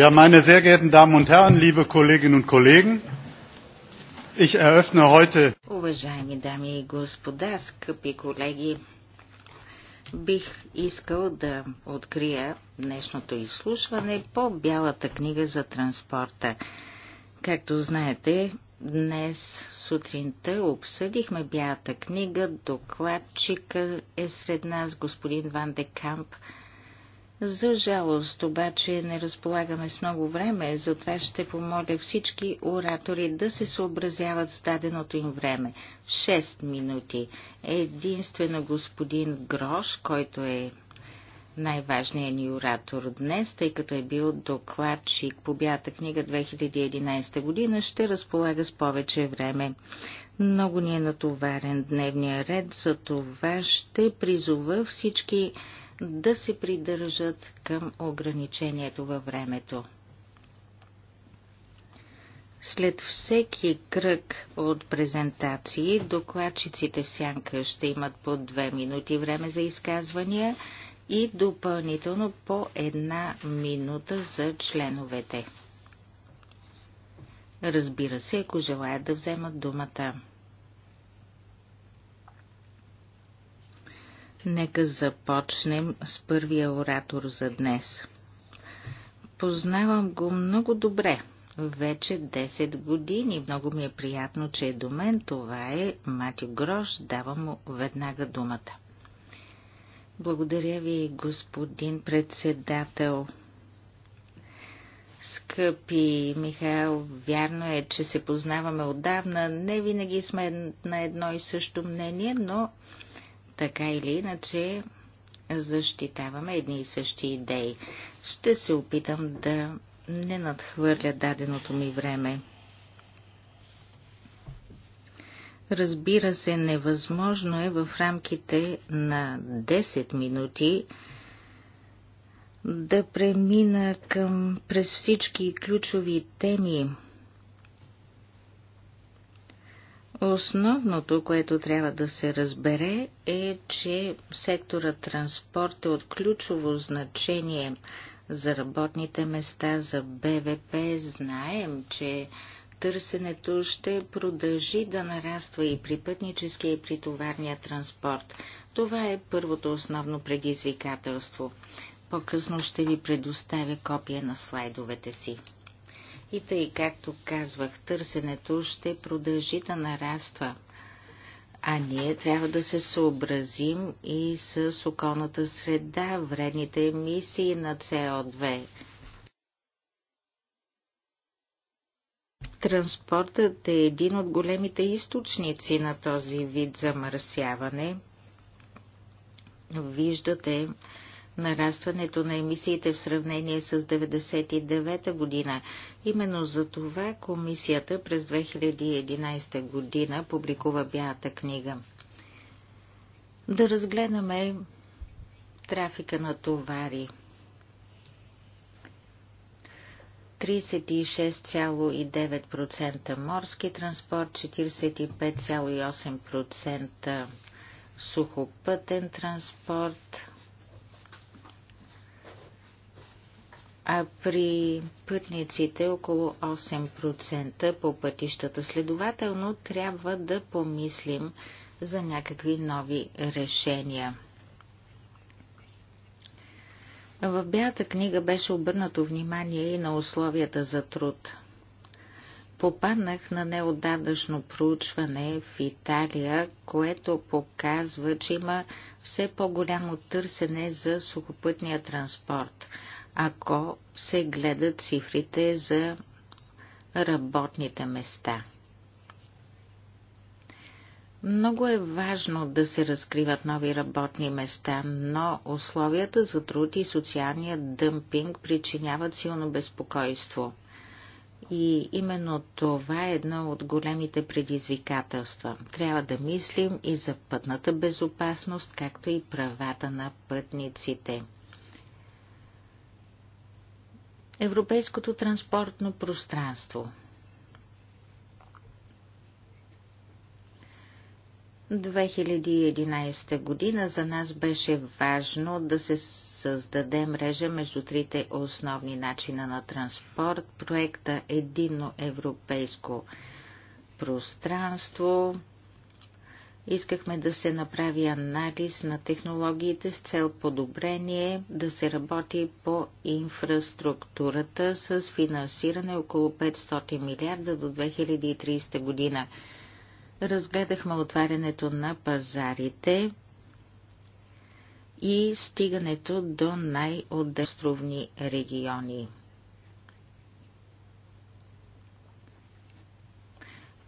Ja, meine sehr geehrten Damen und Herren, liebe Kolleginnen und Kollegen, ich eröffne heute. Уважаеми дами и господа, скъпи колеги, бих искал да открия днешното изслушване по Бялата книга за транспорта. Както знаете, днес сутринта обсъдихме Бялата книга, докладчика е сред нас господин Ван де Камп, за жалост обаче не разполагаме с много време, затова ще помоля всички оратори да се съобразяват с даденото им време. 6 минути. Единствено господин Грош, който е най-важният ни оратор днес, тъй като е бил докладчик по бята книга 2011 година, ще разполага с повече време. Много ни е натоварен дневния ред, за това ще призова всички да се придържат към ограничението във времето. След всеки кръг от презентации, докладчиците в сянка ще имат по две минути време за изказвания и допълнително по една минута за членовете. Разбира се, ако желаят да вземат думата. Нека започнем с първия оратор за днес. Познавам го много добре. Вече 10 години. Много ми е приятно, че е до мен. Това е Матю Грош. Давам му веднага думата. Благодаря ви, господин председател. Скъпи Михаил, вярно е, че се познаваме отдавна. Не винаги сме на едно и също мнение, но така или иначе, защитаваме едни и същи идеи. Ще се опитам да не надхвърля даденото ми време. Разбира се, невъзможно е в рамките на 10 минути да премина към през всички ключови теми, Основното, което трябва да се разбере е, че сектора транспорт е от ключово значение за работните места, за БВП. Знаем, че търсенето ще продължи да нараства и при пътническия, и при товарния транспорт. Това е първото основно предизвикателство. По-късно ще ви предоставя копия на слайдовете си. И тъй, както казвах, търсенето ще продължи да нараства. А ние трябва да се съобразим и с околната среда, вредните емисии на со 2 Транспортът е един от големите източници на този вид замърсяване. Виждате, нарастването на емисиите в сравнение с 1999 година. Именно за това комисията през 2011 година публикува бялата книга. Да разгледаме трафика на товари. 36,9% морски транспорт, 45,8% сухопътен транспорт, а при пътниците около 8% по пътищата. Следователно трябва да помислим за някакви нови решения. В бялата книга беше обърнато внимание и на условията за труд. Попаднах на неодавнашно проучване в Италия, което показва, че има все по-голямо търсене за сухопътния транспорт ако се гледат цифрите за работните места. Много е важно да се разкриват нови работни места, но условията за труд и социалния дъмпинг причиняват силно безпокойство. И именно това е едно от големите предизвикателства. Трябва да мислим и за пътната безопасност, както и правата на пътниците европейското транспортно пространство. 2011 година за нас беше важно да се създаде мрежа между трите основни начина на транспорт, проекта Единно европейско пространство – Искахме да се направи анализ на технологиите с цел подобрение, да се работи по инфраструктурата с финансиране около 500 милиарда до 2030 година. Разгледахме отварянето на пазарите и стигането до най отдъстровни региони.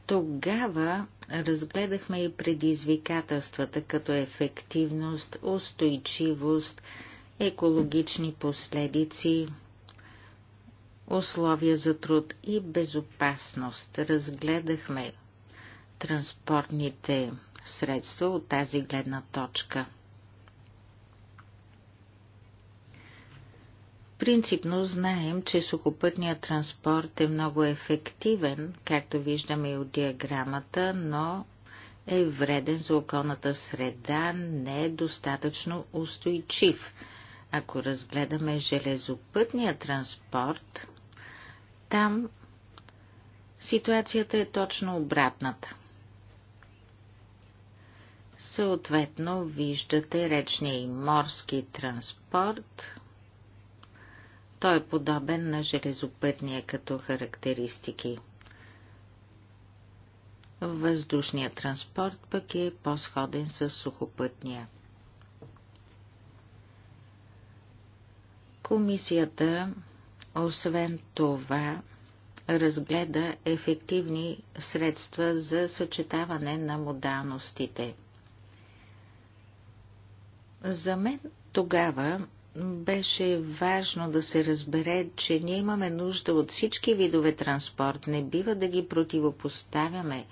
Тогава Разгледахме и предизвикателствата като ефективност, устойчивост, екологични последици, условия за труд и безопасност. Разгледахме транспортните средства от тази гледна точка – Принципно знаем, че сухопътният транспорт е много ефективен, както виждаме и от диаграмата, но е вреден за околната среда, не е достатъчно устойчив. Ако разгледаме железопътния транспорт, там ситуацията е точно обратната. Съответно, виждате речния и морски транспорт, той е подобен на железопътния като характеристики. Въздушният транспорт пък е по-сходен с сухопътния. Комисията, освен това, разгледа ефективни средства за съчетаване на модалностите. За мен тогава беше важно да се разбере, че ние имаме нужда от всички видове транспорт. Не бива да ги противопоставяме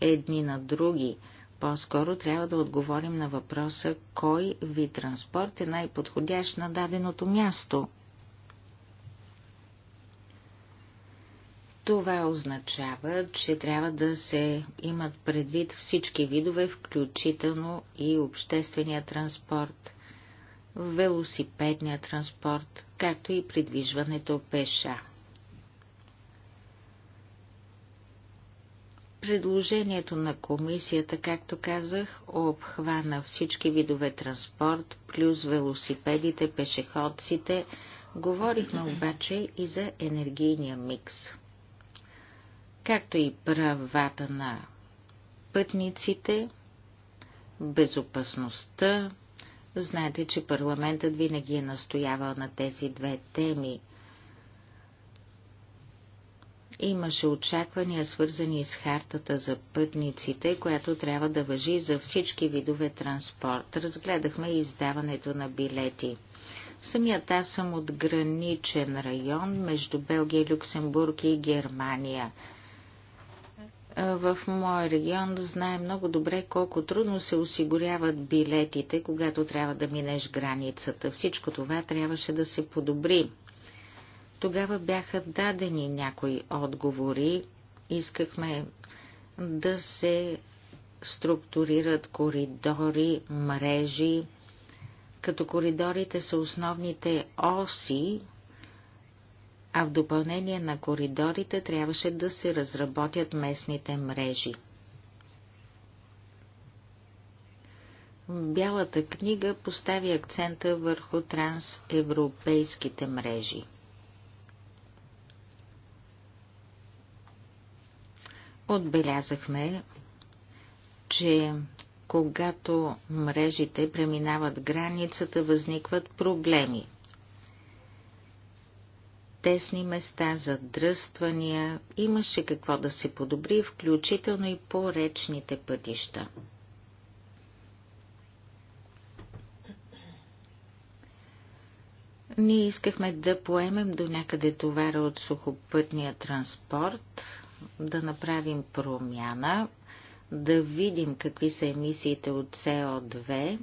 едни на други. По-скоро трябва да отговорим на въпроса кой вид транспорт е най-подходящ на даденото място. Това означава, че трябва да се имат предвид всички видове, включително и обществения транспорт – велосипедния транспорт, както и придвижването пеша. Предложението на комисията, както казах, обхвана всички видове транспорт, плюс велосипедите, пешеходците. Говорихме обаче и за енергийния микс, както и правата на пътниците, безопасността, Знаете, че парламентът винаги е настоявал на тези две теми. Имаше очаквания, свързани с хартата за пътниците, която трябва да въжи за всички видове транспорт. Разгледахме и издаването на билети. Самият аз съм от граничен район между Белгия, Люксембург и Германия – в моя регион знае много добре колко трудно се осигуряват билетите, когато трябва да минеш границата. Всичко това трябваше да се подобри. Тогава бяха дадени някои отговори. Искахме да се структурират коридори, мрежи, като коридорите са основните оси, а в допълнение на коридорите трябваше да се разработят местните мрежи. Бялата книга постави акцента върху трансевропейските мрежи. Отбелязахме, че когато мрежите преминават границата, възникват проблеми – тесни места, задръствания, имаше какво да се подобри, включително и по речните пътища. Ние искахме да поемем до някъде товара от сухопътния транспорт, да направим промяна, да видим какви са емисиите от СО2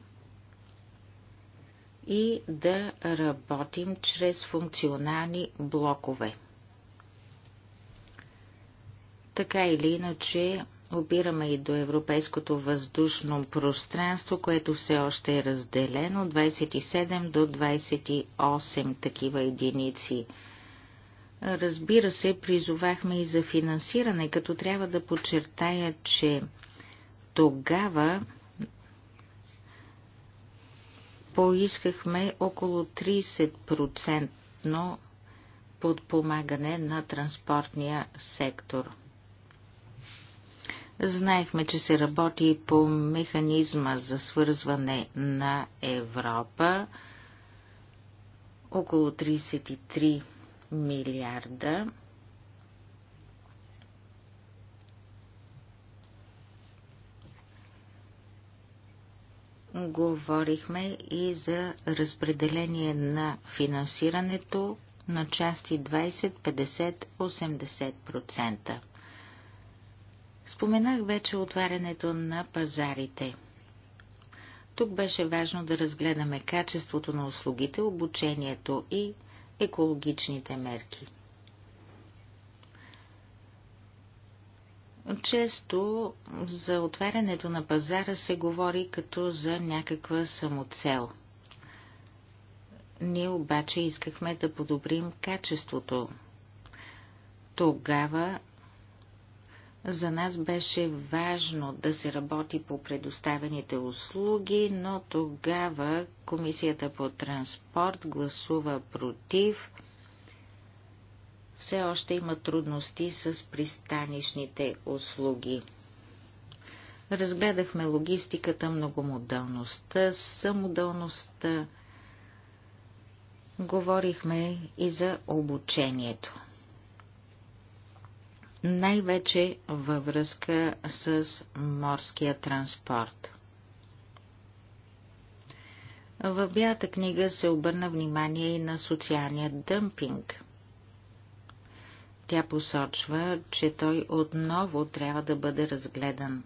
и да работим чрез функционални блокове. Така или иначе, опираме и до европейското въздушно пространство, което все още е разделено 27 до 28 такива единици. Разбира се, призовахме и за финансиране, като трябва да подчертая, че тогава поискахме около 30% подпомагане на транспортния сектор. Знаехме, че се работи по механизма за свързване на Европа около 33 милиарда говорихме и за разпределение на финансирането на части 20, 50, 80%. Споменах вече отварянето на пазарите. Тук беше важно да разгледаме качеството на услугите, обучението и екологичните мерки. Често за отварянето на пазара се говори като за някаква самоцел. Ние обаче искахме да подобрим качеството. Тогава за нас беше важно да се работи по предоставените услуги, но тогава Комисията по транспорт гласува против – все още има трудности с пристанищните услуги. Разгледахме логистиката, многомоделността, самоделността. Говорихме и за обучението. Най-вече във връзка с морския транспорт. В бята книга се обърна внимание и на социалния дъмпинг – тя посочва, че той отново трябва да бъде разгледан.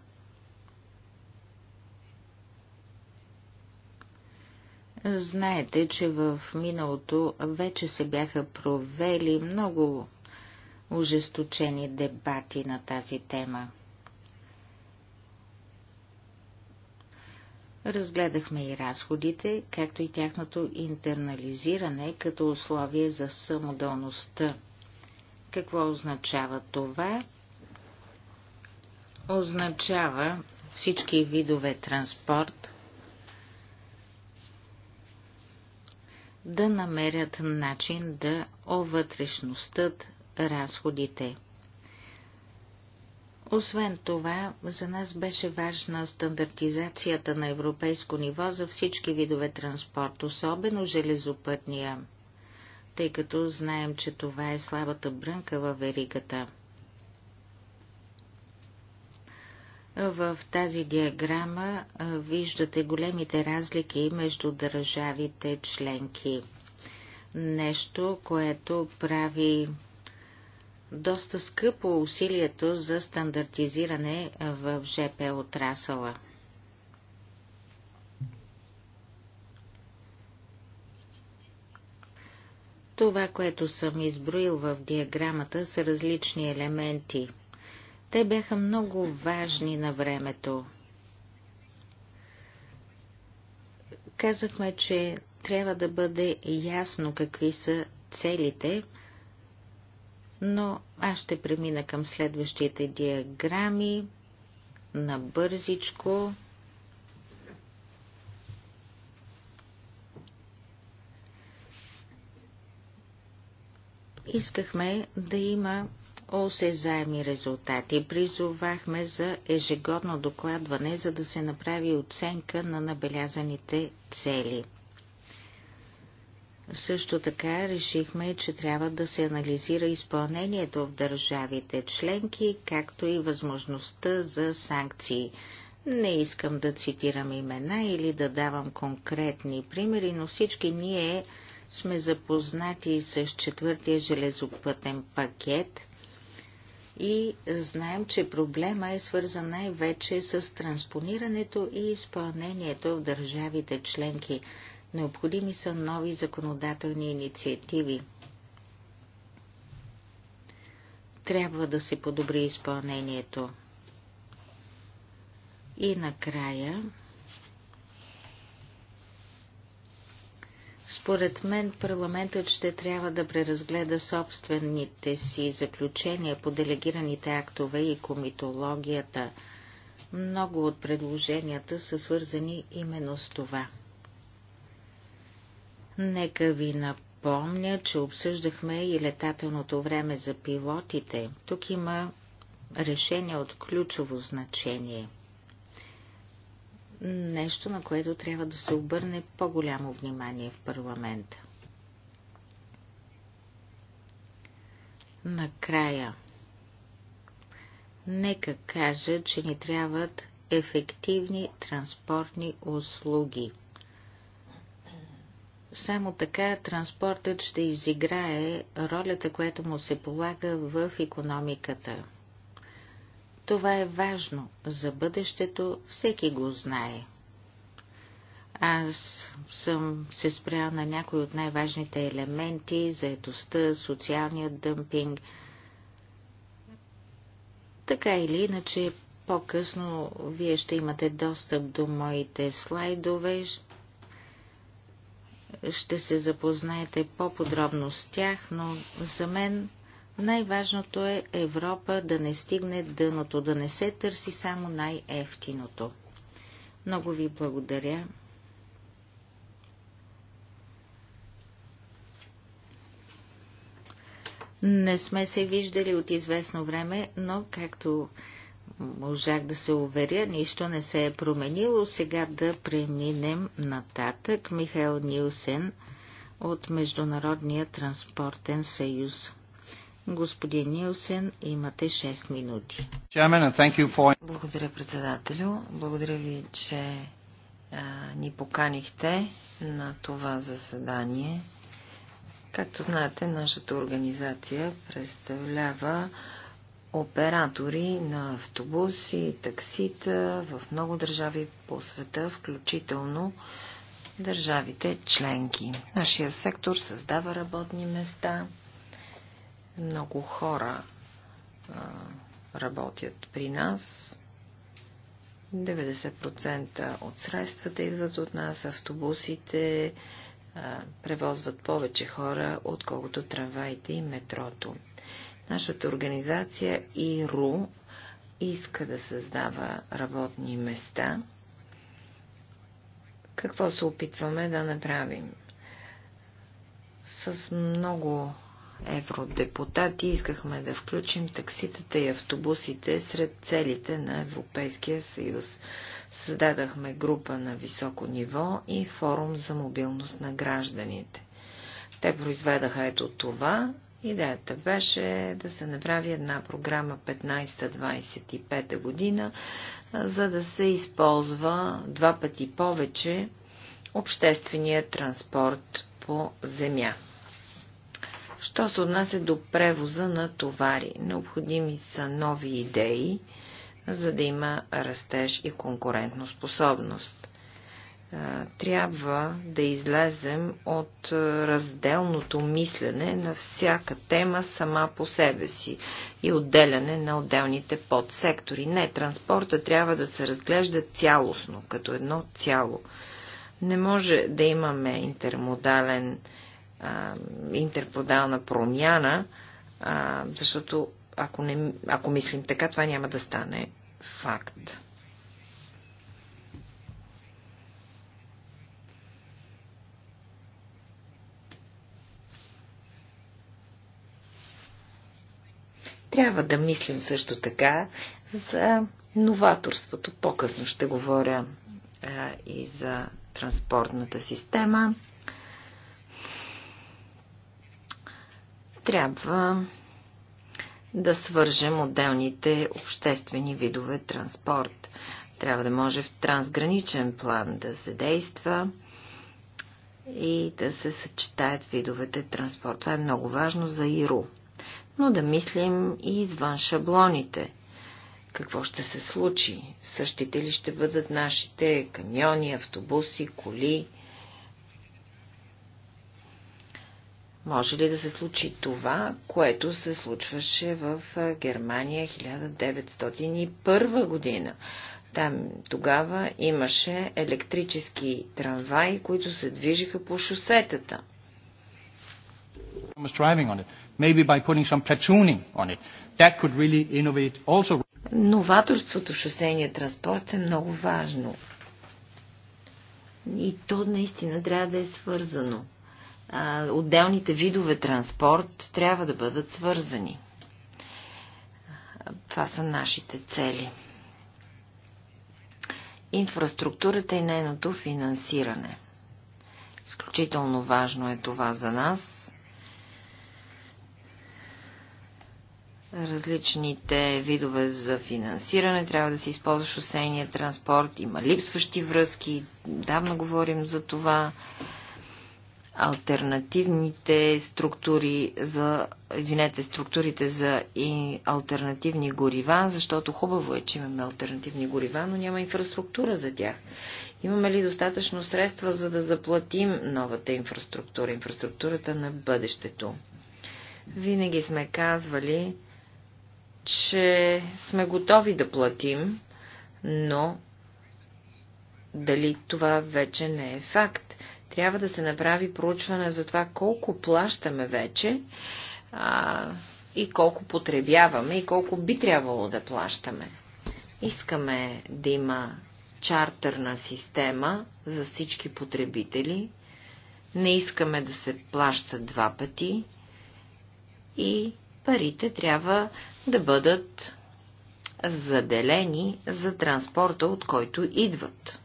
Знаете, че в миналото вече се бяха провели много ожесточени дебати на тази тема. Разгледахме и разходите, както и тяхното интернализиране като условие за самодълността. Какво означава това? Означава всички видове транспорт да намерят начин да овътрешностят разходите. Освен това, за нас беше важна стандартизацията на европейско ниво за всички видове транспорт, особено железопътния тъй като знаем, че това е слабата брънка във веригата. В тази диаграма виждате големите разлики между държавите членки. Нещо, което прави доста скъпо усилието за стандартизиране в ЖП отрасъла. Това, което съм изброил в диаграмата, са различни елементи. Те бяха много важни на времето. Казахме, че трябва да бъде ясно какви са целите, но аз ще премина към следващите диаграми на бързичко. Искахме да има осезаеми резултати. Призовахме за ежегодно докладване, за да се направи оценка на набелязаните цели. Също така решихме, че трябва да се анализира изпълнението в държавите членки, както и възможността за санкции. Не искам да цитирам имена или да давам конкретни примери, но всички ние сме запознати с четвъртия железопътен пакет и знаем, че проблема е свързан най-вече с транспонирането и изпълнението в държавите членки. Необходими са нови законодателни инициативи. Трябва да се подобри изпълнението. И накрая Според мен парламентът ще трябва да преразгледа собствените си заключения по делегираните актове и комитологията. Много от предложенията са свързани именно с това. Нека ви напомня, че обсъждахме и летателното време за пилотите. Тук има решение от ключово значение – нещо, на което трябва да се обърне по-голямо внимание в парламента. Накрая. Нека кажа, че ни трябват ефективни транспортни услуги. Само така транспортът ще изиграе ролята, която му се полага в економиката. Това е важно за бъдещето, всеки го знае. Аз съм се спрял на някои от най-важните елементи, заедостта, социалният дъмпинг. Така или иначе, по-късно вие ще имате достъп до моите слайдове. Ще се запознаете по-подробно с тях, но за мен най-важното е Европа да не стигне дъното, да не се търси само най-ефтиното. Много ви благодаря. Не сме се виждали от известно време, но както можах да се уверя, нищо не се е променило. Сега да преминем нататък. Михаил Нилсен от Международния транспортен съюз. Господин Нилсен, имате 6 минути. Благодаря, председателю. Благодаря ви, че а, ни поканихте на това заседание. Както знаете, нашата организация представлява оператори на автобуси, таксита в много държави по света, включително държавите членки. Нашия сектор създава работни места – много хора а, работят при нас. 90% от средствата идват от нас, автобусите а, превозват повече хора, отколкото трамваите и метрото. Нашата организация ИРУ иска да създава работни места. Какво се опитваме да направим? С много евродепутати искахме да включим такситата и автобусите сред целите на Европейския съюз. Създадахме група на високо ниво и форум за мобилност на гражданите. Те произведаха ето това. Идеята беше да се направи една програма 15-25 година, за да се използва два пъти повече обществения транспорт по земя. Що се отнася до превоза на товари? Необходими са нови идеи, за да има растеж и способност. Трябва да излезем от разделното мислене на всяка тема сама по себе си и отделяне на отделните подсектори. Не, транспорта трябва да се разглежда цялостно, като едно цяло. Не може да имаме интермодален а, интерподална промяна, а, защото ако, не, ако мислим така, това няма да стане факт. Трябва да мислим също така за новаторството. По-късно ще говоря а, и за транспортната система. трябва да свържем отделните обществени видове транспорт. Трябва да може в трансграничен план да се действа и да се съчетаят видовете транспорт. Това е много важно за ИРУ. Но да мислим и извън шаблоните. Какво ще се случи? Същите ли ще бъдат нашите камиони, автобуси, коли? Може ли да се случи това, което се случваше в Германия 1901 година? Там тогава имаше електрически трамваи, които се движиха по шосетата. Новаторството в шосейния транспорт е много важно. И то наистина трябва да е свързано а, отделните видове транспорт трябва да бъдат свързани. Това са нашите цели. Инфраструктурата и нейното финансиране. Изключително важно е това за нас. Различните видове за финансиране трябва да се използва шосейния транспорт. Има липсващи връзки. Давно говорим за това альтернативните структури за, извинете, структурите за и альтернативни горива, защото хубаво е, че имаме альтернативни горива, но няма инфраструктура за тях. Имаме ли достатъчно средства, за да заплатим новата инфраструктура, инфраструктурата на бъдещето? Винаги сме казвали, че сме готови да платим, но дали това вече не е факт? Трябва да се направи проучване за това колко плащаме вече а, и колко потребяваме и колко би трябвало да плащаме. Искаме да има чартерна система за всички потребители. Не искаме да се плащат два пъти и парите трябва да бъдат заделени за транспорта, от който идват.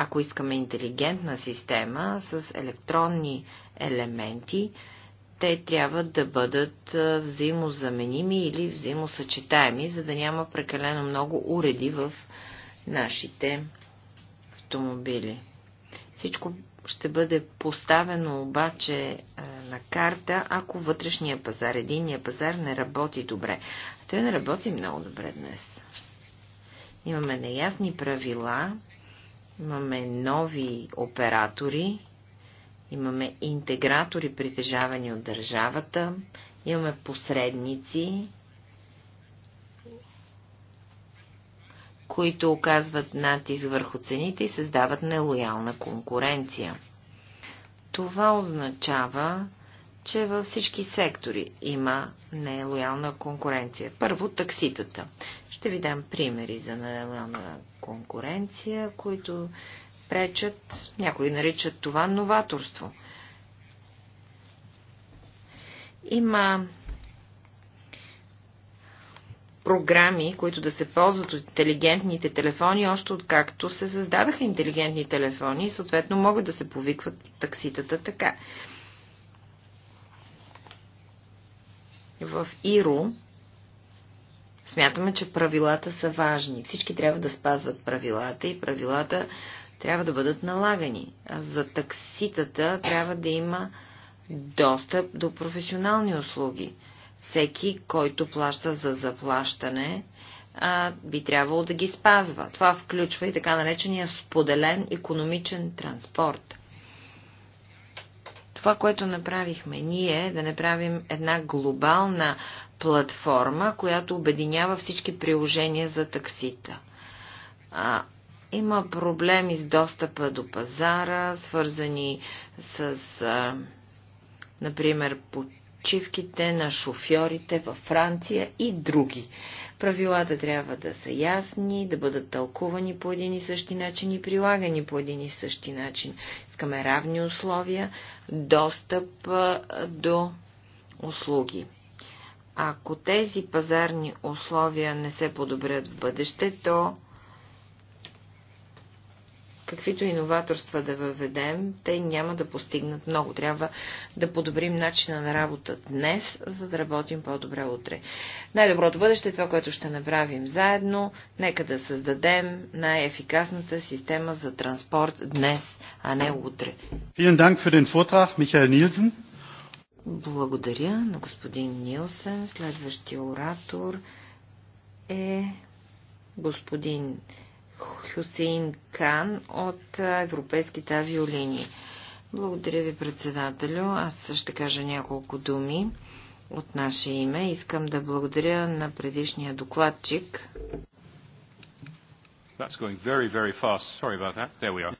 Ако искаме интелигентна система с електронни елементи, те трябва да бъдат взаимозаменими или взаимосъчетаеми, за да няма прекалено много уреди в нашите автомобили. Всичко ще бъде поставено обаче на карта, ако вътрешния пазар, единния пазар не работи добре. А той не работи много добре днес. Имаме неясни правила, Имаме нови оператори, имаме интегратори, притежавани от държавата, имаме посредници, които оказват натиск върху цените и създават нелоялна конкуренция. Това означава, че във всички сектори има нелоялна конкуренция. Първо, такситата. Ще ви дам примери за нелоялна конкуренция, които пречат, някои наричат това новаторство. Има програми, които да се ползват от интелигентните телефони, още откакто се създадаха интелигентни телефони и съответно могат да се повикват такситата така. В Иру. Смятаме, че правилата са важни. Всички трябва да спазват правилата и правилата трябва да бъдат налагани. А за такситата трябва да има достъп до професионални услуги. Всеки, който плаща за заплащане, би трябвало да ги спазва. Това включва и така наречения споделен економичен транспорт. Това, което направихме ние, е да направим една глобална платформа, която обединява всички приложения за таксита. А, има проблеми с достъпа до пазара, свързани с, а, например, почивките на шофьорите във Франция и други. Правилата трябва да са ясни, да бъдат тълкувани по един и същи начин и прилагани по един и същи начин. Искаме равни условия, достъп до услуги. Ако тези пазарни условия не се подобрят в бъдеще, то каквито иноваторства да въведем, те няма да постигнат много. Трябва да подобрим начина на работа днес, за да работим по-добре утре. Най-доброто бъдеще е това, което ще направим заедно. Нека да създадем най-ефикасната система за транспорт днес, а не утре. Благодаря на господин Нилсен. Следващия оратор е господин Хюсейн Кан от Европейските авиолинии. Благодаря ви, председателю. Аз ще кажа няколко думи от наше име. Искам да благодаря на предишния докладчик.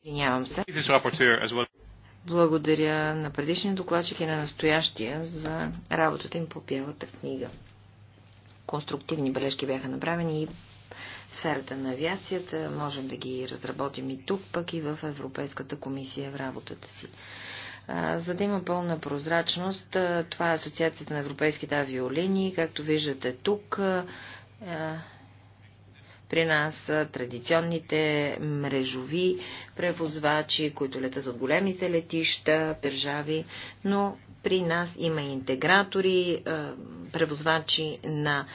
Извинявам се. Благодаря на предишния докладчик и на настоящия за работата им по бялата книга. Конструктивни бележки бяха направени и сферата на авиацията. Можем да ги разработим и тук, пък и в Европейската комисия в работата си. За да има пълна прозрачност, това е Асоциацията на европейските авиолинии. Както виждате тук, при нас традиционните мрежови превозвачи, които летат от големите летища, държави, но при нас има интегратори, превозвачи на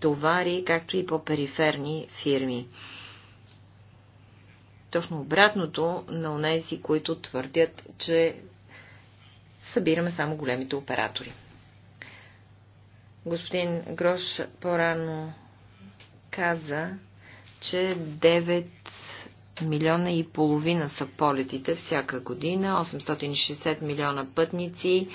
товари, както и по-периферни фирми. Точно обратното на онези, които твърдят, че събираме само големите оператори. Господин Грош по-рано каза, че 9 милиона и половина са полетите всяка година, 860 милиона пътници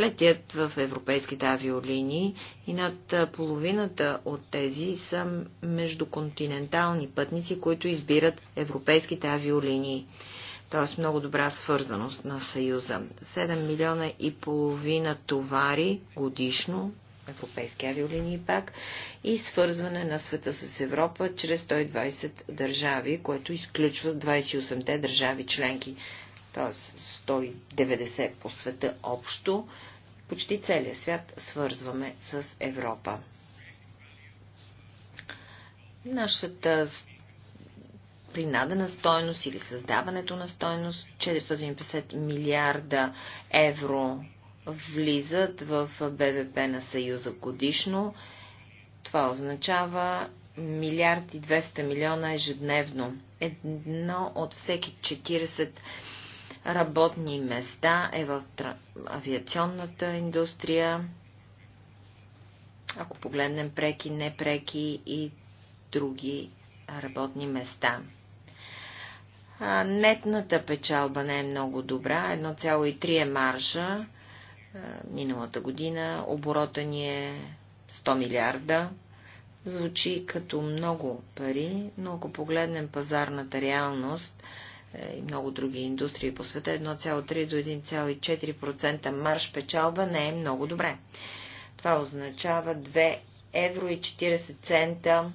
летят в европейските авиолинии и над половината от тези са междуконтинентални пътници, които избират европейските авиолинии. Тоест много добра свързаност на Съюза. 7 милиона и половина товари годишно европейски авиолинии пак и свързване на света с Европа чрез 120 държави, което изключва 28-те държави членки, т.е. 190 по света общо. Почти целият свят свързваме с Европа. Нашата принадена стойност или създаването на стойност 450 милиарда евро влизат в БВП на Съюза годишно. Това означава милиард и 200 милиона ежедневно. Едно от всеки 40 работни места е в авиационната индустрия, ако погледнем преки, непреки и други работни места. Нетната печалба не е много добра, 1,3 е маржа, Миналата година оборота ни е 100 милиарда. Звучи като много пари, но ако погледнем пазарната реалност е, и много други индустрии по света, 1,3 до 1,4% марш печалба не е много добре. Това означава 2 евро и 40 цента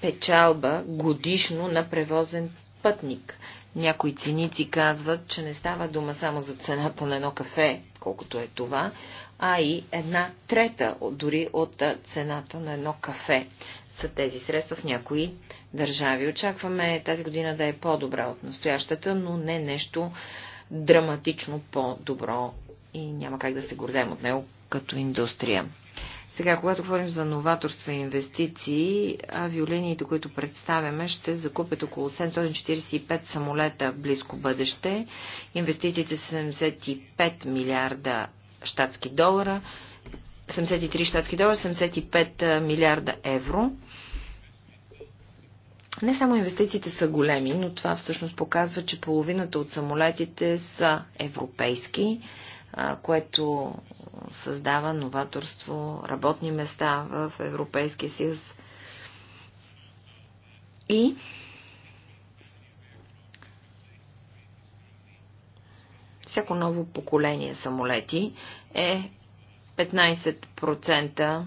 печалба годишно на превозен пътник. Някои циници казват, че не става дума само за цената на едно кафе колкото е това, а и една трета дори от цената на едно кафе са тези средства в някои държави. Очакваме тази година да е по-добра от настоящата, но не нещо драматично по-добро и няма как да се гордем от него като индустрия. Сега, когато говорим за новаторства и инвестиции, авиолиниите, които представяме, ще закупят около 745 самолета в близко бъдеще. Инвестициите са 75 милиарда щатски долара, 73 щатски долара, 75 милиарда евро. Не само инвестициите са големи, но това всъщност показва, че половината от самолетите са европейски което създава новаторство, работни места в Европейския съюз. И всяко ново поколение самолети е 15%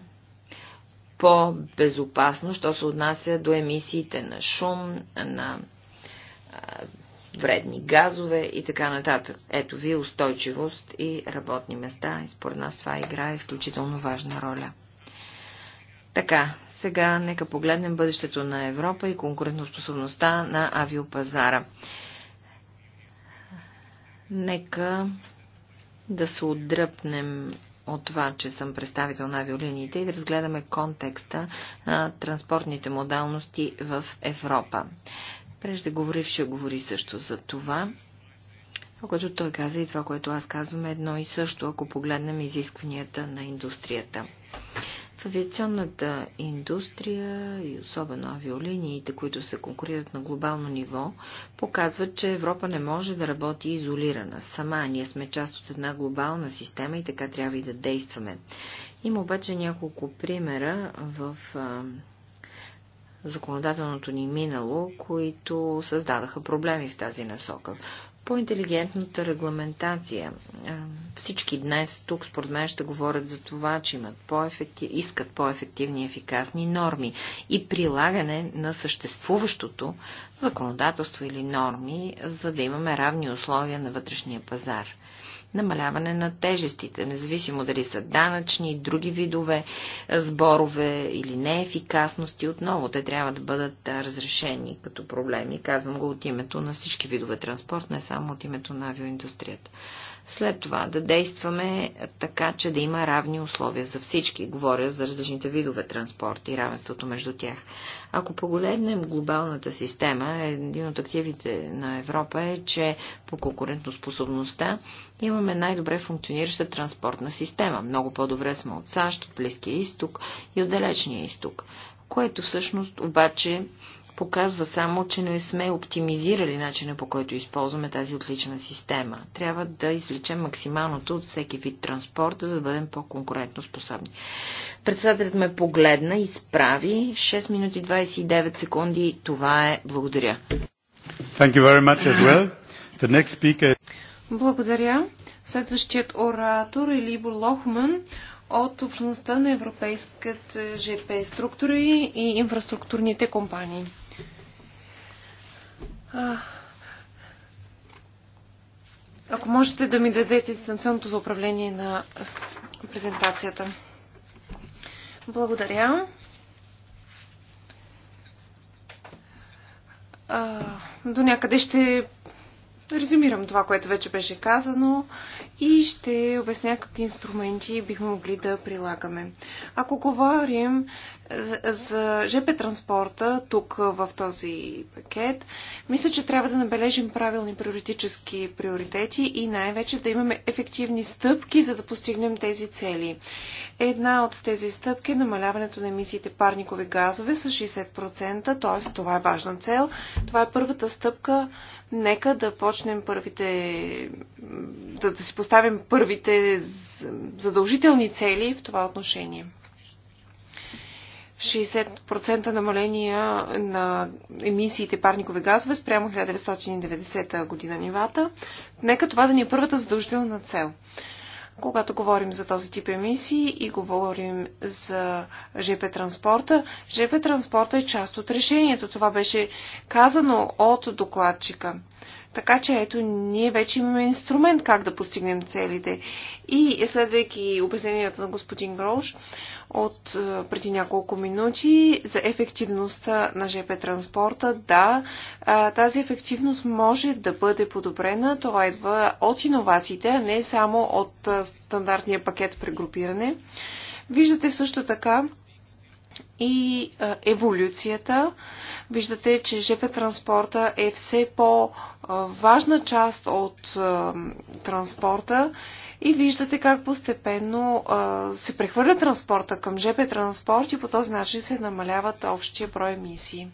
по-безопасно, що се отнася до емисиите на шум, на вредни газове и така нататък. Ето ви устойчивост и работни места и според нас това играе изключително важна роля. Така, сега нека погледнем бъдещето на Европа и конкурентоспособността на авиопазара. Нека да се отдръпнем от това, че съм представител на авиолиниите и да разгледаме контекста на транспортните модалности в Европа. Преждеговорившия говори също за това. Това, което той каза и това, което аз казвам е едно и също, ако погледнем изискванията на индустрията. В авиационната индустрия и особено авиолиниите, които се конкурират на глобално ниво, показват, че Европа не може да работи изолирана. Сама ние сме част от една глобална система и така трябва и да действаме. Има обаче няколко примера в законодателното ни минало, които създадаха проблеми в тази насока. По-интелигентната регламентация. Всички днес тук според мен ще говорят за това, че имат по искат по-ефективни и ефикасни норми и прилагане на съществуващото законодателство или норми, за да имаме равни условия на вътрешния пазар намаляване на тежестите, независимо дали са данъчни, други видове сборове или неефикасности. Отново те трябва да бъдат разрешени като проблеми. Казвам го от името на всички видове транспорт, не само от името на авиоиндустрията след това да действаме така, че да има равни условия за всички. Говоря за различните видове транспорт и равенството между тях. Ако погледнем глобалната система, един от активите на Европа е, че по конкурентоспособността имаме най-добре функционираща транспортна система. Много по-добре сме от САЩ, от Близкия изток и от Далечния изток което всъщност обаче показва само, че не сме оптимизирали начина по който използваме тази отлична система. Трябва да извлечем максималното от всеки вид транспорт, за да бъдем по-конкурентно способни. Председателят ме погледна, изправи 6 минути 29 секунди. Това е. Благодаря. Thank you very much as well. The next speaker... Благодаря. Следващият оратор е Либо Лохман от общността на европейската ЖП структури и инфраструктурните компании. Ако можете да ми дадете дистанционното за управление на презентацията. Благодаря. до някъде ще резюмирам това, което вече беше казано и ще обясня какви инструменти бихме могли да прилагаме. Ако говорим за ЖП транспорта, тук в този пакет, мисля, че трябва да набележим правилни приоритически приоритети и най-вече да имаме ефективни стъпки, за да постигнем тези цели. Една от тези стъпки е намаляването на емисиите парникови газове с 60%, т.е. това е важна цел. Това е първата стъпка. Нека да почнем първите, да, да си поставим първите задължителни цели в това отношение. 60% намаления на емисиите парникови газове спрямо 1990 година нивата. Нека това да ни е първата задължителна цел. Когато говорим за този тип емисии и говорим за ЖП транспорта, ЖП транспорта е част от решението. Това беше казано от докладчика. Така че ето, ние вече имаме инструмент как да постигнем целите. И следвайки обясненията на господин Грош от е, преди няколко минути за ефективността на ЖП транспорта. Да, е, тази ефективност може да бъде подобрена. Това идва от иновациите, а не само от е, стандартния пакет при групиране. Виждате също така, и еволюцията. Виждате, че ЖП транспорта е все по-важна част от транспорта и виждате как постепенно се прехвърля транспорта към ЖП транспорт и по този начин се намаляват общия брой емисии.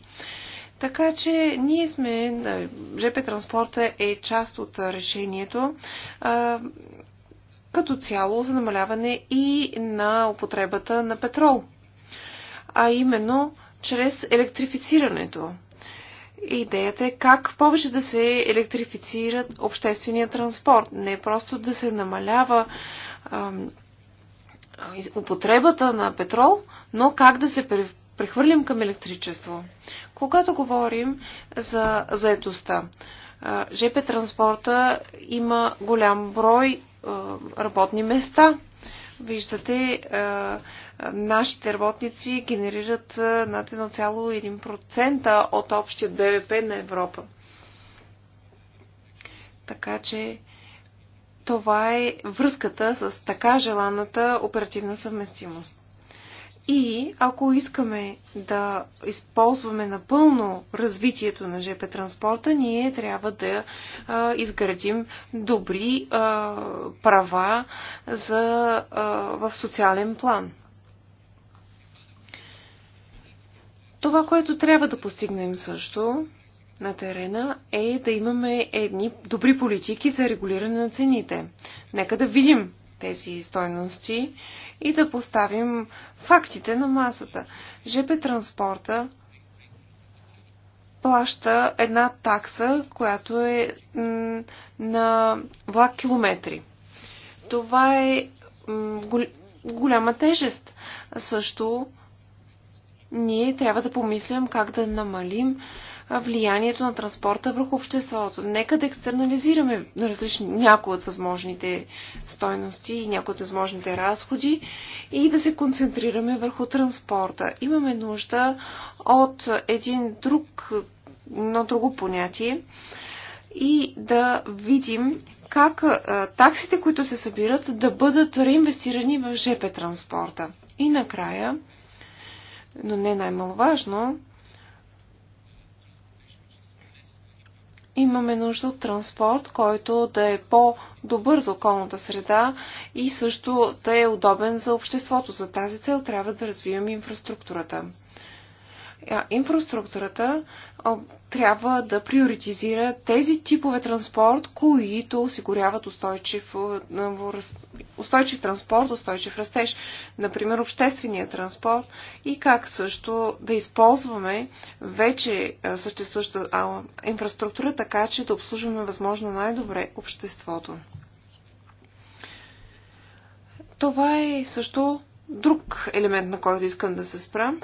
Така че ние сме, ЖП транспорта е част от решението като цяло за намаляване и на употребата на петрол а именно чрез електрифицирането. Идеята е как повече да се електрифицират обществения транспорт, не просто да се намалява ам, употребата на петрол, но как да се прехвърлим към електричество. Когато говорим за заедостта, ЖП транспорта има голям брой а, работни места. Виждате а, нашите работници генерират над 1,1% от общият БВП на Европа. Така че това е връзката с така желаната оперативна съвместимост. И ако искаме да използваме напълно развитието на ЖП транспорта, ние трябва да а, изградим добри а, права за, а, в социален план. Това, което трябва да постигнем също на терена е да имаме едни добри политики за регулиране на цените. Нека да видим тези стойности и да поставим фактите на масата. ЖП транспорта плаща една такса, която е на влак километри. Това е голяма тежест. Също ние трябва да помислям как да намалим влиянието на транспорта върху обществото. Нека да екстернализираме различни, някои от възможните стойности и някои от възможните разходи и да се концентрираме върху транспорта. Имаме нужда от един друг, но друго понятие и да видим как таксите, които се събират, да бъдат реинвестирани в ЖП транспорта. И накрая, но не най-маловажно, имаме нужда от транспорт, който да е по-добър за околната среда и също да е удобен за обществото. За тази цел трябва да развием инфраструктурата инфраструктурата трябва да приоритизира тези типове транспорт, които осигуряват устойчив, устойчив транспорт, устойчив растеж, например обществения транспорт и как също да използваме вече съществуваща инфраструктура, така че да обслужваме възможно най-добре обществото. Това е също друг елемент, на който искам да се спрам.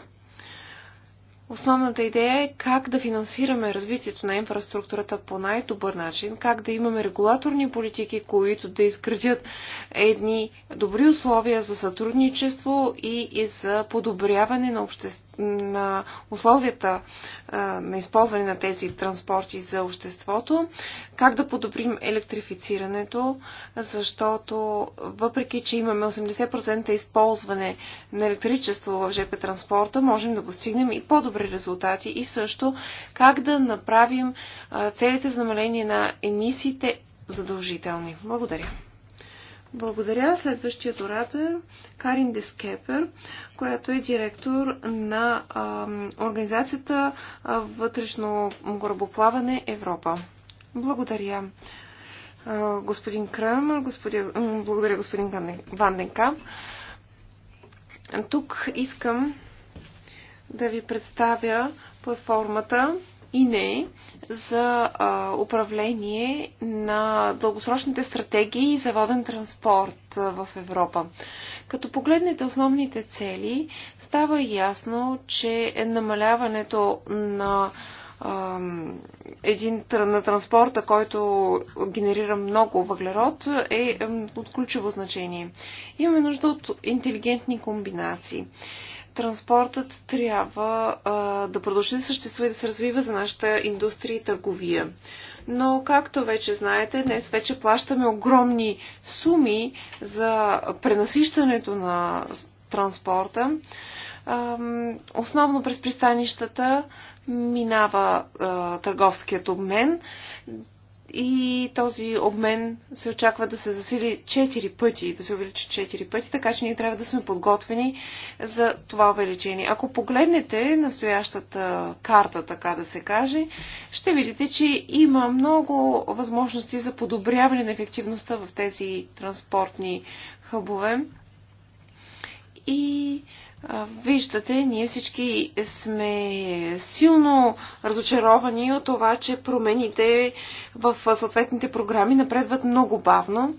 Основната идея е как да финансираме развитието на инфраструктурата по най-добър начин, как да имаме регулаторни политики, които да изградят едни добри условия за сътрудничество и, и за подобряване на, обще... на условията а, на използване на тези транспорти за обществото, как да подобрим електрифицирането, защото въпреки, че имаме 80% използване на електричество в ЖП транспорта, можем да постигнем и по-добре добри резултати и също как да направим целите за намаление на емисиите задължителни. Благодаря. Благодаря. Следващият оратор Карин Дескепер, която е директор на а, Организацията Вътрешно горбоплаване Европа. Благодаря. господин Кръм, господин, благодаря господин Ванденка. Тук искам да ви представя платформата ИНЕ за управление на дългосрочните стратегии за воден транспорт в Европа. Като погледнете основните цели, става ясно, че намаляването на един на транспорта, който генерира много въглерод, е от ключово значение. Имаме нужда от интелигентни комбинации транспортът трябва а, да продължи да съществува и да се развива за нашата индустрия и търговия. Но, както вече знаете, днес вече плащаме огромни суми за пренасищането на транспорта. А, основно през пристанищата минава а, търговският обмен и този обмен се очаква да се засили 4 пъти, да се увеличи 4 пъти, така че ние трябва да сме подготвени за това увеличение. Ако погледнете настоящата карта, така да се каже, ще видите, че има много възможности за подобряване на ефективността в тези транспортни хъбове. И Виждате, ние всички сме силно разочаровани от това, че промените в съответните програми напредват много бавно.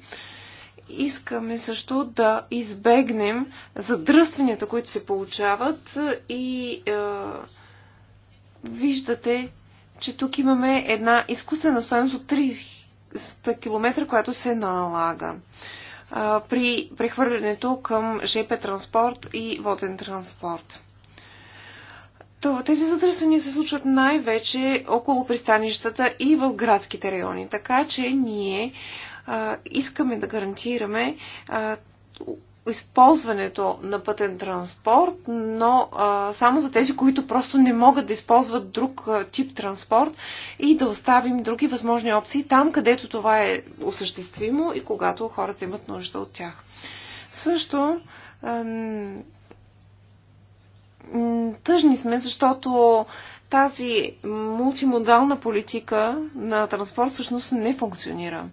Искаме също да избегнем задръстванията, които се получават и е, виждате, че тук имаме една изкуствена стоеност от 300 км, която се налага. Е, при прехвърлянето към ЖП транспорт и воден транспорт. Това, тези задръсвания се случват най-вече около пристанищата и в градските райони, така че ние а, искаме да гарантираме а, използването на пътен транспорт, но а, само за тези, които просто не могат да използват друг а, тип транспорт и да оставим други възможни опции там, където това е осъществимо и когато хората имат нужда от тях. Също а, тъжни сме, защото тази мултимодална политика на транспорт всъщност не функционира.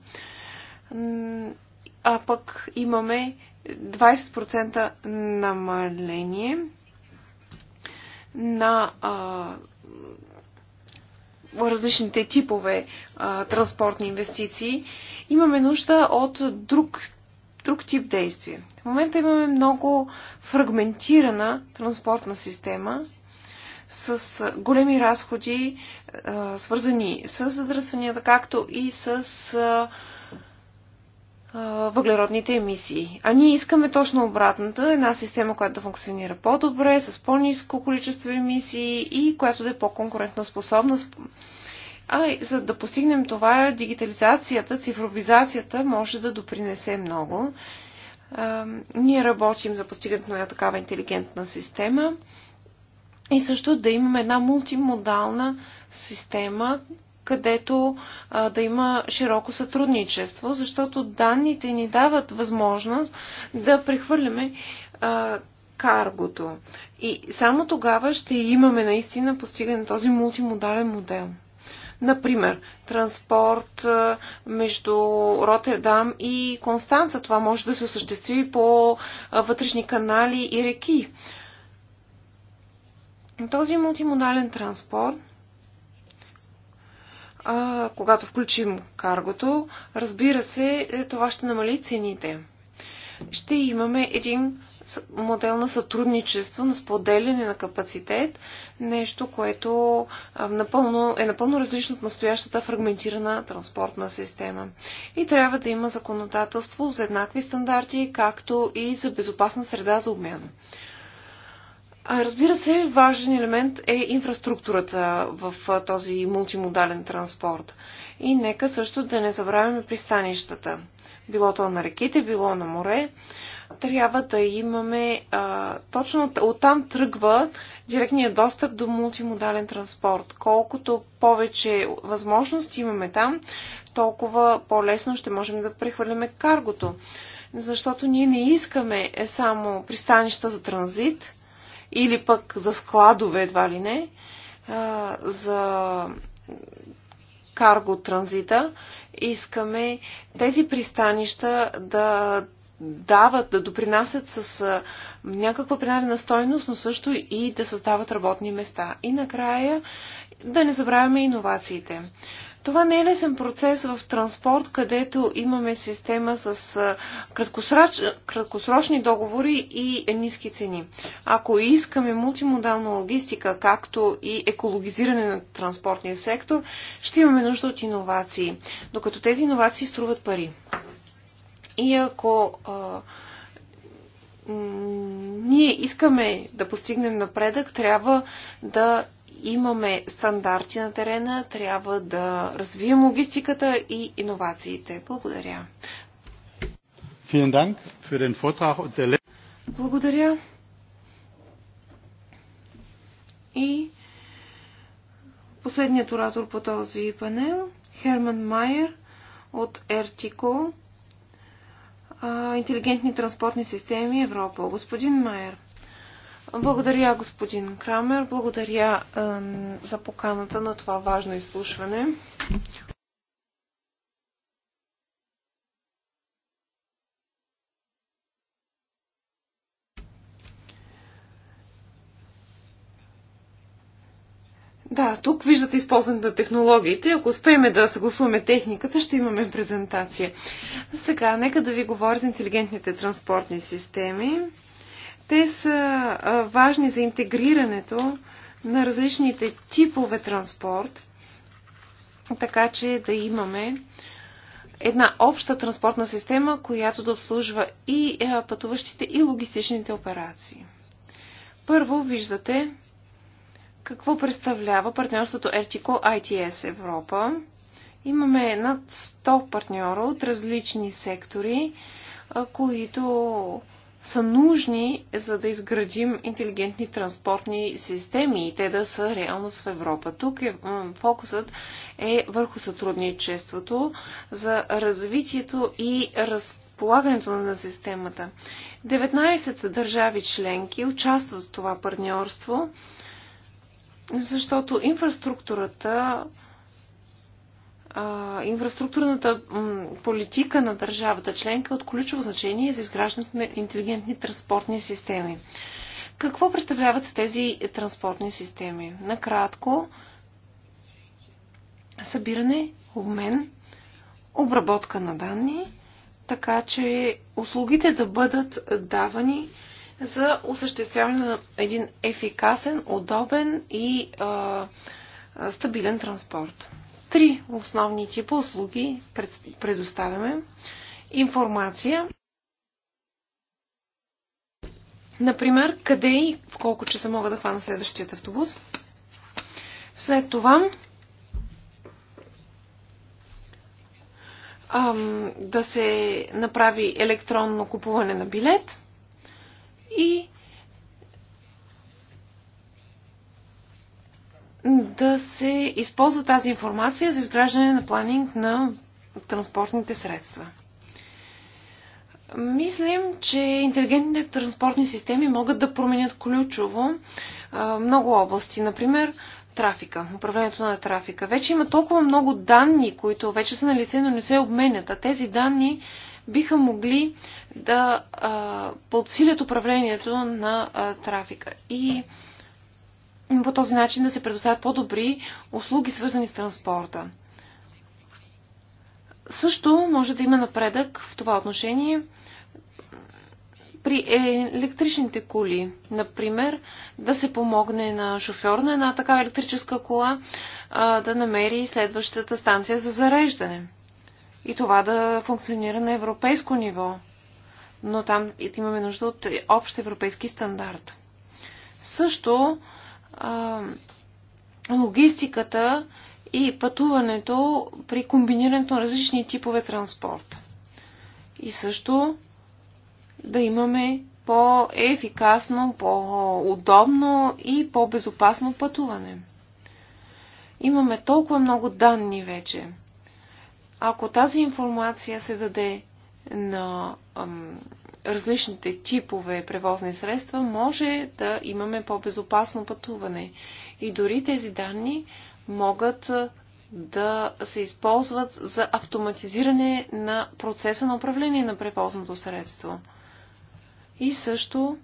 А пък имаме 20% намаление на а, различните типове а, транспортни инвестиции, имаме нужда от друг, друг тип действие. В момента имаме много фрагментирана транспортна система с големи разходи, а, свързани с задръстванията, както и с. А, въглеродните емисии. А ние искаме точно обратната, една система, която да функционира по-добре, с по-низко количество емисии и която да е по-конкурентно способна. А за да постигнем това, дигитализацията, цифровизацията може да допринесе много. А, ние работим за постигането на такава интелигентна система и също да имаме една мултимодална система, където а, да има широко сътрудничество, защото данните ни дават възможност да прехвърляме а, каргото. И само тогава ще имаме наистина постигане на този мултимодален модел. Например, транспорт между Ротердам и Констанца. Това може да се осъществи по вътрешни канали и реки. Този мултимодален транспорт а, когато включим каргото, разбира се, е, това ще намали цените. Ще имаме един модел на сътрудничество, на споделяне на капацитет, нещо, което а, напълно, е напълно различно от настоящата фрагментирана транспортна система. И трябва да има законодателство за еднакви стандарти, както и за безопасна среда за обмяна. Разбира се, важен елемент е инфраструктурата в този мултимодален транспорт. И нека също да не забравяме пристанищата. Било то на реките, било на море. Трябва да имаме. А, точно оттам тръгва директният достъп до мултимодален транспорт. Колкото повече възможности имаме там, толкова по-лесно ще можем да прехвърляме каргото. Защото ние не искаме само пристанища за транзит, или пък за складове, едва ли не, за карго транзита, искаме тези пристанища да дават, да допринасят с някаква принадена стойност, но също и да създават работни места. И накрая да не забравяме иновациите. Това не е лесен процес в транспорт, където имаме система с краткосроч... краткосрочни договори и ниски цени. Ако искаме мултимодална логистика, както и екологизиране на транспортния сектор, ще имаме нужда от иновации, докато тези иновации струват пари. И ако а, ние искаме да постигнем напредък, трябва да имаме стандарти на терена, трябва да развием логистиката и иновациите. Благодаря. Благодаря. И последният оратор по този панел, Херман Майер от РТИКО, интелигентни транспортни системи Европа. Господин Майер. Благодаря, господин Крамер. Благодаря е, за поканата на това важно изслушване. Да, тук виждате използването на технологиите. Ако успеем да съгласуваме техниката, ще имаме презентация. Сега, нека да ви говоря за интелигентните транспортни системи. Те са важни за интегрирането на различните типове транспорт, така че да имаме една обща транспортна система, която да обслужва и пътуващите, и логистичните операции. Първо виждате какво представлява партньорството RTCO ITS Европа. Имаме над 100 партньора от различни сектори, които са нужни, за да изградим интелигентни транспортни системи и те да са реалност в Европа. Тук е, фокусът е върху сътрудничеството за развитието и разполагането на системата. 19 държави членки участват в това партньорство, защото инфраструктурата а, инфраструктурната политика на държавата членка е от ключово значение за изграждането на интелигентни транспортни системи. Какво представляват тези транспортни системи? Накратко, събиране, обмен, обработка на данни, така че услугите да бъдат давани за осъществяване на един ефикасен, удобен и а, стабилен транспорт три основни типа услуги предоставяме. Информация. Например, къде и в колко часа мога да хвана следващият автобус. След това ам, да се направи електронно купуване на билет и да се използва тази информация за изграждане на планинг на транспортните средства. Мислим, че интелигентните транспортни системи могат да променят ключово много области. Например, трафика, управлението на трафика. Вече има толкова много данни, които вече са на лице, но не се обменят. А тези данни биха могли да а, подсилят управлението на а, трафика. И по този начин да се предоставят по-добри услуги, свързани с транспорта. Също може да има напредък в това отношение при електричните коли. Например, да се помогне на шофьор на една такава електрическа кола да намери следващата станция за зареждане. И това да функционира на европейско ниво. Но там имаме нужда от общ европейски стандарт. Също а, логистиката и пътуването при комбинирането на различни типове транспорт. И също да имаме по-ефикасно, по-удобно и по-безопасно пътуване. Имаме толкова много данни вече. Ако тази информация се даде на ам, различните типове превозни средства, може да имаме по-безопасно пътуване. И дори тези данни могат да се използват за автоматизиране на процеса на управление на превозното средство. И също,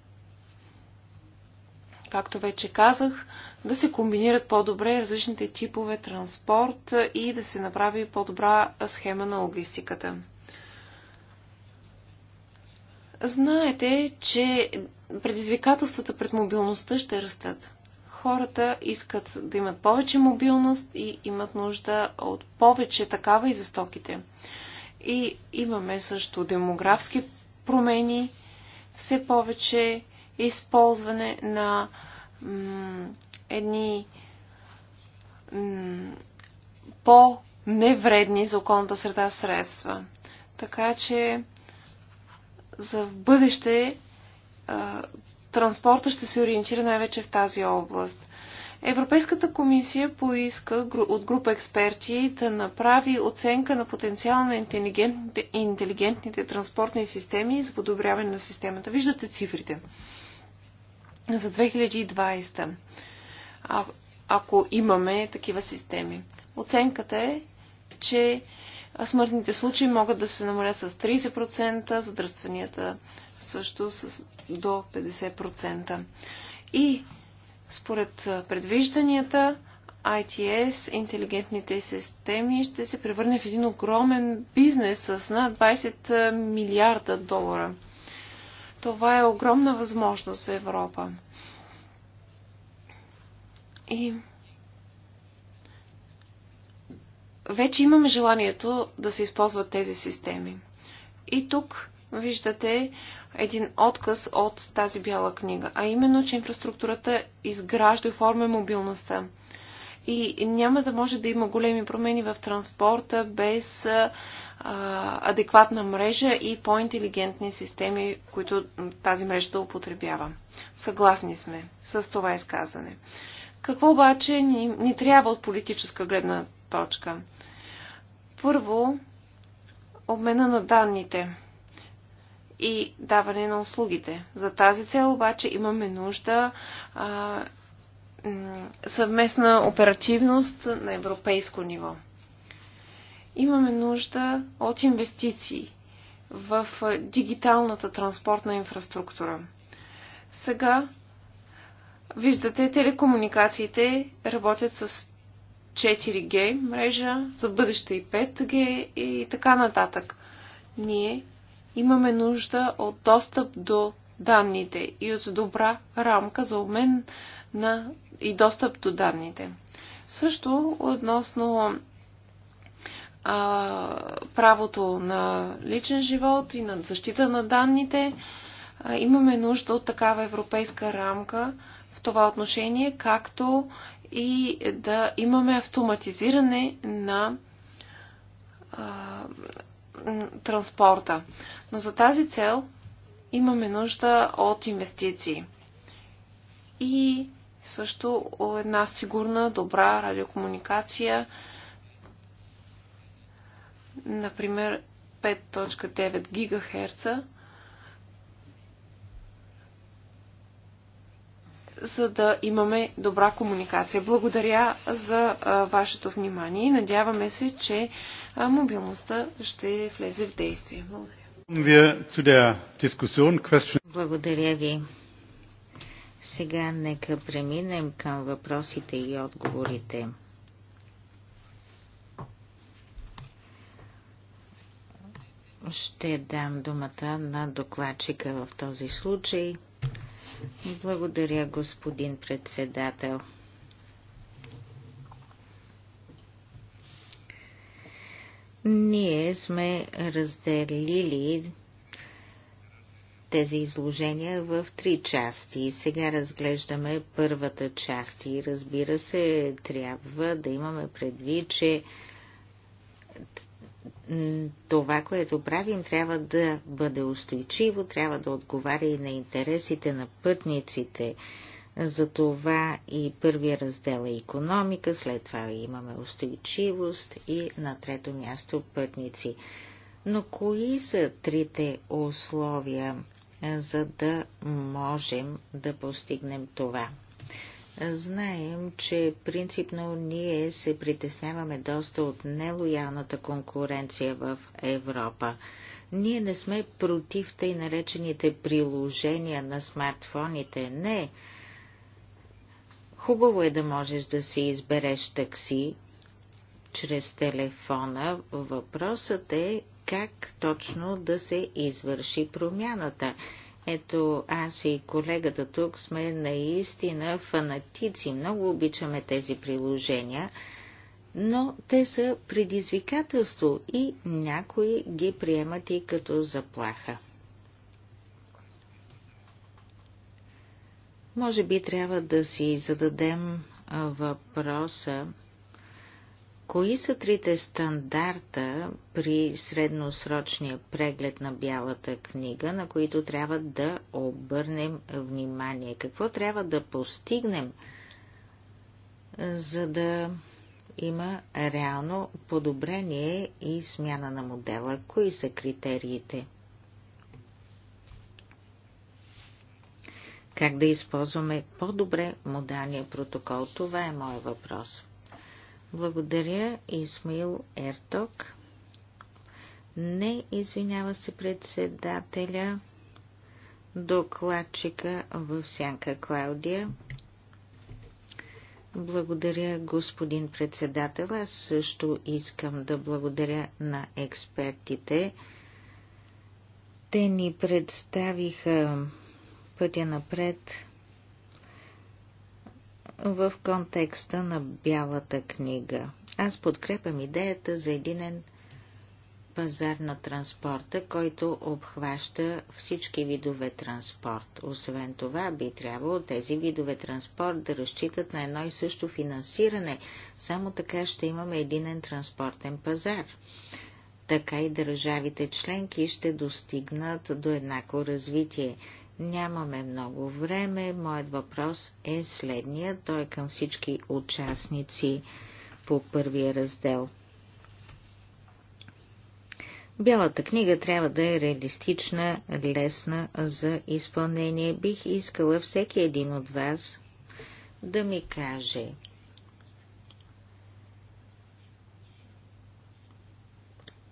както вече казах, да се комбинират по-добре различните типове транспорт и да се направи по-добра схема на логистиката. Знаете, че предизвикателствата пред мобилността ще растат. Хората искат да имат повече мобилност и имат нужда от повече такава и за стоките. И имаме също демографски промени, все повече използване на едни по-невредни за околната среда средства. Така че за в бъдеще транспорта ще се ориентира най-вече в тази област. Европейската комисия поиска от група експерти да направи оценка на потенциала на интелигентните, интелигентните транспортни системи за подобряване на системата. Виждате цифрите за 2020, ако имаме такива системи. Оценката е, че смъртните случаи могат да се намалят с 30%, задръстванията също с до 50%. И според предвижданията, ITS, интелигентните системи, ще се превърне в един огромен бизнес с над 20 милиарда долара. Това е огромна възможност за Европа. И вече имаме желанието да се използват тези системи. И тук виждате един отказ от тази бяла книга, а именно, че инфраструктурата изгражда и форма мобилността. И няма да може да има големи промени в транспорта без а, адекватна мрежа и по-интелигентни системи, които тази мрежа да употребява. Съгласни сме с това изказане. Какво обаче ни, ни трябва от политическа гледна точка. Първо, обмена на данните и даване на услугите. За тази цел обаче имаме нужда а, съвместна оперативност на европейско ниво. Имаме нужда от инвестиции в дигиталната транспортна инфраструктура. Сега виждате, телекомуникациите работят с 4G мрежа, за бъдеще и 5G и така нататък. Ние имаме нужда от достъп до данните и от добра рамка за обмен на и достъп до данните. Също относно а, правото на личен живот и на защита на данните, а, имаме нужда от такава европейска рамка в това отношение, както и да имаме автоматизиране на а, транспорта. Но за тази цел имаме нужда от инвестиции. И също една сигурна, добра радиокомуникация, например 5.9 ГГц, за да имаме добра комуникация. Благодаря за вашето внимание и надяваме се, че мобилността ще влезе в действие. Благодаря. Благодаря ви. Сега нека преминем към въпросите и отговорите. Ще дам думата на докладчика в този случай. Благодаря, господин председател. Ние сме разделили тези изложения в три части. Сега разглеждаме първата част и разбира се, трябва да имаме предвид, че това, което правим, трябва да бъде устойчиво, трябва да отговаря и на интересите на пътниците. Затова и първия раздел е економика, след това имаме устойчивост и на трето място пътници. Но кои са трите условия, за да можем да постигнем това? Знаем, че принципно ние се притесняваме доста от нелоялната конкуренция в Европа. Ние не сме против тъй наречените приложения на смартфоните. Не. Хубаво е да можеш да си избереш такси чрез телефона. Въпросът е как точно да се извърши промяната. Ето аз и колегата тук сме наистина фанатици. Много обичаме тези приложения, но те са предизвикателство и някои ги приемат и като заплаха. Може би трябва да си зададем въпроса Кои са трите стандарта при средносрочния преглед на Бялата книга, на които трябва да обърнем внимание? Какво трябва да постигнем, за да има реално подобрение и смяна на модела? Кои са критериите? Как да използваме по-добре модалния протокол? Това е моят въпрос. Благодаря, Исмаил Ерток. Не извинява се председателя, докладчика в сянка Клаудия. Благодаря, господин председател. Аз също искам да благодаря на експертите. Те ни представиха пътя напред в контекста на Бялата книга. Аз подкрепям идеята за единен пазар на транспорта, който обхваща всички видове транспорт. Освен това, би трябвало тези видове транспорт да разчитат на едно и също финансиране. Само така ще имаме единен транспортен пазар. Така и държавите членки ще достигнат до еднакво развитие. Нямаме много време. Моят въпрос е следния. Той е към всички участници по първия раздел. Бялата книга трябва да е реалистична, лесна за изпълнение. Бих искала всеки един от вас да ми каже –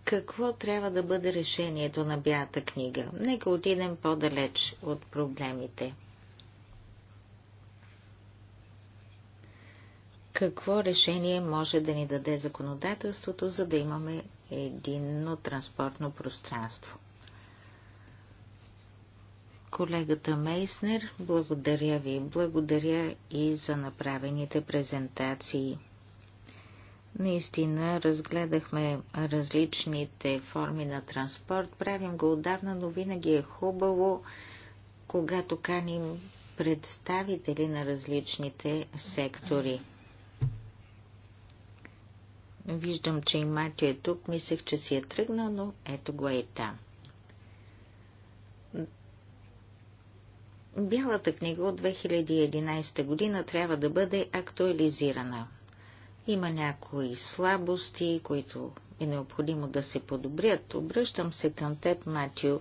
какво трябва да бъде решението на бята книга. Нека отидем по-далеч от проблемите. Какво решение може да ни даде законодателството, за да имаме единно транспортно пространство? колегата Мейснер, благодаря ви. Благодаря и за направените презентации. Наистина разгледахме различните форми на транспорт. Правим го отдавна, но винаги е хубаво, когато каним представители на различните сектори. Виждам, че и Мати е тук. Мислех, че си е тръгнал, но ето го е и там. Бялата книга от 2011 година трябва да бъде актуализирана. Има някои слабости, които е необходимо да се подобрят. Обръщам се към теб, Матю.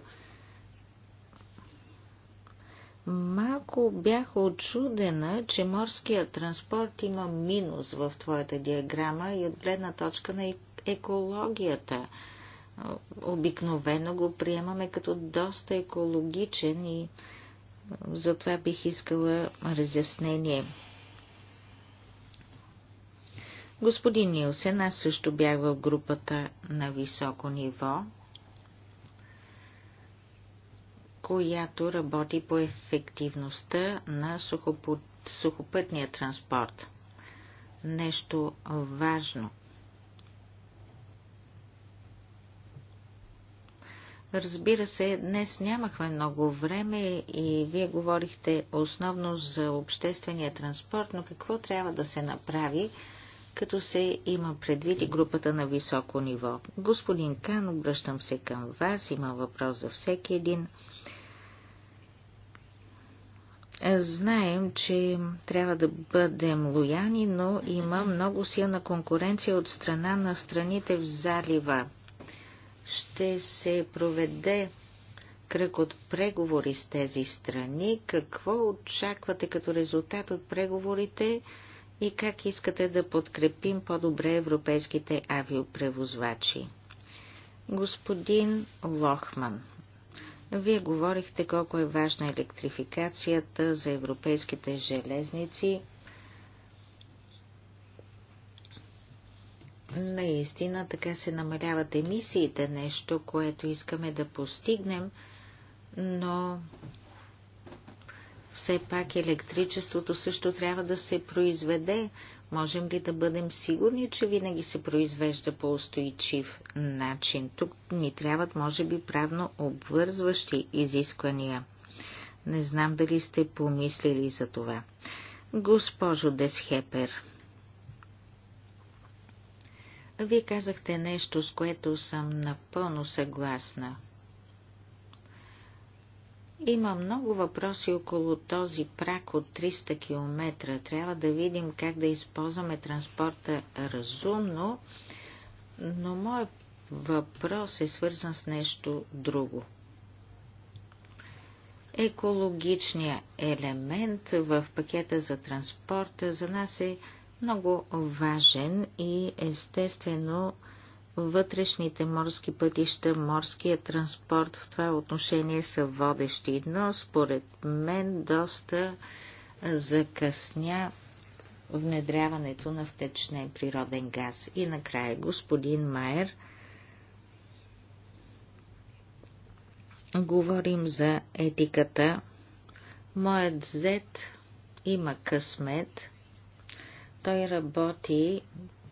Малко бях очудена, че морският транспорт има минус в твоята диаграма и от гледна точка на екологията. Обикновено го приемаме като доста екологичен и затова бих искала разяснение. Господин Нилсен, аз също бях в групата на високо ниво, която работи по ефективността на сухопътния транспорт. Нещо важно. Разбира се, днес нямахме много време и вие говорихте основно за обществения транспорт, но какво трябва да се направи, като се има предвид и групата на високо ниво. Господин Кан, обръщам се към вас, има въпрос за всеки един. Знаем, че трябва да бъдем лояни, но има много силна конкуренция от страна на страните в залива. Ще се проведе кръг от преговори с тези страни. Какво очаквате като резултат от преговорите? и как искате да подкрепим по-добре европейските авиопревозвачи. Господин Лохман, вие говорихте колко е важна електрификацията за европейските железници. Наистина така се намаляват емисиите, нещо, което искаме да постигнем, но все пак електричеството също трябва да се произведе. Можем ли да бъдем сигурни, че винаги се произвежда по устойчив начин? Тук ни трябват, може би, правно обвързващи изисквания. Не знам дали сте помислили за това. Госпожо Десхепер, вие казахте нещо, с което съм напълно съгласна – има много въпроси около този прак от 300 км. Трябва да видим как да използваме транспорта разумно, но моят въпрос е свързан с нещо друго. Екологичният елемент в пакета за транспорта за нас е много важен и естествено вътрешните морски пътища, морския транспорт в това отношение са водещи, но според мен доста закъсня внедряването на втечнен природен газ. И накрая господин Майер говорим за етиката. Моят зет има късмет. Той работи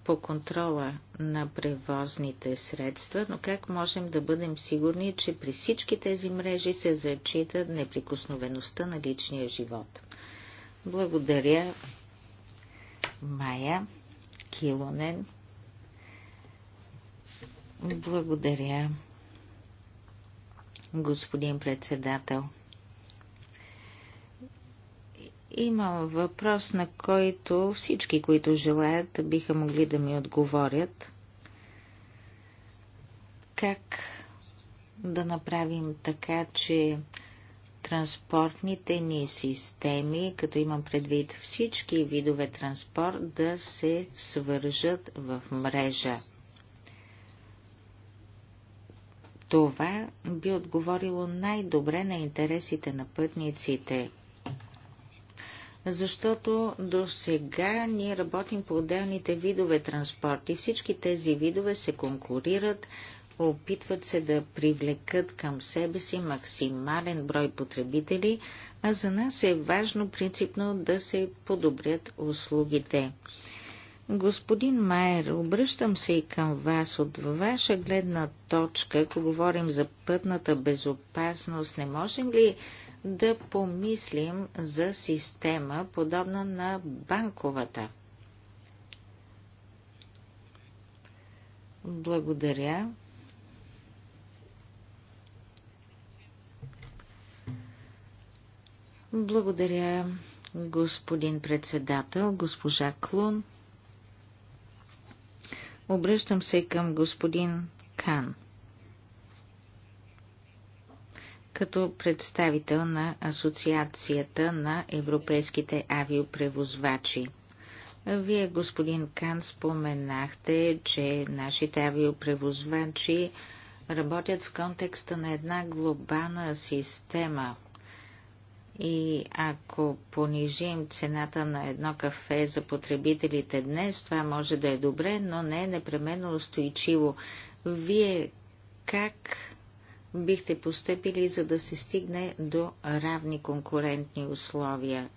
по контрола на превозните средства, но как можем да бъдем сигурни, че при всички тези мрежи се зачита неприкосновеността на личния живот? Благодаря, Мая Килонен. Благодаря, господин председател. Имам въпрос, на който всички, които желаят, биха могли да ми отговорят. Как да направим така, че транспортните ни системи, като имам предвид всички видове транспорт, да се свържат в мрежа. Това би отговорило най-добре на интересите на пътниците – защото до сега ние работим по отделните видове транспорт и всички тези видове се конкурират, опитват се да привлекат към себе си максимален брой потребители, а за нас е важно принципно да се подобрят услугите. Господин Майер, обръщам се и към вас. От ваша гледна точка, ако говорим за пътната безопасност, не можем ли да помислим за система, подобна на банковата. Благодаря. Благодаря, господин председател, госпожа Клун. Обръщам се към господин Кан. като представител на Асоциацията на европейските авиопревозвачи. Вие, господин Кан, споменахте, че нашите авиопревозвачи работят в контекста на една глобална система. И ако понижим цената на едно кафе за потребителите днес, това може да е добре, но не е непременно устойчиво. Вие как бихте постъпили, за да се стигне до равни конкурентни условия?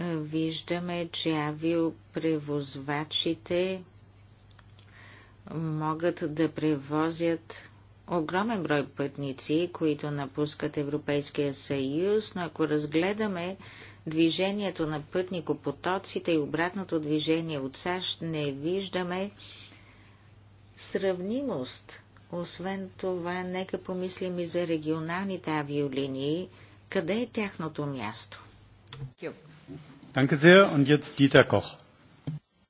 Виждаме, че авиопревозвачите могат да превозят огромен брой пътници, които напускат Европейския съюз, но ако разгледаме движението на пътникопотоците и обратното движение от САЩ, не виждаме сравнимост. Освен това, нека помислим и за регионалните авиолинии. Къде е тяхното място?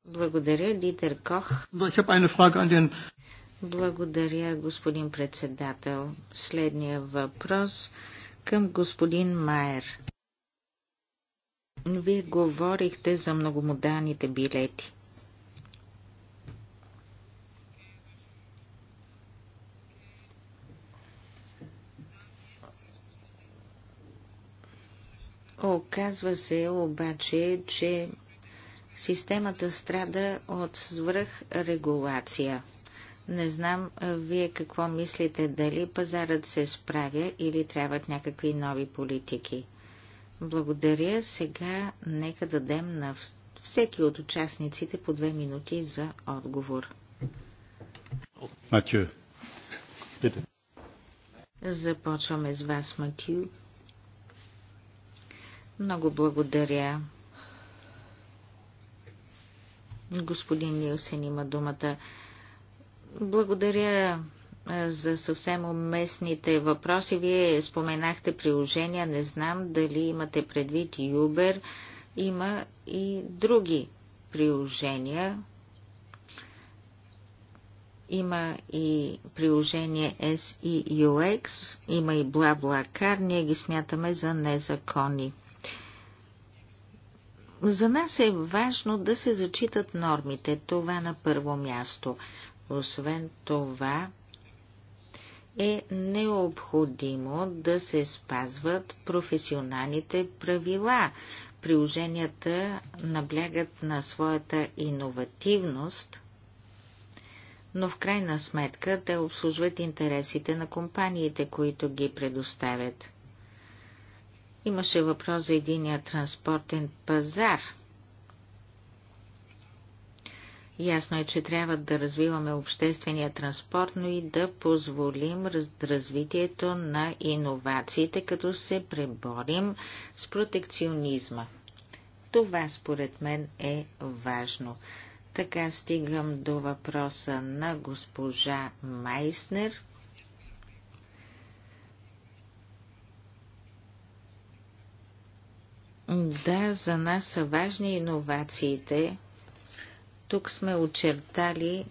Благодаря, Дитер Кох. Благодаря, господин председател. Следния въпрос към господин Майер. Вие говорихте за многомодалните билети. Оказва се обаче, че системата страда от свръхрегулация. Не знам вие какво мислите, дали пазарът се справя или трябват някакви нови политики. Благодаря. Сега нека дадем на всеки от участниците по две минути за отговор. Матю. Започваме с вас, Матю. Много благодаря. Господин Нилсен има думата. Благодаря за съвсем уместните въпроси. Вие споменахте приложения. Не знам дали имате предвид Uber. Има и други приложения. Има и приложение SEUX, има и бла Ние ги смятаме за незаконни. За нас е важно да се зачитат нормите, това на първо място. Освен това, е необходимо да се спазват професионалните правила. Приложенията наблягат на своята иновативност, но в крайна сметка те обслужват интересите на компаниите, които ги предоставят. Имаше въпрос за единия транспортен пазар. Ясно е, че трябва да развиваме обществения транспорт, но и да позволим развитието на иновациите, като се преборим с протекционизма. Това според мен е важно. Така стигам до въпроса на госпожа Майснер. Да, за нас са важни иновациите. Тук сме очертали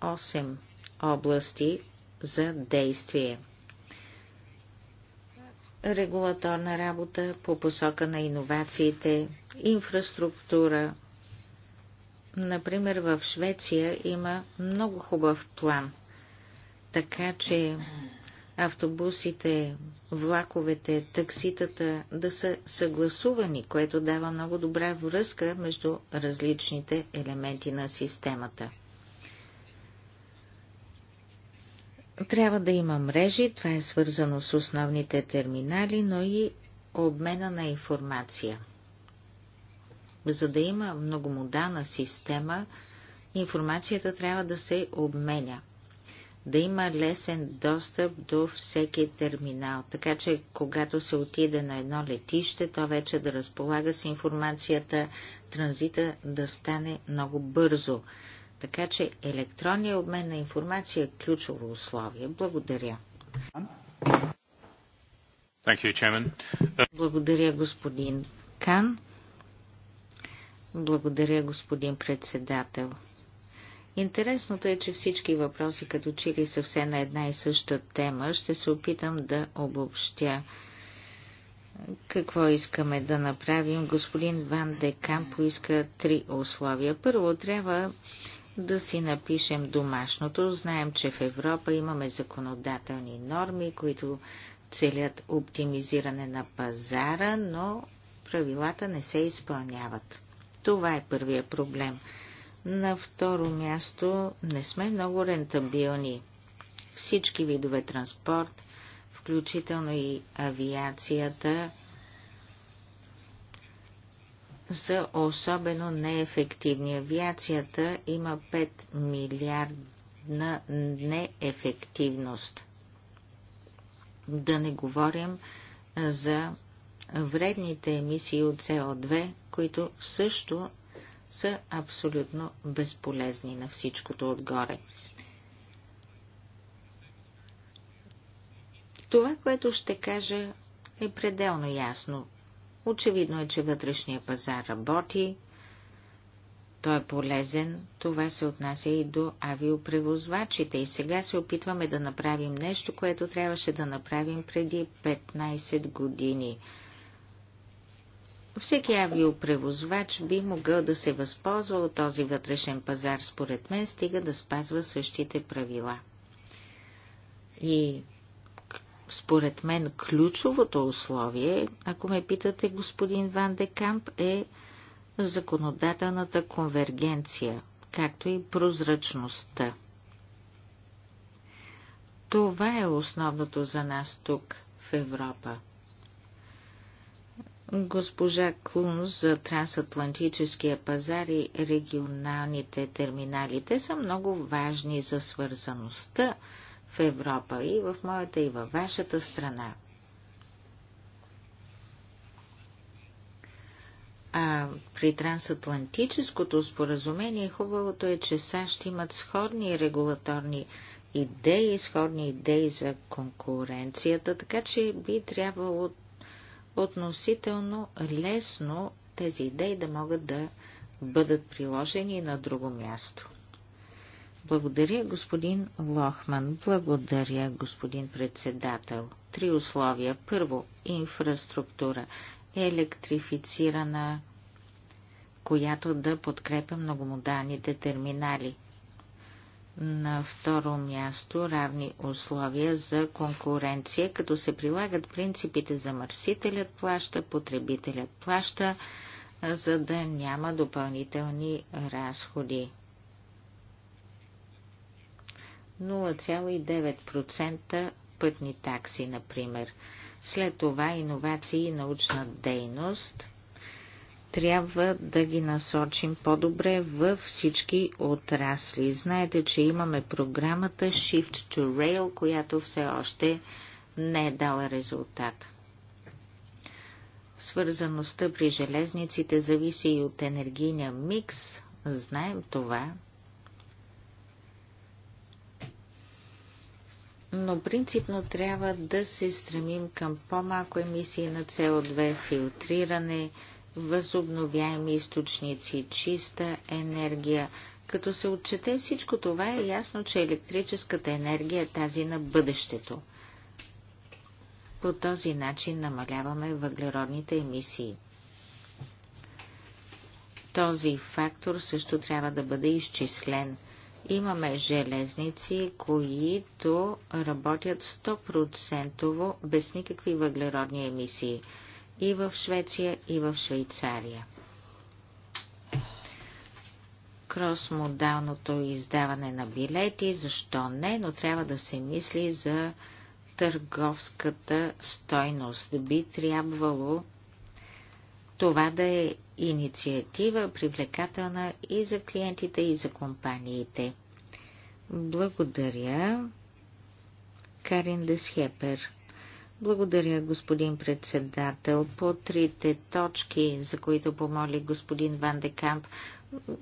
8 области за действие. Регулаторна работа по посока на иновациите, инфраструктура. Например, в Швеция има много хубав план. Така че автобусите, влаковете, такситата да са съгласувани, което дава много добра връзка между различните елементи на системата. Трябва да има мрежи, това е свързано с основните терминали, но и обмена на информация. За да има многомодана система, информацията трябва да се обменя да има лесен достъп до всеки терминал, така че когато се отиде на едно летище, то вече да разполага с информацията, транзита да стане много бързо. Така че електронният обмен на информация е ключово условие. Благодаря. You, Благодаря, господин Кан. Благодаря, господин председател. Интересното е, че всички въпроси като че ли са все на една и съща тема. Ще се опитам да обобщя какво искаме да направим. Господин Ван Декам поиска три условия. Първо трябва да си напишем домашното. Знаем, че в Европа имаме законодателни норми, които целят оптимизиране на пазара, но правилата не се изпълняват. Това е първия проблем – на второ място не сме много рентабилни. Всички видове транспорт, включително и авиацията, са особено неефективни. Авиацията има 5 милиардна неефективност. Да не говорим за вредните емисии от СО2, които също са абсолютно безполезни на всичкото отгоре. Това, което ще кажа, е пределно ясно. Очевидно е, че вътрешния пазар работи, той е полезен, това се отнася и до авиопревозвачите. И сега се опитваме да направим нещо, което трябваше да направим преди 15 години – всеки авиопревозвач би могъл да се възползва от този вътрешен пазар, според мен, стига да спазва същите правила. И според мен ключовото условие, ако ме питате господин Ван де Камп, е законодателната конвергенция, както и прозрачността. Това е основното за нас тук в Европа госпожа Клунс за трансатлантическия пазар и регионалните терминали. Те са много важни за свързаността в Европа и в моята и във вашата страна. А при трансатлантическото споразумение хубавото е, че САЩ имат сходни регулаторни идеи, сходни идеи за конкуренцията, така че би трябвало относително лесно тези идеи да могат да бъдат приложени на друго място. Благодаря, господин Лохман. Благодаря, господин председател. Три условия. Първо, инфраструктура. Електрифицирана, която да подкрепя многомодалните терминали – на второ място равни условия за конкуренция, като се прилагат принципите замърсителят плаща, потребителят плаща, за да няма допълнителни разходи. 0,9% пътни такси, например. След това иновации и научна дейност – трябва да ги насочим по-добре във всички отрасли. Знаете, че имаме програмата Shift to Rail, която все още не е дала резултат. Свързаността при железниците зависи и от енергийния микс. Знаем това. но принципно трябва да се стремим към по-малко емисии на CO2, филтриране, възобновяеми източници, чиста енергия. Като се отчете всичко това е ясно, че електрическата енергия е тази на бъдещето. По този начин намаляваме въглеродните емисии. Този фактор също трябва да бъде изчислен. Имаме железници, които работят 100% без никакви въглеродни емисии – и в Швеция, и в Швейцария. Кросмодалното издаване на билети, защо не, но трябва да се мисли за търговската стойност. Би трябвало това да е инициатива, привлекателна и за клиентите, и за компаниите. Благодаря, Карин Десхепер. Благодаря, господин председател. По трите точки, за които помоли господин Ван де Камп,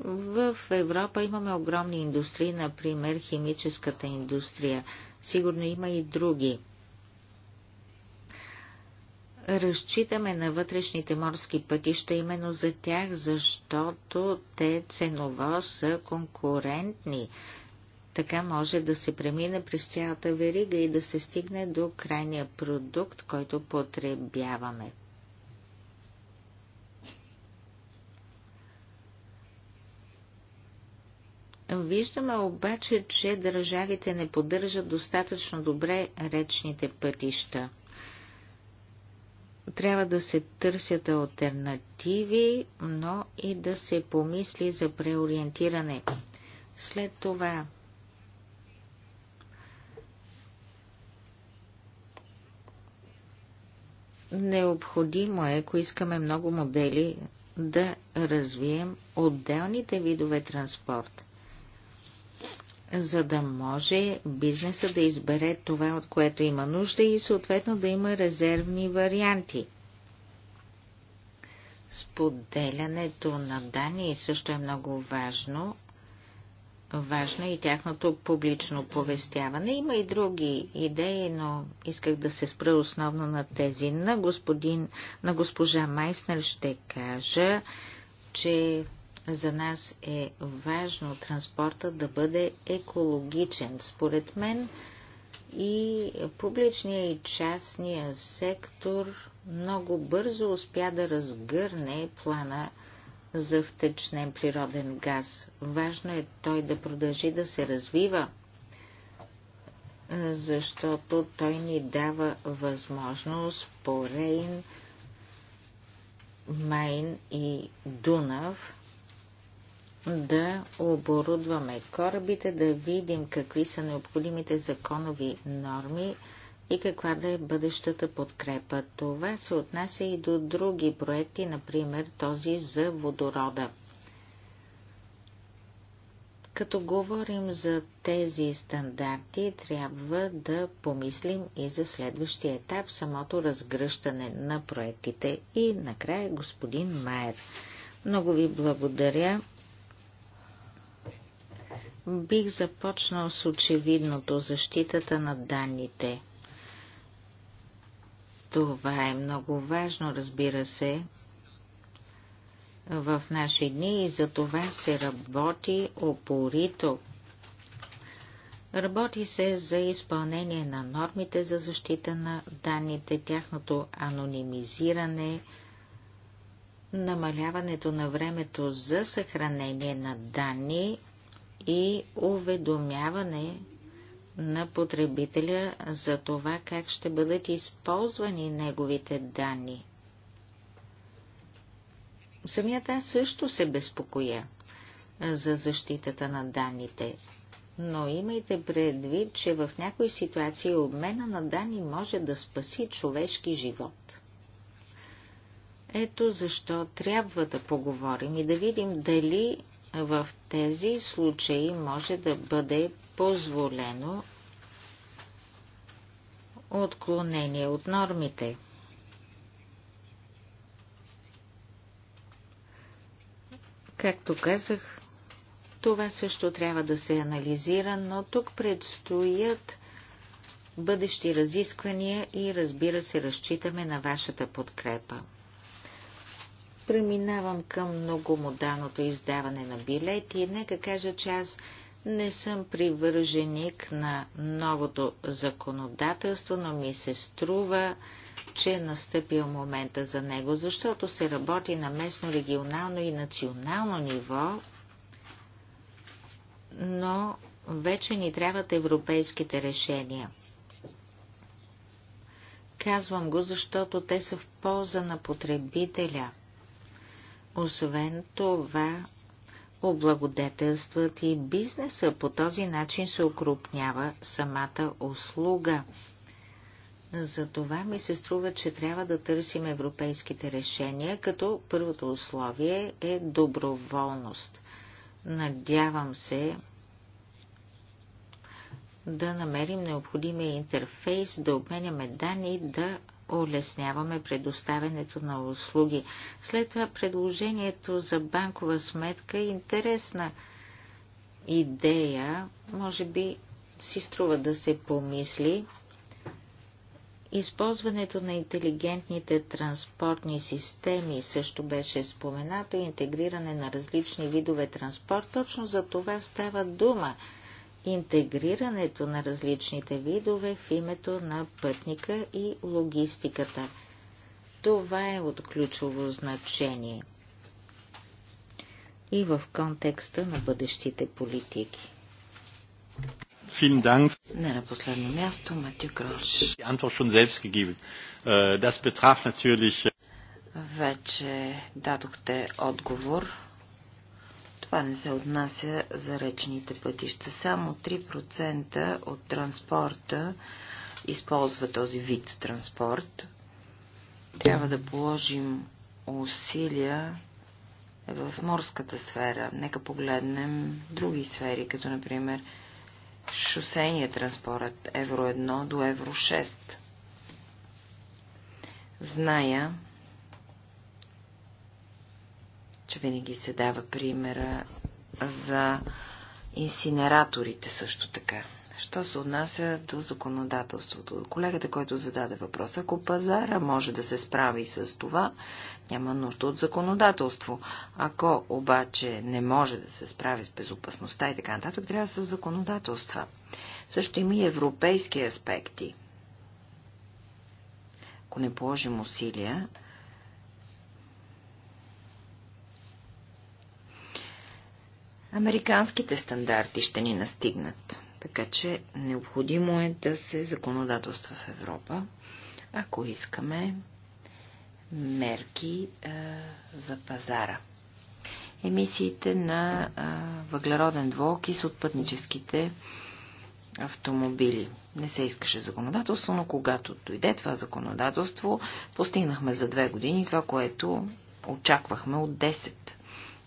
в Европа имаме огромни индустрии, например химическата индустрия. Сигурно има и други. Разчитаме на вътрешните морски пътища именно за тях, защото те ценово са конкурентни така може да се премине през цялата верига и да се стигне до крайния продукт, който потребяваме. Виждаме обаче, че държавите не поддържат достатъчно добре речните пътища. Трябва да се търсят альтернативи, но и да се помисли за преориентиране. След това Необходимо е, ако искаме много модели, да развием отделните видове транспорт, за да може бизнеса да избере това, от което има нужда и съответно да има резервни варианти. Споделянето на данни също е много важно, важно и тяхното публично повестяване. Има и други идеи, но исках да се спра основно на тези. На, господин, на госпожа Майснер ще кажа, че за нас е важно транспорта да бъде екологичен. Според мен и публичния и частния сектор много бързо успя да разгърне плана за втечнен природен газ. Важно е той да продължи да се развива, защото той ни дава възможност по Рейн, Майн и Дунав да оборудваме корабите, да видим какви са необходимите законови норми, и каква да е бъдещата подкрепа. Това се отнася и до други проекти, например този за водорода. Като говорим за тези стандарти, трябва да помислим и за следващия етап, самото разгръщане на проектите. И накрая господин Майер. Много ви благодаря. Бих започнал с очевидното защитата на данните – това е много важно, разбира се, в наши дни и за това се работи опорито. Работи се за изпълнение на нормите за защита на данните, тяхното анонимизиране, намаляването на времето за съхранение на данни и уведомяване на потребителя за това как ще бъдат използвани неговите данни. Самият аз също се безпокоя за защитата на данните, но имайте предвид, че в някои ситуации обмена на данни може да спаси човешки живот. Ето защо трябва да поговорим и да видим дали в тези случаи може да бъде позволено отклонение от нормите. Както казах, това също трябва да се анализира, но тук предстоят бъдещи разисквания и разбира се разчитаме на вашата подкрепа. Преминавам към многомоданото издаване на билети. Нека кажа, че аз не съм привърженик на новото законодателство, но ми се струва, че е настъпил момента за него, защото се работи на местно, регионално и национално ниво, но вече ни трябват европейските решения. Казвам го, защото те са в полза на потребителя. Освен това, облагодетелстват и бизнеса. По този начин се укрупнява самата услуга. За това ми се струва, че трябва да търсим европейските решения, като първото условие е доброволност. Надявам се да намерим необходимия интерфейс, да обменяме данни, да улесняваме предоставянето на услуги. След това предложението за банкова сметка е интересна идея. Може би си струва да се помисли. Използването на интелигентните транспортни системи също беше споменато, интегриране на различни видове транспорт. Точно за това става дума интегрирането на различните видове в името на пътника и логистиката. Това е от ключово значение и в контекста на бъдещите политики. Не на последно място, Матю Грош. Äh, äh, Вече дадохте отговор това не се отнася за речните пътища. Само 3% от транспорта използва този вид транспорт. Трябва да положим усилия в морската сфера. Нека погледнем други сфери, като например шосейния транспорт Евро 1 до Евро 6. Зная, че винаги се дава примера за инсинераторите също така. Що се отнася до законодателството? Колегата, който зададе въпрос, ако пазара може да се справи с това, няма нужда от законодателство. Ако обаче не може да се справи с безопасността и така нататък, трябва с са законодателства. Също има и европейски аспекти. Ако не положим усилия, Американските стандарти ще ни настигнат, така че необходимо е да се законодателства в Европа, ако искаме мерки а, за пазара. Емисиите на а, въглероден двуокис от пътническите автомобили. Не се искаше законодателство, но когато дойде това законодателство, постигнахме за две години това, което очаквахме от 10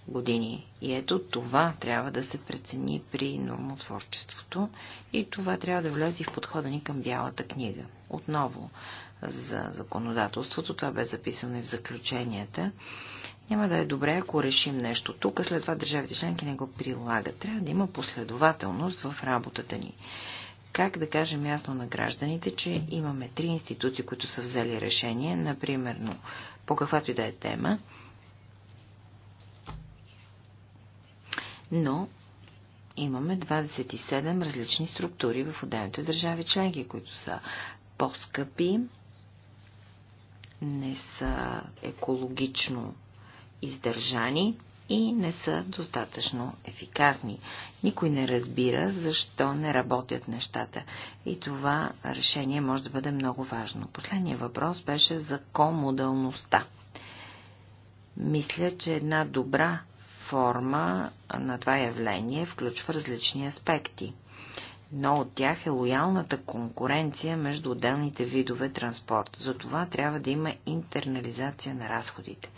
години. И ето това трябва да се прецени при нормотворчеството и това трябва да влезе в подхода ни към Бялата книга. Отново за законодателството, това бе записано и в заключенията. Няма да е добре, ако решим нещо тук, а след това държавите членки не го прилагат. Трябва да има последователност в работата ни. Как да кажем ясно на гражданите, че имаме три институции, които са взели решение, например, по каквато и да е тема, но имаме 27 различни структури в отделните държави членки, които са по-скъпи, не са екологично издържани и не са достатъчно ефикасни. Никой не разбира защо не работят нещата. И това решение може да бъде много важно. Последния въпрос беше за комодалността. Мисля, че една добра форма на това явление включва различни аспекти. Но от тях е лоялната конкуренция между отделните видове транспорт. Затова трябва да има интернализация на разходите.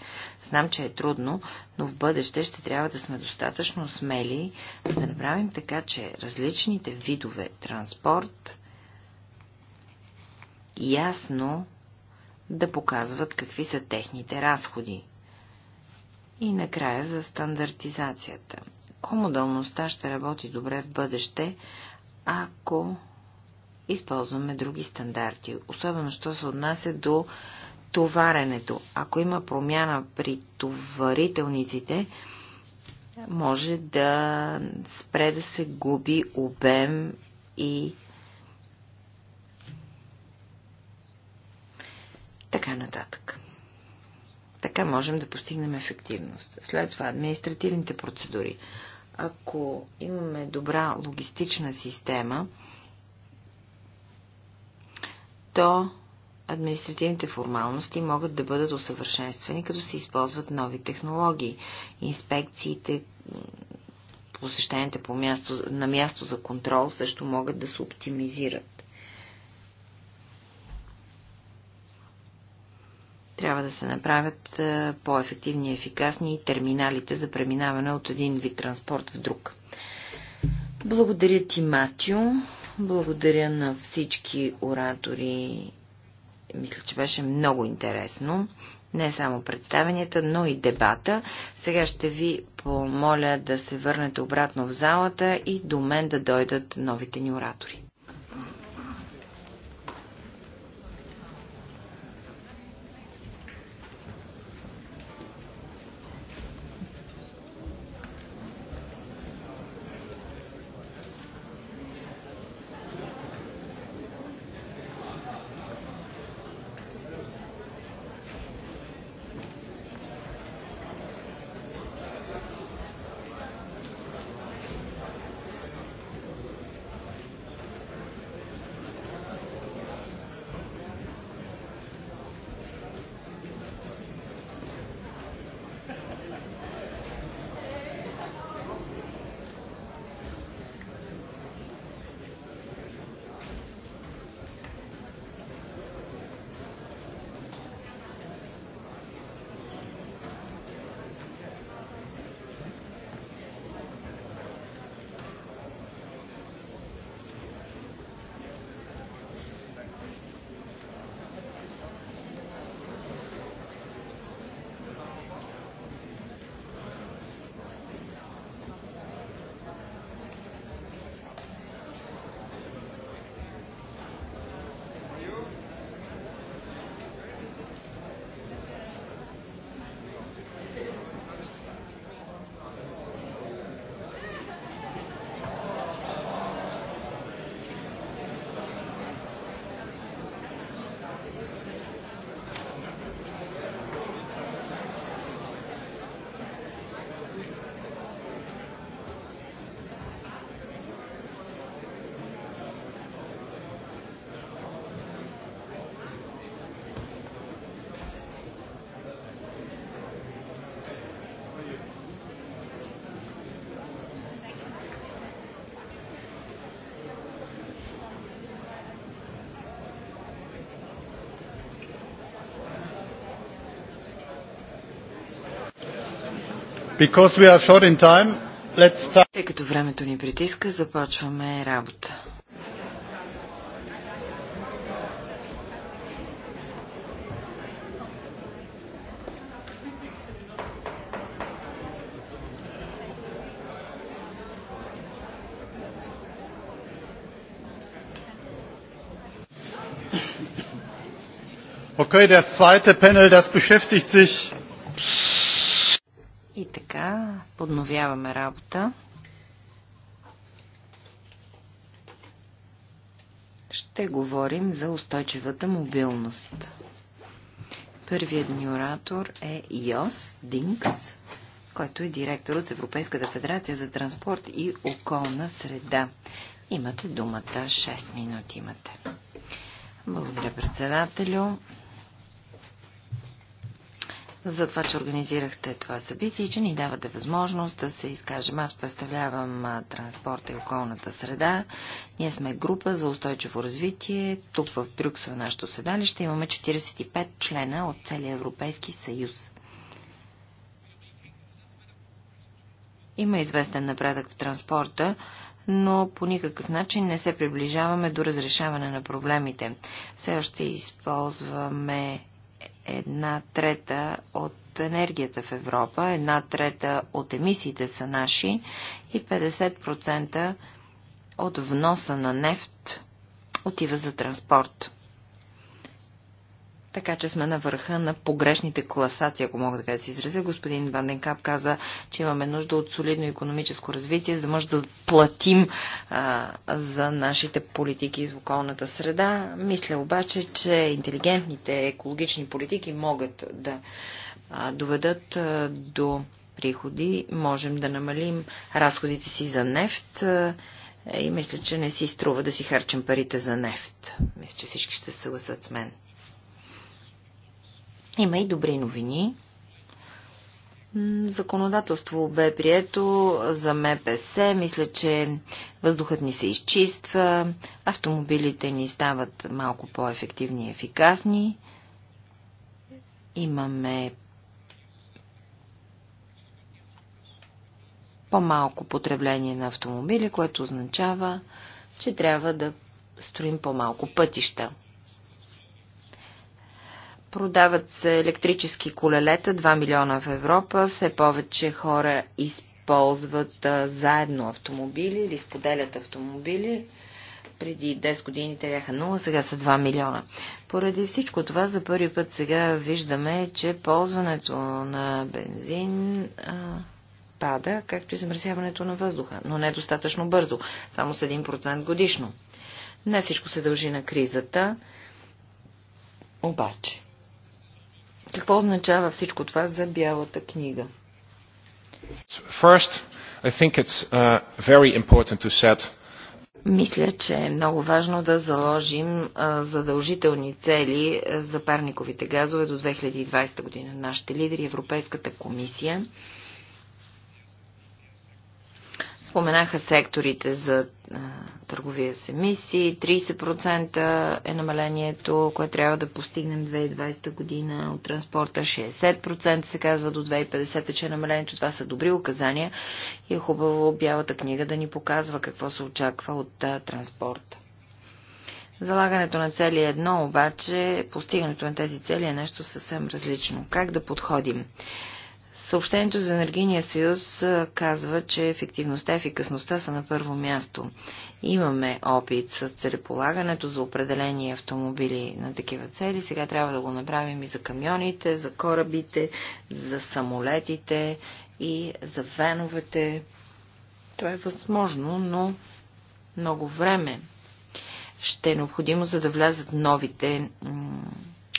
Знам, че е трудно, но в бъдеще ще трябва да сме достатъчно смели, за да направим така, че различните видове транспорт ясно да показват какви са техните разходи. И накрая за стандартизацията. Комодалността ще работи добре в бъдеще, ако използваме други стандарти, особено що се отнася до товаренето. Ако има промяна при товарителниците, може да спре да се губи обем и така нататък. Така можем да постигнем ефективност. След това административните процедури. Ако имаме добра логистична система, то административните формалности могат да бъдат усъвършенствани, като се използват нови технологии. Инспекциите, посещенията по място, на място за контрол също могат да се оптимизират. трябва да се направят е, по-ефективни и ефикасни и терминалите за преминаване от един вид транспорт в друг. Благодаря ти, Матио. Благодаря на всички оратори. Мисля, че беше много интересно. Не само представенията, но и дебата. Сега ще ви помоля да се върнете обратно в залата и до мен да дойдат новите ни оратори. Тъй като времето ни притиска, започваме работа. Окей, okay, der zweite panel, das beschäftigt sich така, подновяваме работа. Ще говорим за устойчивата мобилност. Първият ни оратор е Йос Динкс, който е директор от Европейската федерация за транспорт и околна среда. Имате думата. 6 минути имате. Благодаря, председателю за това, че организирахте това събитие и че ни давате възможност да се изкажем. Аз представлявам транспорта и околната среда. Ние сме група за устойчиво развитие. Тук в Брюксел, е нашето седалище, имаме 45 члена от целия Европейски съюз. Има известен напредък в транспорта, но по никакъв начин не се приближаваме до разрешаване на проблемите. Все още използваме една трета от енергията в Европа, една трета от емисиите са наши и 50% от вноса на нефт отива за транспорт. Така че сме на върха на погрешните класации, ако мога така да се изразя. Господин Ванденкап каза, че имаме нужда от солидно економическо развитие, за да може да платим а, за нашите политики и околната среда. Мисля обаче, че интелигентните екологични политики могат да а, доведат а, до приходи. Можем да намалим разходите си за нефт. А, и мисля, че не си струва да си харчим парите за нефт. Мисля, че всички ще се съгласат с мен. Има и добри новини. Законодателство бе прието за МПС. Мисля, че въздухът ни се изчиства, автомобилите ни стават малко по-ефективни и ефикасни. Имаме по-малко потребление на автомобили, което означава, че трябва да строим по-малко пътища. Продават се електрически колелета, 2 милиона в Европа. Все повече хора използват а, заедно автомобили или споделят автомобили. Преди 10 години те бяха 0, сега са 2 милиона. Поради всичко това за първи път сега виждаме, че ползването на бензин а, пада, както и замърсяването на въздуха, но не достатъчно бързо, само с 1% годишно. Не всичко се дължи на кризата, обаче. Какво означава всичко това за Бялата книга? First, I think it's uh, very important to set мисля, че е много важно да заложим задължителни цели за парниковите газове до 2020 година. Нашите лидери, Европейската комисия, Споменаха секторите за а, търговия с емисии. 30% е намалението, което трябва да постигнем 2020 година от транспорта. 60% се казва до 2050, че е намалението. Това са добри указания и е хубаво бялата книга да ни показва какво се очаква от а, транспорта. Залагането на цели е едно, обаче постигането на тези цели е нещо съвсем различно. Как да подходим? Съобщението за енергийния съюз казва, че ефективността и ефикасността са на първо място. Имаме опит с целеполагането за определени автомобили на такива цели. Сега трябва да го направим и за камионите, за корабите, за самолетите и за веновете. Това е възможно, но много време ще е необходимо, за да влязат новите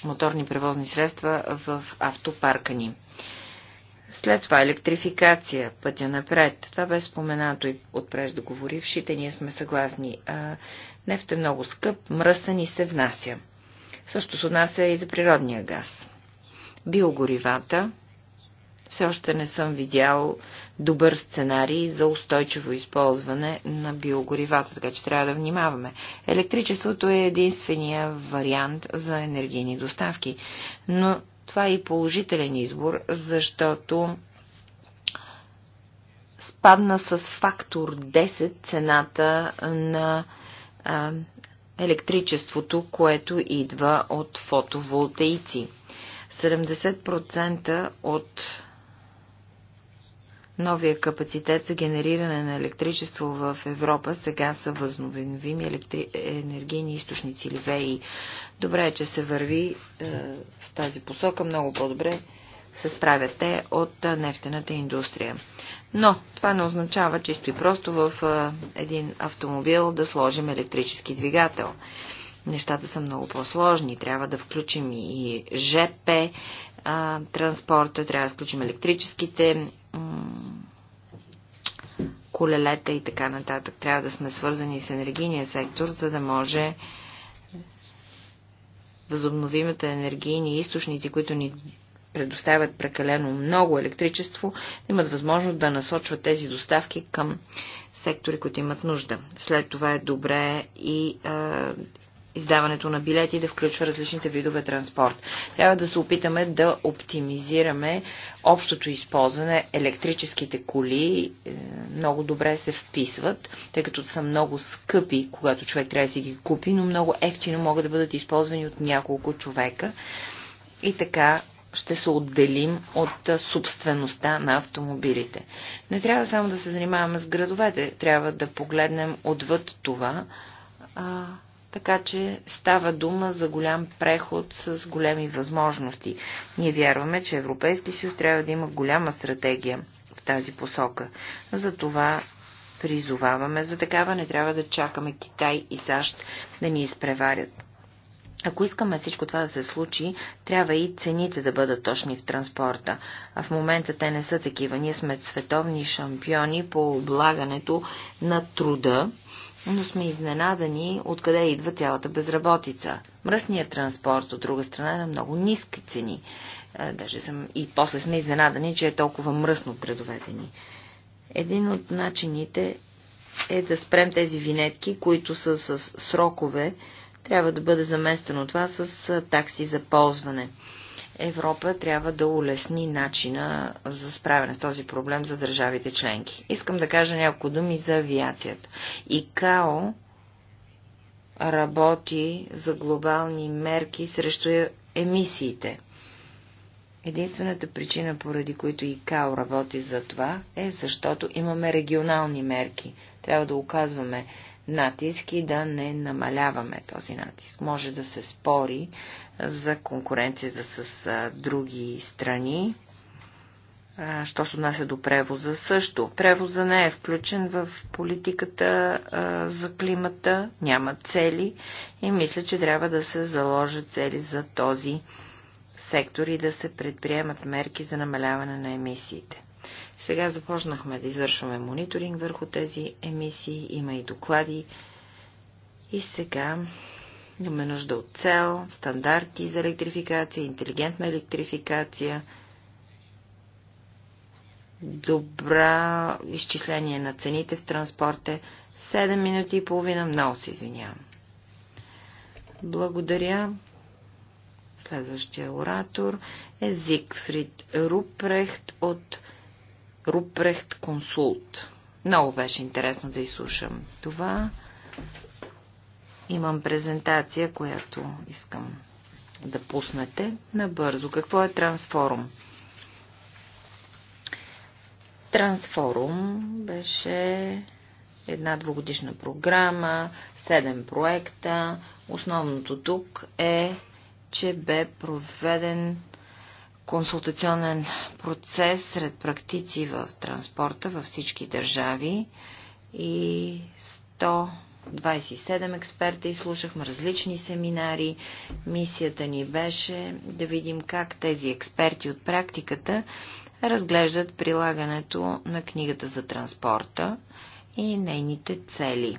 моторни превозни средства в автопарка ни. След това електрификация, пътя напред. Това бе споменато и от преждоговорившите, ние сме съгласни. А, нефт е много скъп, мръсен и се внася. Също се отнася и за природния газ. Биогоривата. Все още не съм видял добър сценарий за устойчиво използване на биогоривата, така че трябва да внимаваме. Електричеството е единствения вариант за енергийни доставки, но това е и положителен избор, защото спадна с фактор 10 цената на а, електричеството, което идва от фотоволтаици. 70% от Новия капацитет за генериране на електричество в Европа сега са възобновими електри... енергийни източници или ВИ. Добре е, че се върви е, в тази посока. Много по-добре се справят те от е, нефтената индустрия. Но това не означава чисто и просто в е, един автомобил да сложим електрически двигател нещата са много по-сложни. Трябва да включим и ЖП, а, транспорта, трябва да включим електрическите колелета и така нататък. Трябва да сме свързани с енергийния сектор, за да може възобновимите енергийни източници, които ни предоставят прекалено много електричество, имат възможност да насочват тези доставки към сектори, които имат нужда. След това е добре и е, издаването на билети да включва различните видове транспорт. Трябва да се опитаме да оптимизираме общото използване. Електрическите коли е, много добре се вписват, тъй като са много скъпи, когато човек трябва да си ги купи, но много ефтино могат да бъдат използвани от няколко човека. И така ще се отделим от собствеността на автомобилите. Не трябва само да се занимаваме с градовете, трябва да погледнем отвъд това така че става дума за голям преход с големи възможности. Ние вярваме, че Европейски съюз трябва да има голяма стратегия в тази посока. Затова призоваваме за такава, не трябва да чакаме Китай и САЩ да ни изпреварят. Ако искаме всичко това да се случи, трябва и цените да бъдат точни в транспорта. А в момента те не са такива. Ние сме световни шампиони по облагането на труда но сме изненадани откъде идва цялата безработица. Мръсният транспорт, от друга страна, е на много ниски цени. Е, даже съм... И после сме изненадани, че е толкова мръсно предоведени. Един от начините е да спрем тези винетки, които са с срокове, трябва да бъде заместено това с е, такси за ползване. Европа трябва да улесни начина за справяне с този проблем за държавите членки. Искам да кажа няколко думи за авиацията. ИКАО работи за глобални мерки срещу емисиите. Единствената причина, поради които ИКАО работи за това, е защото имаме регионални мерки. Трябва да оказваме натиск и да не намаляваме този натиск. Може да се спори за конкуренцията с други страни. Що се отнася до превоза също. Превоза не е включен в политиката а, за климата, няма цели и мисля, че трябва да се заложат цели за този сектор и да се предприемат мерки за намаляване на емисиите. Сега започнахме да извършваме мониторинг върху тези емисии, има и доклади. И сега Имаме нужда от цел, стандарти за електрификация, интелигентна електрификация, добра изчисление на цените в транспорте. 7 минути и половина, много се извинявам. Благодаря. Следващия оратор е Зигфрид Рупрехт от Рупрехт Консулт. Много беше интересно да изслушам това. Имам презентация, която искам да пуснете набързо. Какво е трансформ? Трансформ беше една двогодишна програма, седем проекта. Основното тук е, че бе проведен консултационен процес сред практици в транспорта във всички държави и 100 27 експерта изслушахме различни семинари. Мисията ни беше да видим как тези експерти от практиката разглеждат прилагането на книгата за транспорта и нейните цели.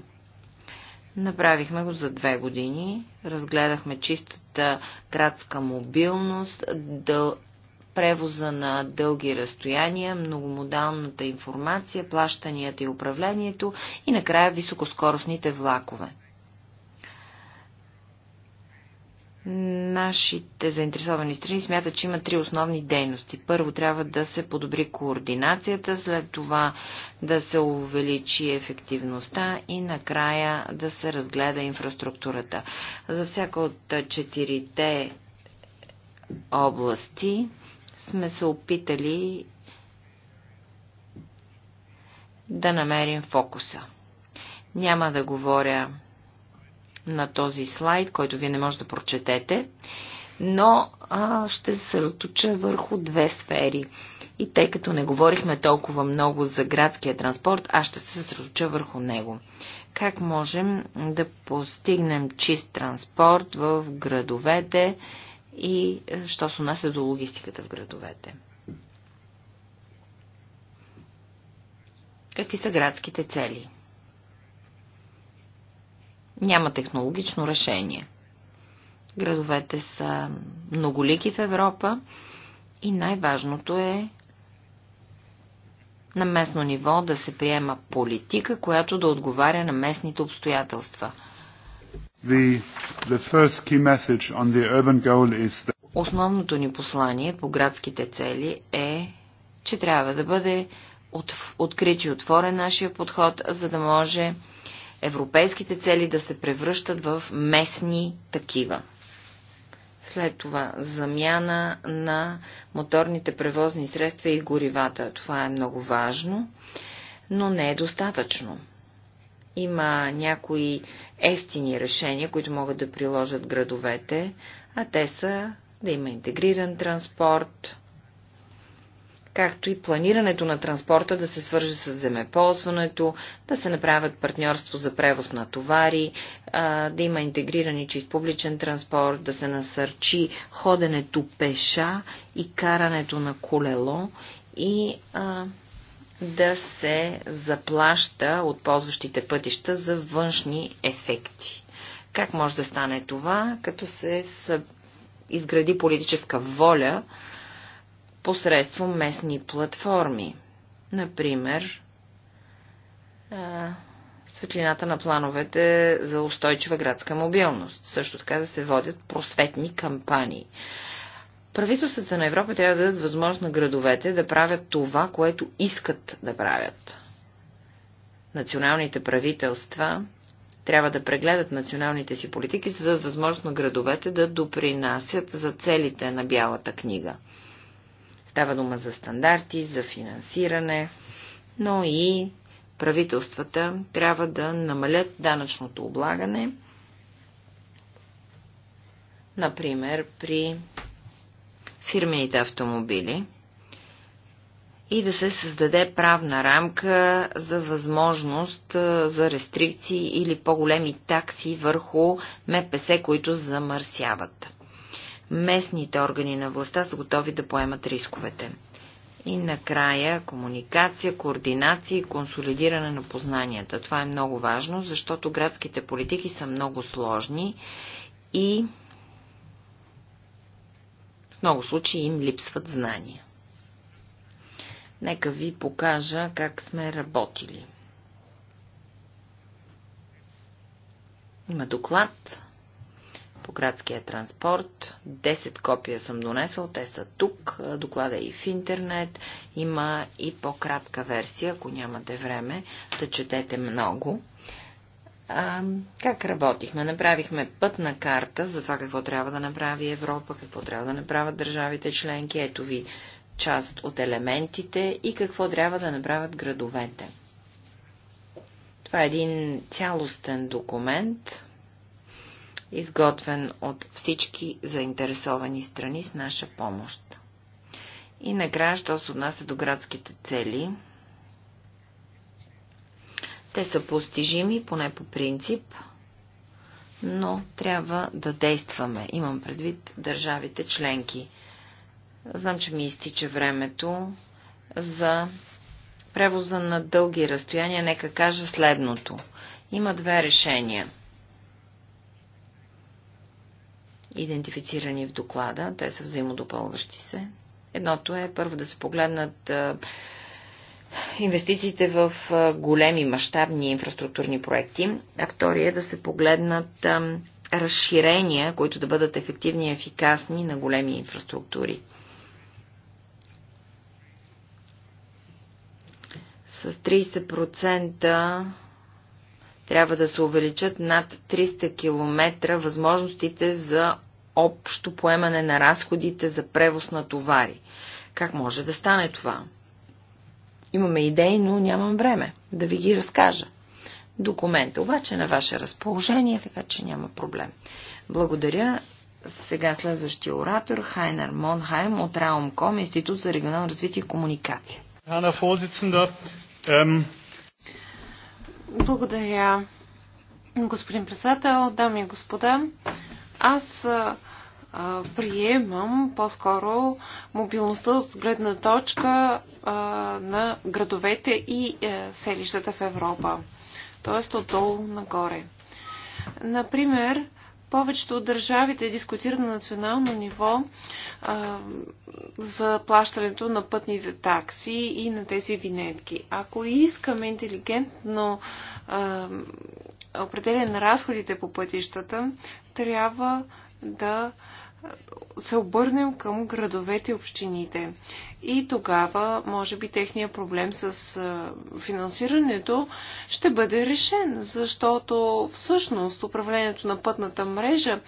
Направихме го за две години. Разгледахме чистата градска мобилност, дъл превоза на дълги разстояния, многомодалната информация, плащанията и управлението и накрая високоскоростните влакове. Нашите заинтересовани страни смятат, че има три основни дейности. Първо трябва да се подобри координацията, след това да се увеличи ефективността и накрая да се разгледа инфраструктурата. За всяка от четирите области сме се опитали да намерим фокуса. Няма да говоря на този слайд, който вие не може да прочетете, но а, ще се съсредоточа върху две сфери. И тъй като не говорихме толкова много за градския транспорт, аз ще се съсредоточа върху него. Как можем да постигнем чист транспорт в градовете и е, що се нася до логистиката в градовете. Какви са градските цели? Няма технологично решение. Градовете са многолики в Европа и най-важното е на местно ниво да се приема политика, която да отговаря на местните обстоятелства – Основното ни послание по градските цели е, че трябва да бъде от, открит и отворен нашия подход, за да може европейските цели да се превръщат в местни такива. След това замяна на моторните превозни средства и горивата. Това е много важно, но не е достатъчно. Има някои ефтини решения, които могат да приложат градовете, а те са да има интегриран транспорт, както и планирането на транспорта да се свърже с земеползването, да се направят партньорство за превоз на товари, да има интегриран и чист публичен транспорт, да се насърчи ходенето пеша и карането на колело и да се заплаща от ползващите пътища за външни ефекти. Как може да стане това, като се изгради политическа воля посредством местни платформи? Например, светлината на плановете за устойчива градска мобилност. Също така да се водят просветни кампании. Правителствата на Европа трябва да дадат възможност на градовете да правят това, което искат да правят. Националните правителства трябва да прегледат националните си политики, за да дадат възможност на градовете да допринасят за целите на Бялата книга. Става дума за стандарти, за финансиране, но и правителствата трябва да намалят данъчното облагане, например при фирмените автомобили и да се създаде правна рамка за възможност за рестрикции или по-големи такси върху МПС, които замърсяват. Местните органи на властта са готови да поемат рисковете. И накрая комуникация, координация и консолидиране на познанията. Това е много важно, защото градските политики са много сложни и много случаи им липсват знания. Нека ви покажа как сме работили. Има доклад по градския транспорт. 10 копия съм донесъл, те са тук. Доклада е и в интернет. Има и по-кратка версия, ако нямате време да четете много. А, как работихме? Направихме пътна карта за това какво трябва да направи Европа, какво трябва да направят държавите членки. Ето ви част от елементите и какво трябва да направят градовете. Това е един цялостен документ, изготвен от всички заинтересовани страни с наша помощ. И накрая, що се отнася до градските цели, те са постижими, поне по принцип, но трябва да действаме. Имам предвид държавите членки. Знам, че ми изтича времето за превоза на дълги разстояния. Нека кажа следното. Има две решения идентифицирани в доклада, те са взаимодопълващи се. Едното е първо да се погледнат инвестициите в големи, мащабни инфраструктурни проекти, а втория е да се погледнат разширения, които да бъдат ефективни и ефикасни на големи инфраструктури. С 30% трябва да се увеличат над 300 км възможностите за общо поемане на разходите за превоз на товари. Как може да стане това? Имаме идеи, но нямам време да ви ги разкажа. Документа обаче е на ваше разположение, така че няма проблем. Благодаря. Сега следващия оратор Хайнер Монхайм от Раумком, Институт за регионално развитие и комуникация. Благодаря, господин председател, дами и господа. Аз а, приемам по-скоро мобилността от гледна точка а, на градовете и а, е, селищата в Европа. Тоест отдолу нагоре. Например, повечето от държавите дискутират на национално ниво а, за плащането на пътните такси и на тези винетки. Ако искаме интелигентно а, определен на разходите по пътищата, трябва да а, се обърнем към градовете и общините. И тогава, може би, техният проблем с финансирането ще бъде решен, защото всъщност управлението на пътната мрежа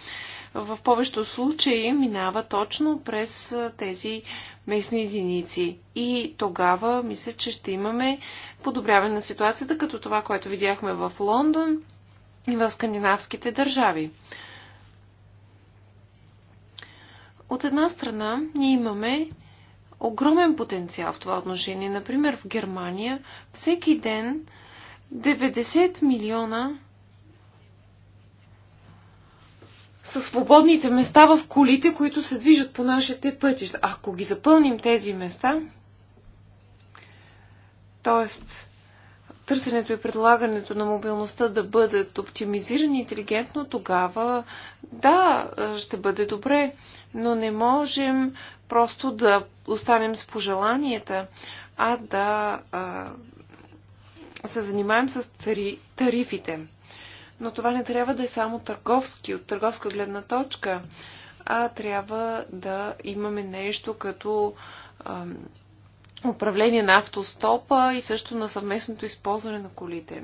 в повечето случаи минава точно през тези местни единици. И тогава мисля, че ще имаме подобряване на ситуацията, като това, което видяхме в Лондон и в скандинавските държави. От една страна, ние имаме огромен потенциал в това отношение. Например, в Германия всеки ден 90 милиона са свободните места в колите, които се движат по нашите пътища. Ако ги запълним тези места, т.е. търсенето и предлагането на мобилността да бъдат оптимизирани интелигентно, тогава да, ще бъде добре но не можем просто да останем с пожеланията, а да а, се занимаем с тари, тарифите. Но това не трябва да е само търговски, от търговска гледна точка, а трябва да имаме нещо като а, управление на автостопа и също на съвместното използване на колите.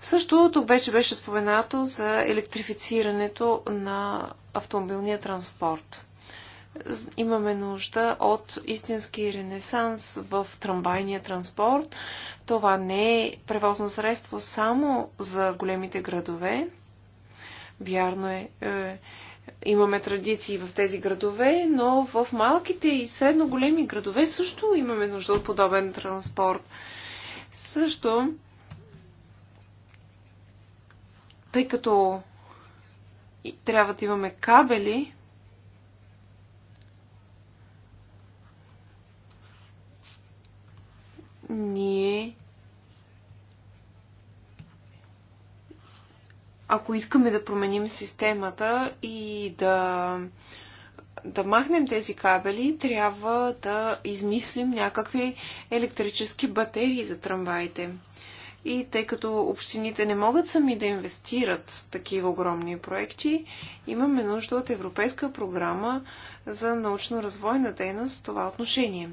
Също тук вече беше споменато за електрифицирането на автомобилния транспорт. Имаме нужда от истински ренесанс в трамвайния транспорт. Това не е превозно средство само за големите градове. Вярно е, е имаме традиции в тези градове, но в малките и средно големи градове също имаме нужда от подобен транспорт. Също тъй като трябва да имаме кабели, ние ако искаме да променим системата и да, да махнем тези кабели, трябва да измислим някакви електрически батерии за трамваите. И тъй като общините не могат сами да инвестират такива огромни проекти, имаме нужда от Европейска програма за научно-развойна дейност в това отношение.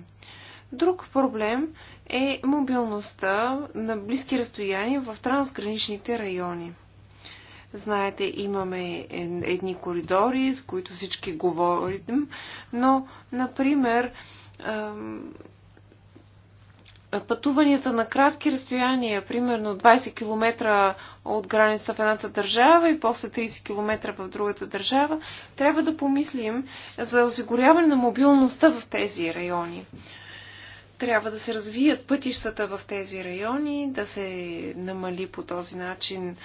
Друг проблем е мобилността на близки разстояния в трансграничните райони. Знаете, имаме едни коридори, с които всички говорим, но, например, пътуванията на кратки разстояния, примерно 20 км от граница в едната държава и после 30 км в другата държава, трябва да помислим за осигуряване на мобилността в тези райони. Трябва да се развият пътищата в тези райони, да се намали по този начин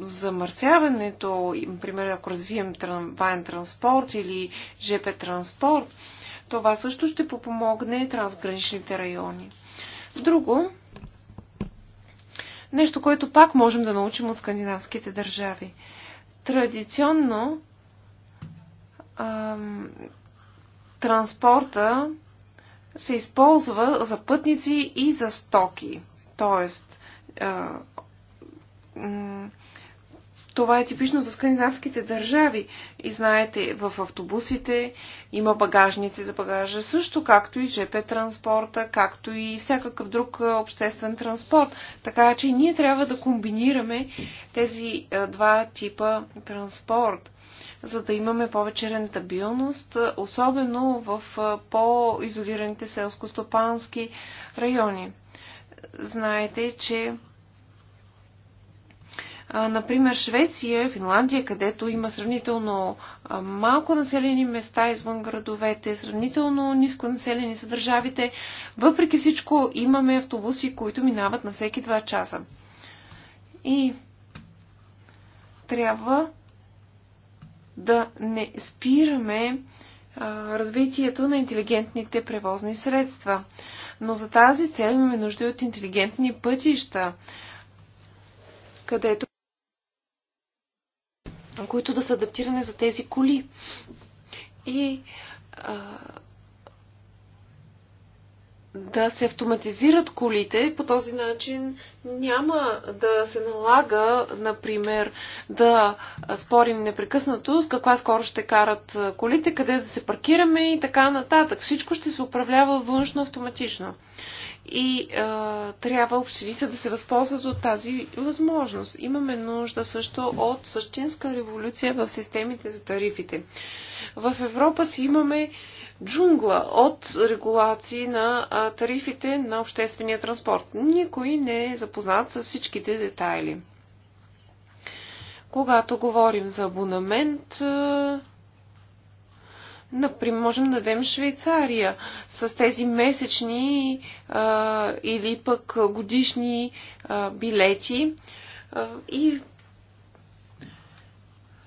замърсяването, например, ако развием ваен транспорт или ЖП транспорт, това също ще попомогне трансграничните райони. Друго, нещо, което пак можем да научим от скандинавските държави. Традиционно ам, транспорта се използва за пътници и за стоки. Тоест, това е типично за скандинавските държави. И знаете, в автобусите има багажници за багажа, също както и ЖП транспорта, както и всякакъв друг е, обществен транспорт. Така че ние трябва да комбинираме тези е, два типа транспорт за да имаме повече рентабилност, е, особено в по-изолираните селско-стопански райони. Знаете, че например, Швеция, Финландия, където има сравнително малко населени места извън градовете, сравнително ниско населени са държавите, въпреки всичко имаме автобуси, които минават на всеки 2 часа. И трябва да не спираме развитието на интелигентните превозни средства. Но за тази цел имаме нужда от интелигентни пътища, където които да са адаптирани за тези коли. И а, да се автоматизират колите, по този начин няма да се налага, например, да спорим непрекъснато с каква скоро ще карат колите, къде да се паркираме и така нататък. Всичко ще се управлява външно автоматично и а, трябва общините да се възползват от тази възможност. Имаме нужда също от същинска революция в системите за тарифите. В Европа си имаме джунгла от регулации на а, тарифите на обществения транспорт. Никой не е запознат с всичките детайли. Когато говорим за абонамент, Например, можем да дадем Швейцария с тези месечни а, или пък годишни а, билети. А, и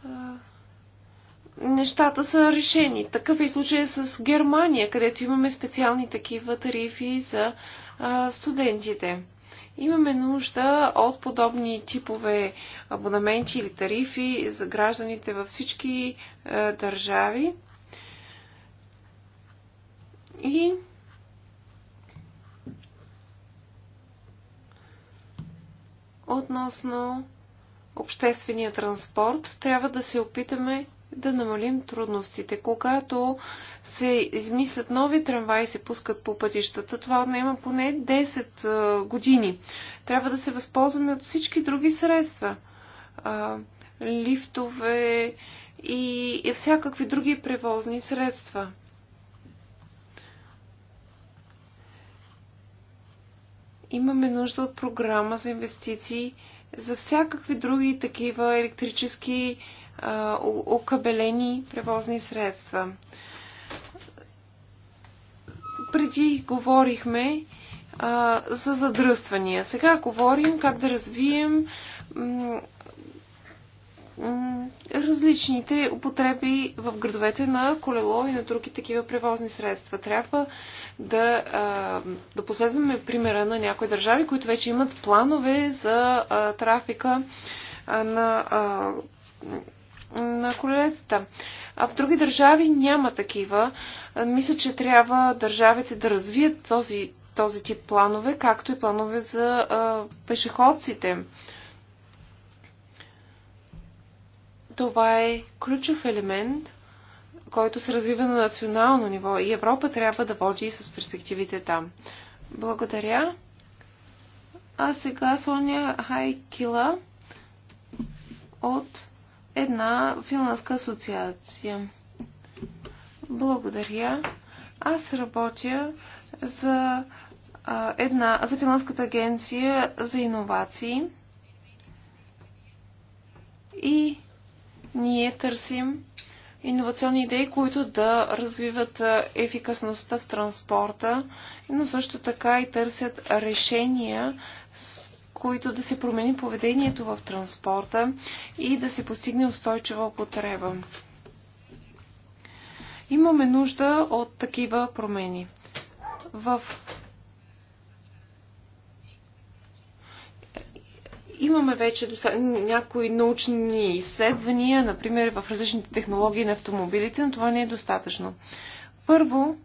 а, нещата са решени. Такъв е случай с Германия, където имаме специални такива тарифи за а, студентите. Имаме нужда от подобни типове абонаменти или тарифи за гражданите във всички а, държави. И относно обществения транспорт, трябва да се опитаме да намалим трудностите. Когато се измислят нови трамваи и се пускат по пътищата, това отнема поне 10 години. Трябва да се възползваме от всички други средства. лифтове и всякакви други превозни средства. Имаме нужда от програма за инвестиции за всякакви други такива електрически окабелени превозни средства. Преди говорихме а, за задръствания. Сега говорим как да развием различните употреби в градовете на колело и на други такива превозни средства. Трябва да, да последваме примера на някои държави, които вече имат планове за трафика на, на колелецата. А в други държави няма такива. Мисля, че трябва държавите да развият този, този тип планове, както и планове за пешеходците. Това е ключов елемент, който се развива на национално ниво и Европа трябва да води и с перспективите там. Благодаря. А сега Соня Хайкила от една финландска асоциация. Благодаря. Аз работя за една, за финландската агенция за иновации и ние търсим иновационни идеи, които да развиват ефикасността в транспорта, но също така и търсят решения, с които да се промени поведението в транспорта и да се постигне устойчива употреба. Имаме нужда от такива промени. В Имаме вече някои научни изследвания, например в различните технологии на автомобилите, но това не е достатъчно. Първо,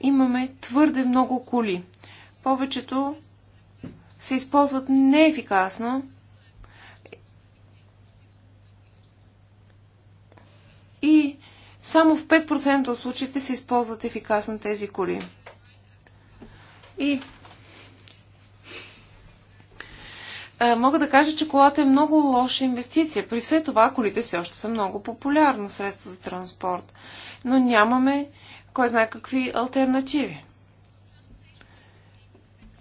имаме твърде много коли. Повечето се използват неефикасно и само в 5% от случаите се използват ефикасно тези коли. И Е, мога да кажа, че колата е много лоша инвестиция. При все това колите все още са много популярно средство за транспорт. Но нямаме кой знае какви альтернативи.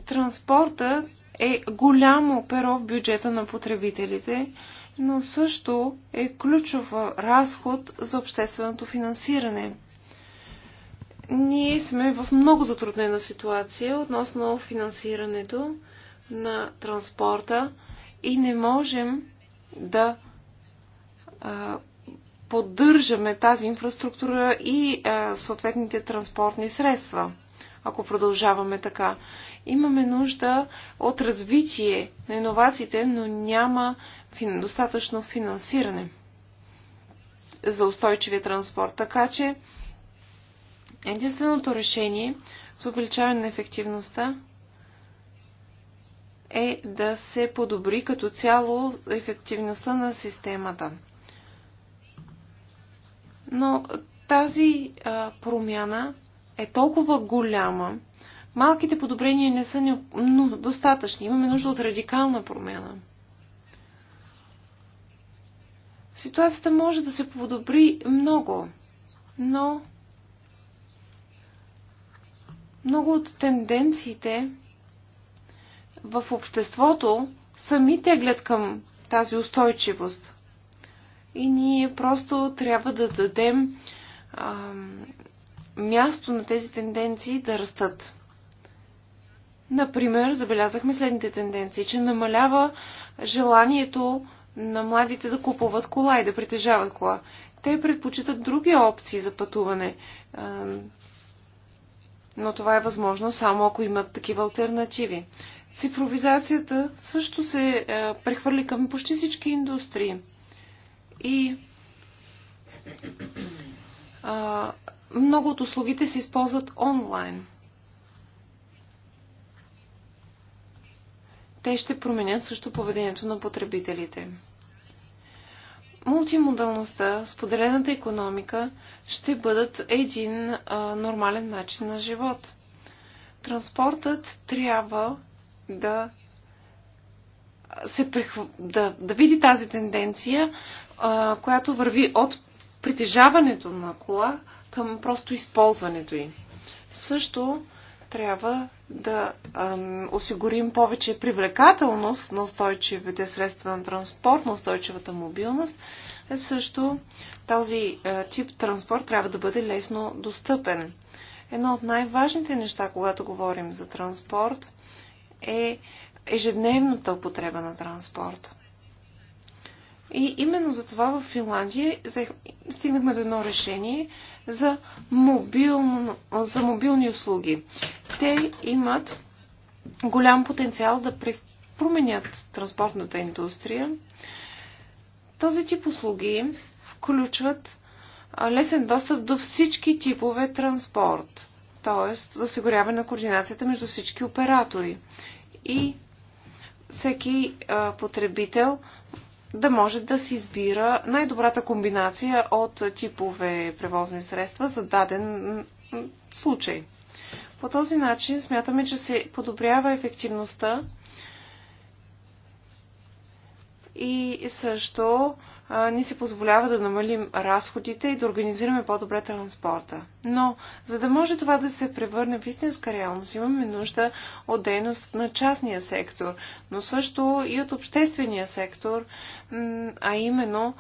Транспорта е голямо перо в бюджета на потребителите, но също е ключов разход за общественото финансиране. Ние сме в много затруднена ситуация относно финансирането на транспорта и не можем да а, поддържаме тази инфраструктура и а, съответните транспортни средства, ако продължаваме така. Имаме нужда от развитие на иновациите, но няма фин... достатъчно финансиране за устойчивия транспорт. Така че единственото решение за увеличаване на ефективността е да се подобри като цяло ефективността на системата. Но тази а, промяна е толкова голяма, малките подобрения не са не, но достатъчни. Имаме нужда от радикална промяна. Ситуацията може да се подобри много, но много от тенденциите в обществото сами теглят към тази устойчивост. И ние просто трябва да дадем а, място на тези тенденции да растат. Например, забелязахме следните тенденции, че намалява желанието на младите да купуват кола и да притежават кола. Те предпочитат други опции за пътуване, но това е възможно само ако имат такива альтернативи цифровизацията също се е, прехвърли към почти всички индустрии. И а, много от услугите се използват онлайн. Те ще променят също поведението на потребителите. Мултимодалността, споделената економика ще бъдат един а, нормален начин на живот. Транспортът трябва да се прихв... да, да види тази тенденция, а, която върви от притежаването на кола към просто използването й. Също трябва да ам, осигурим повече привлекателност на устойчивите средства на транспорт, на устойчивата мобилност. Е също този е, тип транспорт трябва да бъде лесно достъпен. Едно от най-важните неща, когато говорим за транспорт, е ежедневната употреба на транспорта. И именно за това в Финландия стигнахме до едно решение за, мобилно, за мобилни услуги. Те имат голям потенциал да променят транспортната индустрия. Този тип услуги включват лесен достъп до всички типове транспорт т.е. осигуряване на координацията между всички оператори и всеки потребител да може да си избира най-добрата комбинация от типове превозни средства за даден случай. По този начин смятаме, че се подобрява ефективността и също ни се позволява да намалим разходите и да организираме по-добре транспорта. Но, за да може това да се превърне в истинска реалност, имаме нужда от дейност на частния сектор, но също и от обществения сектор, а именно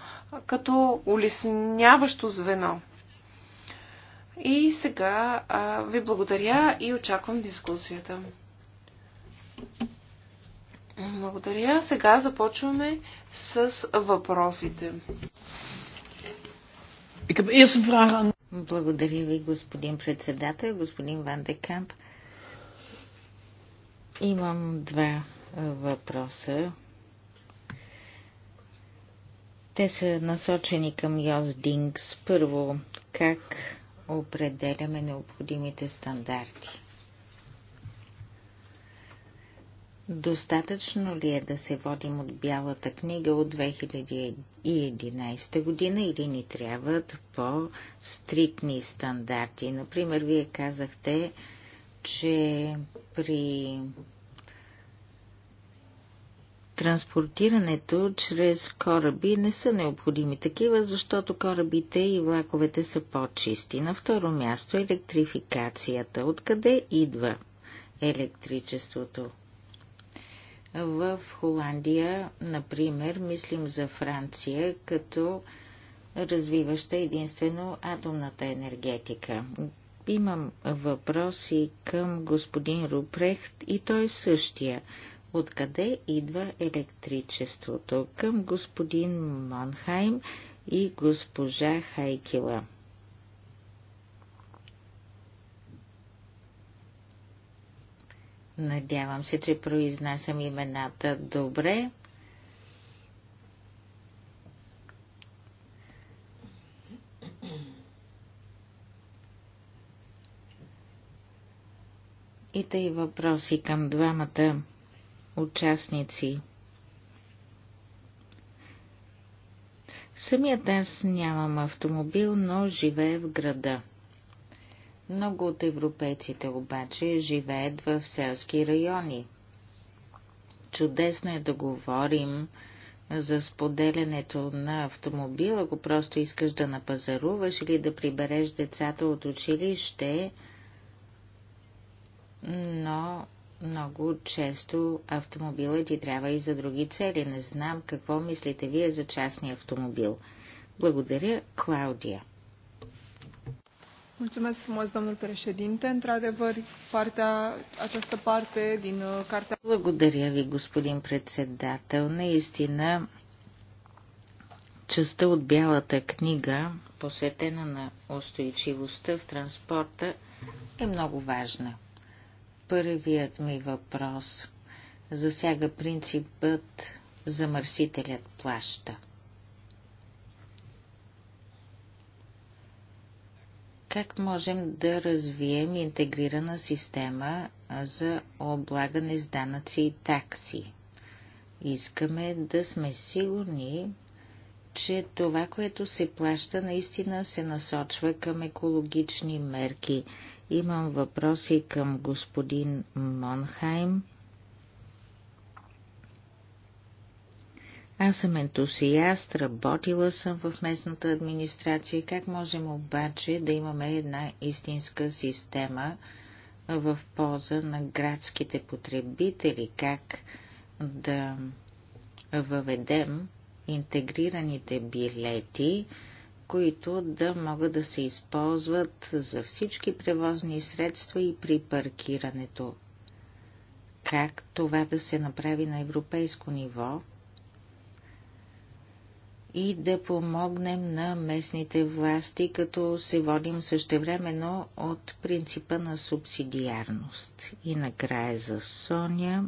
като улесняващо звено. И сега а, ви благодаря и очаквам дискусията. Благодаря. Сега започваме с въпросите. Благодаря ви, господин председател, господин Ван де Камп. Имам два въпроса. Те са насочени към Йос Динкс. Първо, как определяме необходимите стандарти? Достатъчно ли е да се водим от Бялата книга от 2011 година или ни трябват по-стрикни стандарти? Например, вие казахте, че при транспортирането чрез кораби не са необходими такива, защото корабите и влаковете са по-чисти. На второ място електрификацията. Откъде идва електричеството? В Холандия, например, мислим за Франция като развиваща единствено атомната енергетика. Имам въпроси към господин Рупрехт и той е същия. Откъде идва електричеството? Към господин Монхайм и госпожа Хайкила. Надявам се, че произнасям имената добре. И тъй въпроси към двамата участници. Самият аз нямам автомобил, но живея в града – много от европейците обаче живеят в селски райони. Чудесно е да говорим за споделянето на автомобил, ако просто искаш да напазаруваш или да прибереш децата от училище, но много често автомобилът ти трябва и за други цели. Не знам какво мислите вие за частния автомобил. Благодаря, Клаудия. Mulțumesc frumos, domnul președinte. Într-adevăr, partea, această parte din uh, cartea... Благодаря ви, господин председател. Наистина, частта от бялата книга, посветена на устойчивостта в транспорта, е много важна. Първият ми въпрос засяга принципът замърсителят плаща – Как можем да развием интегрирана система за облагане с данъци и такси? Искаме да сме сигурни, че това, което се плаща, наистина се насочва към екологични мерки. Имам въпроси към господин Монхайм. Аз съм ентусиаст, работила съм в местната администрация. Как можем обаче да имаме една истинска система в полза на градските потребители? Как да въведем интегрираните билети, които да могат да се използват за всички превозни средства и при паркирането. Как това да се направи на европейско ниво? и да помогнем на местните власти, като се водим същевременно от принципа на субсидиарност. И накрая за Соня.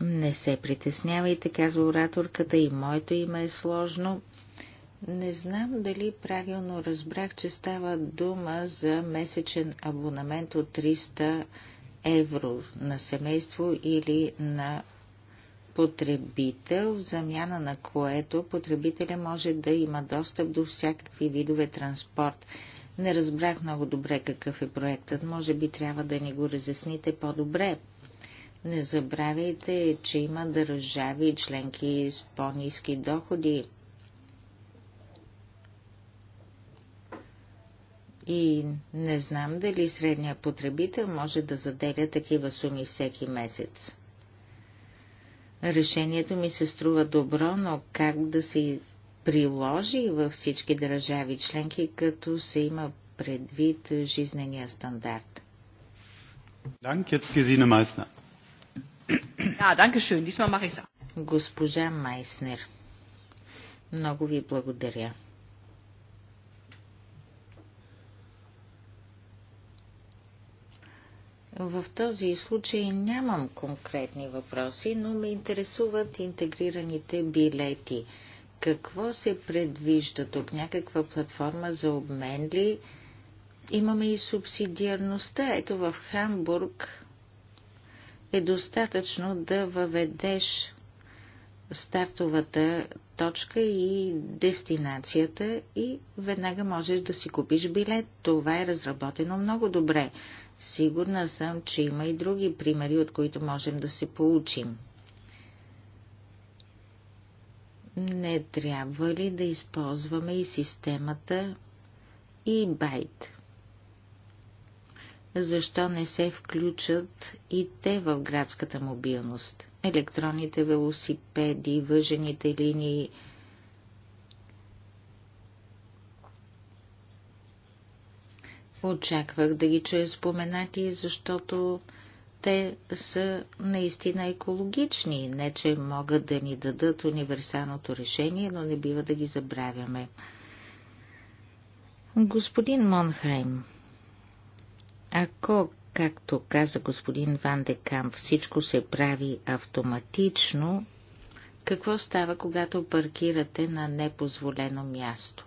Не се притеснявайте, казва ораторката, и моето име е сложно. Не знам дали правилно разбрах, че става дума за месечен абонамент от 300 евро на семейство или на потребител, в замяна на което потребителя може да има достъп до всякакви видове транспорт. Не разбрах много добре какъв е проектът. Може би трябва да ни го разясните по-добре. Не забравяйте, че има държави и членки с по-низки доходи. И не знам дали средният потребител може да заделя такива суми всеки месец. Решението ми се струва добро, но как да се приложи във всички държави членки, като се има предвид жизнения стандарт? Госпожа Майснер, много ви благодаря. В този случай нямам конкретни въпроси, но ме интересуват интегрираните билети. Какво се предвижда тук? Някаква платформа за обмен ли? Имаме и субсидиарността. Ето в Хамбург е достатъчно да въведеш стартовата точка и дестинацията и веднага можеш да си купиш билет. Това е разработено много добре. Сигурна съм, че има и други примери, от които можем да се получим. Не трябва ли да използваме и системата и байт? Защо не се включат и те в градската мобилност? Електронните велосипеди, въжените линии – Очаквах да ги чуя споменати, защото те са наистина екологични. Не, че могат да ни дадат универсалното решение, но не бива да ги забравяме. Господин Монхайм, ако, както каза господин Ван де всичко се прави автоматично, какво става, когато паркирате на непозволено място?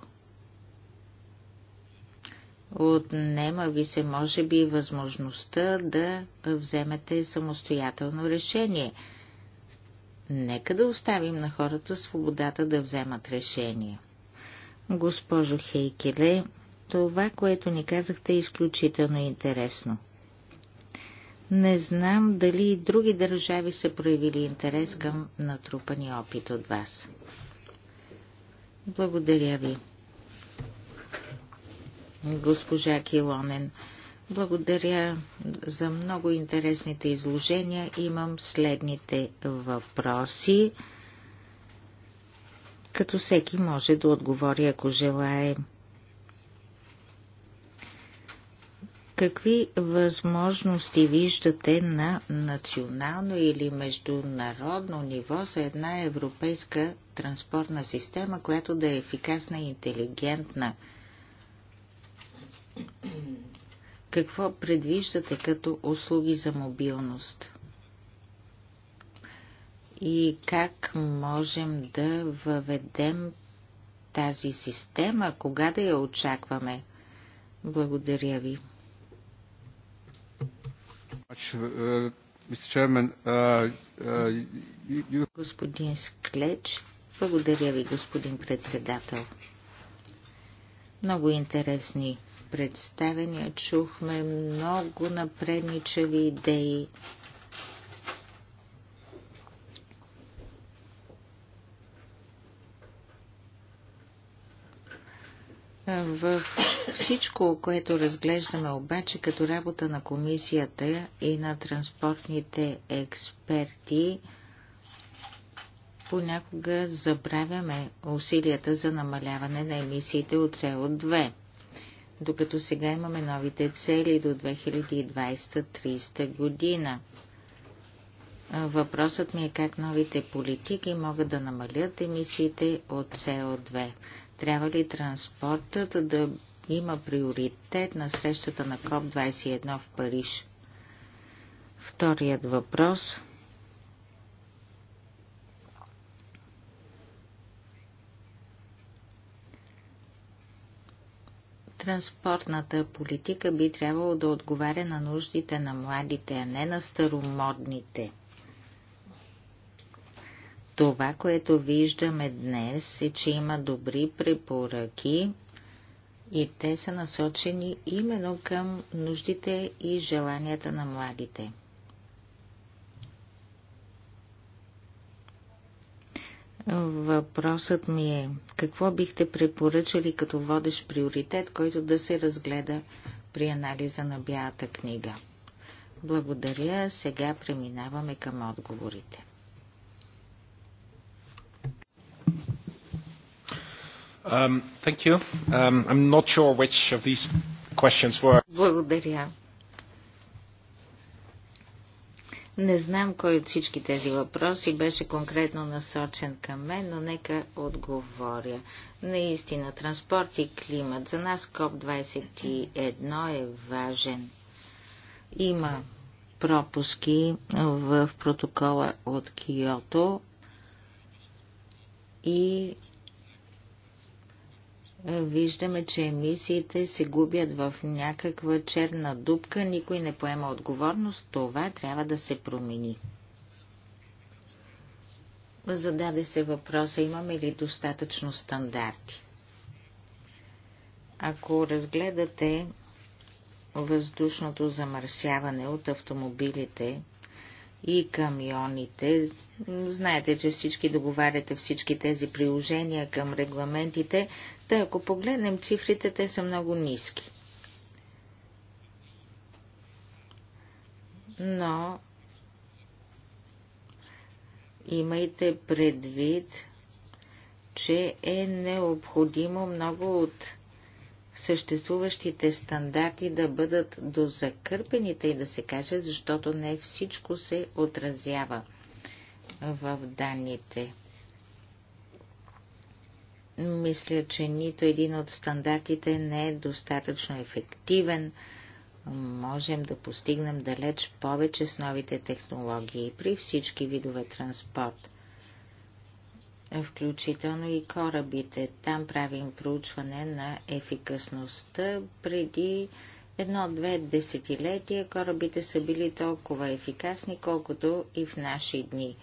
Отнема ви се, може би, възможността да вземете самостоятелно решение. Нека да оставим на хората свободата да вземат решение. Госпожо Хейкеле, това, което ни казахте, е изключително интересно. Не знам дали и други държави са проявили интерес към натрупани опит от вас. Благодаря ви госпожа Килонен. Благодаря за много интересните изложения. Имам следните въпроси, като всеки може да отговори, ако желае. Какви възможности виждате на национално или международно ниво за една европейска транспортна система, която да е ефикасна и интелигентна? Какво предвиждате като услуги за мобилност? И как можем да въведем тази система? Кога да я очакваме? Благодаря ви. Господин Склеч, благодаря ви, господин председател. Много интересни представения чухме много напредничави идеи. В всичко, което разглеждаме обаче като работа на комисията и на транспортните експерти, понякога забравяме усилията за намаляване на емисиите от СО2 докато сега имаме новите цели до 2020-30 година. Въпросът ми е как новите политики могат да намалят емисиите от СО2. Трябва ли транспортът да има приоритет на срещата на КОП-21 в Париж? Вторият въпрос – Транспортната политика би трябвало да отговаря на нуждите на младите, а не на старомодните. Това, което виждаме днес е, че има добри препоръки и те са насочени именно към нуждите и желанията на младите. Въпросът ми е, какво бихте препоръчали като водещ приоритет, който да се разгледа при анализа на бялата книга? Благодаря. Сега преминаваме към отговорите. Um, thank you. Um, I'm not sure which of these questions were. Благодаря. Не знам кой от всички тези въпроси беше конкретно насочен към мен, но нека отговоря. Наистина, транспорт и климат. За нас КОП-21 е важен. Има пропуски в протокола от Киото и виждаме, че емисиите се губят в някаква черна дупка, никой не поема отговорност, това трябва да се промени. Зададе се въпроса, имаме ли достатъчно стандарти. Ако разгледате въздушното замърсяване от автомобилите, и камионите. Знаете, че всички договаряте всички тези приложения към регламентите, тъй ако погледнем цифрите, те са много ниски. Но имайте предвид, че е необходимо много от съществуващите стандарти да бъдат до закърпените и да се каже, защото не всичко се отразява в данните. Мисля, че нито един от стандартите не е достатъчно ефективен. Можем да постигнем далеч повече с новите технологии при всички видове транспорт. Е включително и корабите. Там правим проучване на ефикасността. Преди едно-две десетилетия корабите са били толкова ефикасни, колкото и в наши дни.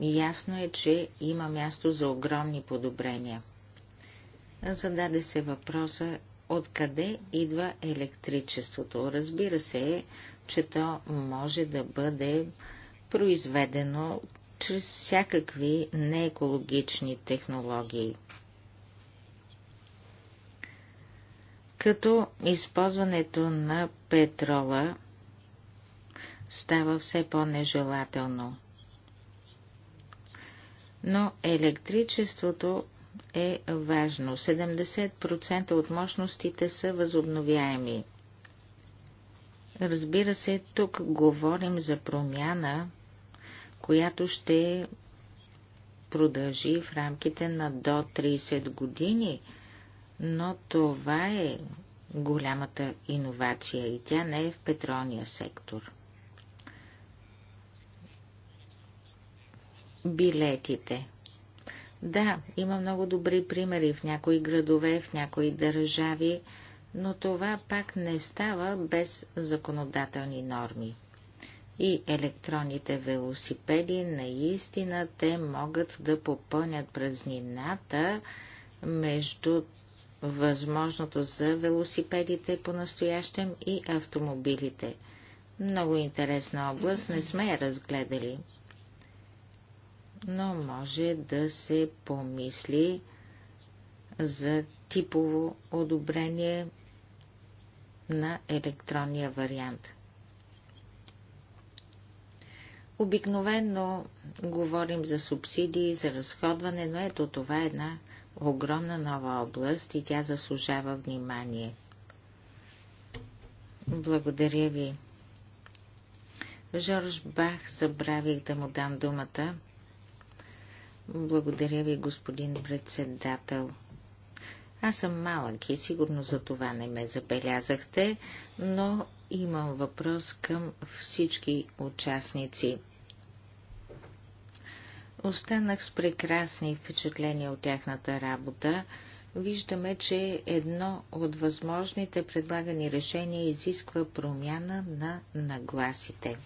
Ясно е, че има място за огромни подобрения. Зададе се въпроса откъде идва електричеството. Разбира се, че то може да бъде произведено чрез всякакви неекологични технологии. Като използването на петрола става все по-нежелателно. Но електричеството е важно. 70% от мощностите са възобновяеми. Разбира се, тук говорим за промяна която ще продължи в рамките на до 30 години. Но това е голямата иновация и тя не е в петролния сектор. Билетите. Да, има много добри примери в някои градове, в някои държави, но това пак не става без законодателни норми и електронните велосипеди, наистина те могат да попълнят празнината между възможното за велосипедите по-настоящем и автомобилите. Много интересна област, не сме я разгледали, но може да се помисли за типово одобрение на електронния вариант – Обикновенно говорим за субсидии, за разходване, но ето това е една огромна нова област и тя заслужава внимание. Благодаря ви. Жорж Бах забравих да му дам думата. Благодаря ви, господин председател. Аз съм малък и сигурно за това не ме забелязахте, но имам въпрос към всички участници. Останах с прекрасни впечатления от тяхната работа. Виждаме, че едно от възможните предлагани решения изисква промяна на нагласите.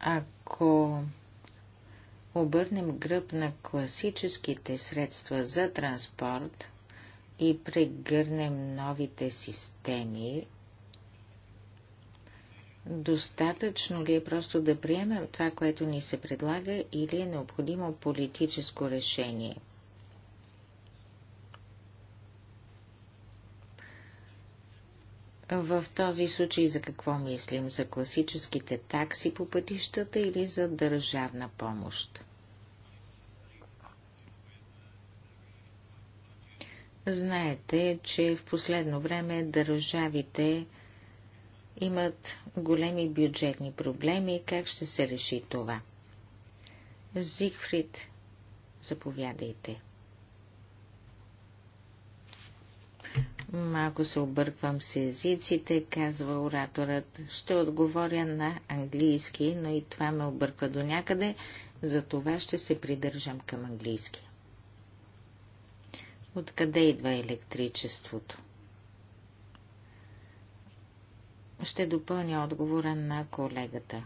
Ако обърнем гръб на класическите средства за транспорт и прегърнем новите системи, Достатъчно ли е просто да приемем това, което ни се предлага или е необходимо политическо решение? В този случай за какво мислим? За класическите такси по пътищата или за държавна помощ? Знаете, че в последно време държавите имат големи бюджетни проблеми. Как ще се реши това? Зигфрид, заповядайте. Малко се обърквам с езиците, казва ораторът. Ще отговоря на английски, но и това ме обърква до някъде, за това ще се придържам към английски. Откъде идва електричеството? ще допълня отговора на колегата.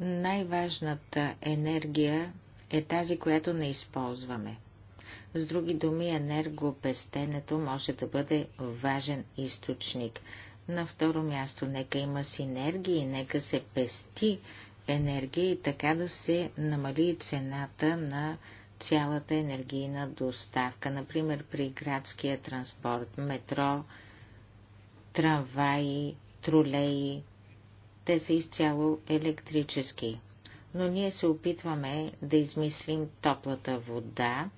Най-важната енергия е тази, която не използваме. С други думи, енергопестенето може да бъде важен източник. На второ място, нека има синергии, нека се пести енергия и така да се намали цената на цялата енергийна доставка. Например, при градския транспорт, метро, трамваи, тролеи. Те са изцяло електрически. Но ние се опитваме да измислим топлата вода,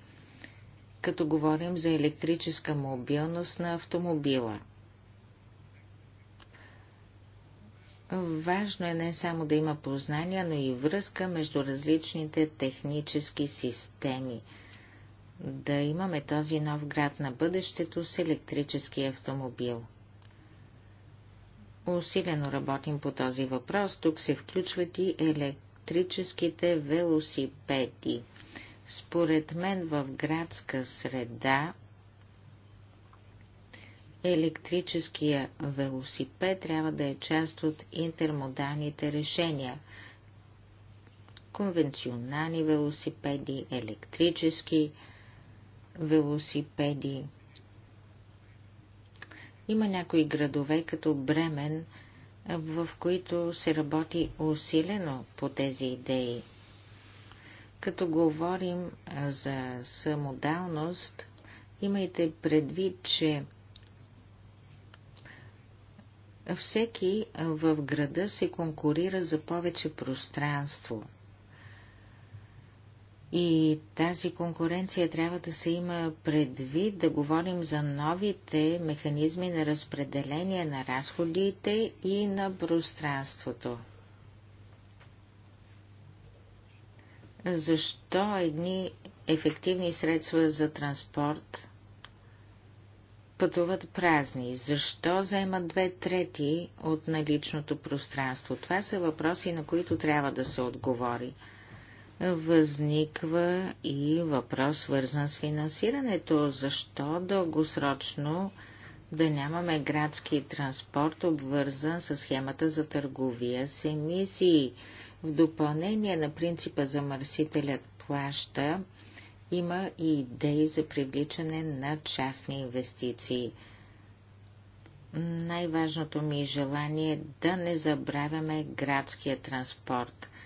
като говорим за електрическа мобилност на автомобила. Важно е не само да има познания, но и връзка между различните технически системи. Да имаме този нов град на бъдещето с електрически автомобил. Усилено работим по този въпрос. Тук се включват и електрическите велосипеди. Според мен в градска среда електрическия велосипед трябва да е част от интермодалните решения. Конвенционални велосипеди, електрически велосипеди – има някои градове, като Бремен, в които се работи усилено по тези идеи. Като говорим за самодалност, имайте предвид, че всеки в града се конкурира за повече пространство – и тази конкуренция трябва да се има предвид, да говорим за новите механизми на разпределение на разходите и на пространството. Защо едни ефективни средства за транспорт пътуват празни? Защо заемат две трети от наличното пространство? Това са въпроси, на които трябва да се отговори възниква и въпрос, свързан с финансирането. Защо дългосрочно да нямаме градски транспорт, обвързан с схемата за търговия с емисии? В допълнение на принципа замърсителят плаща, има и идеи за привличане на частни инвестиции. Най-важното ми желание е да не забравяме градския транспорт –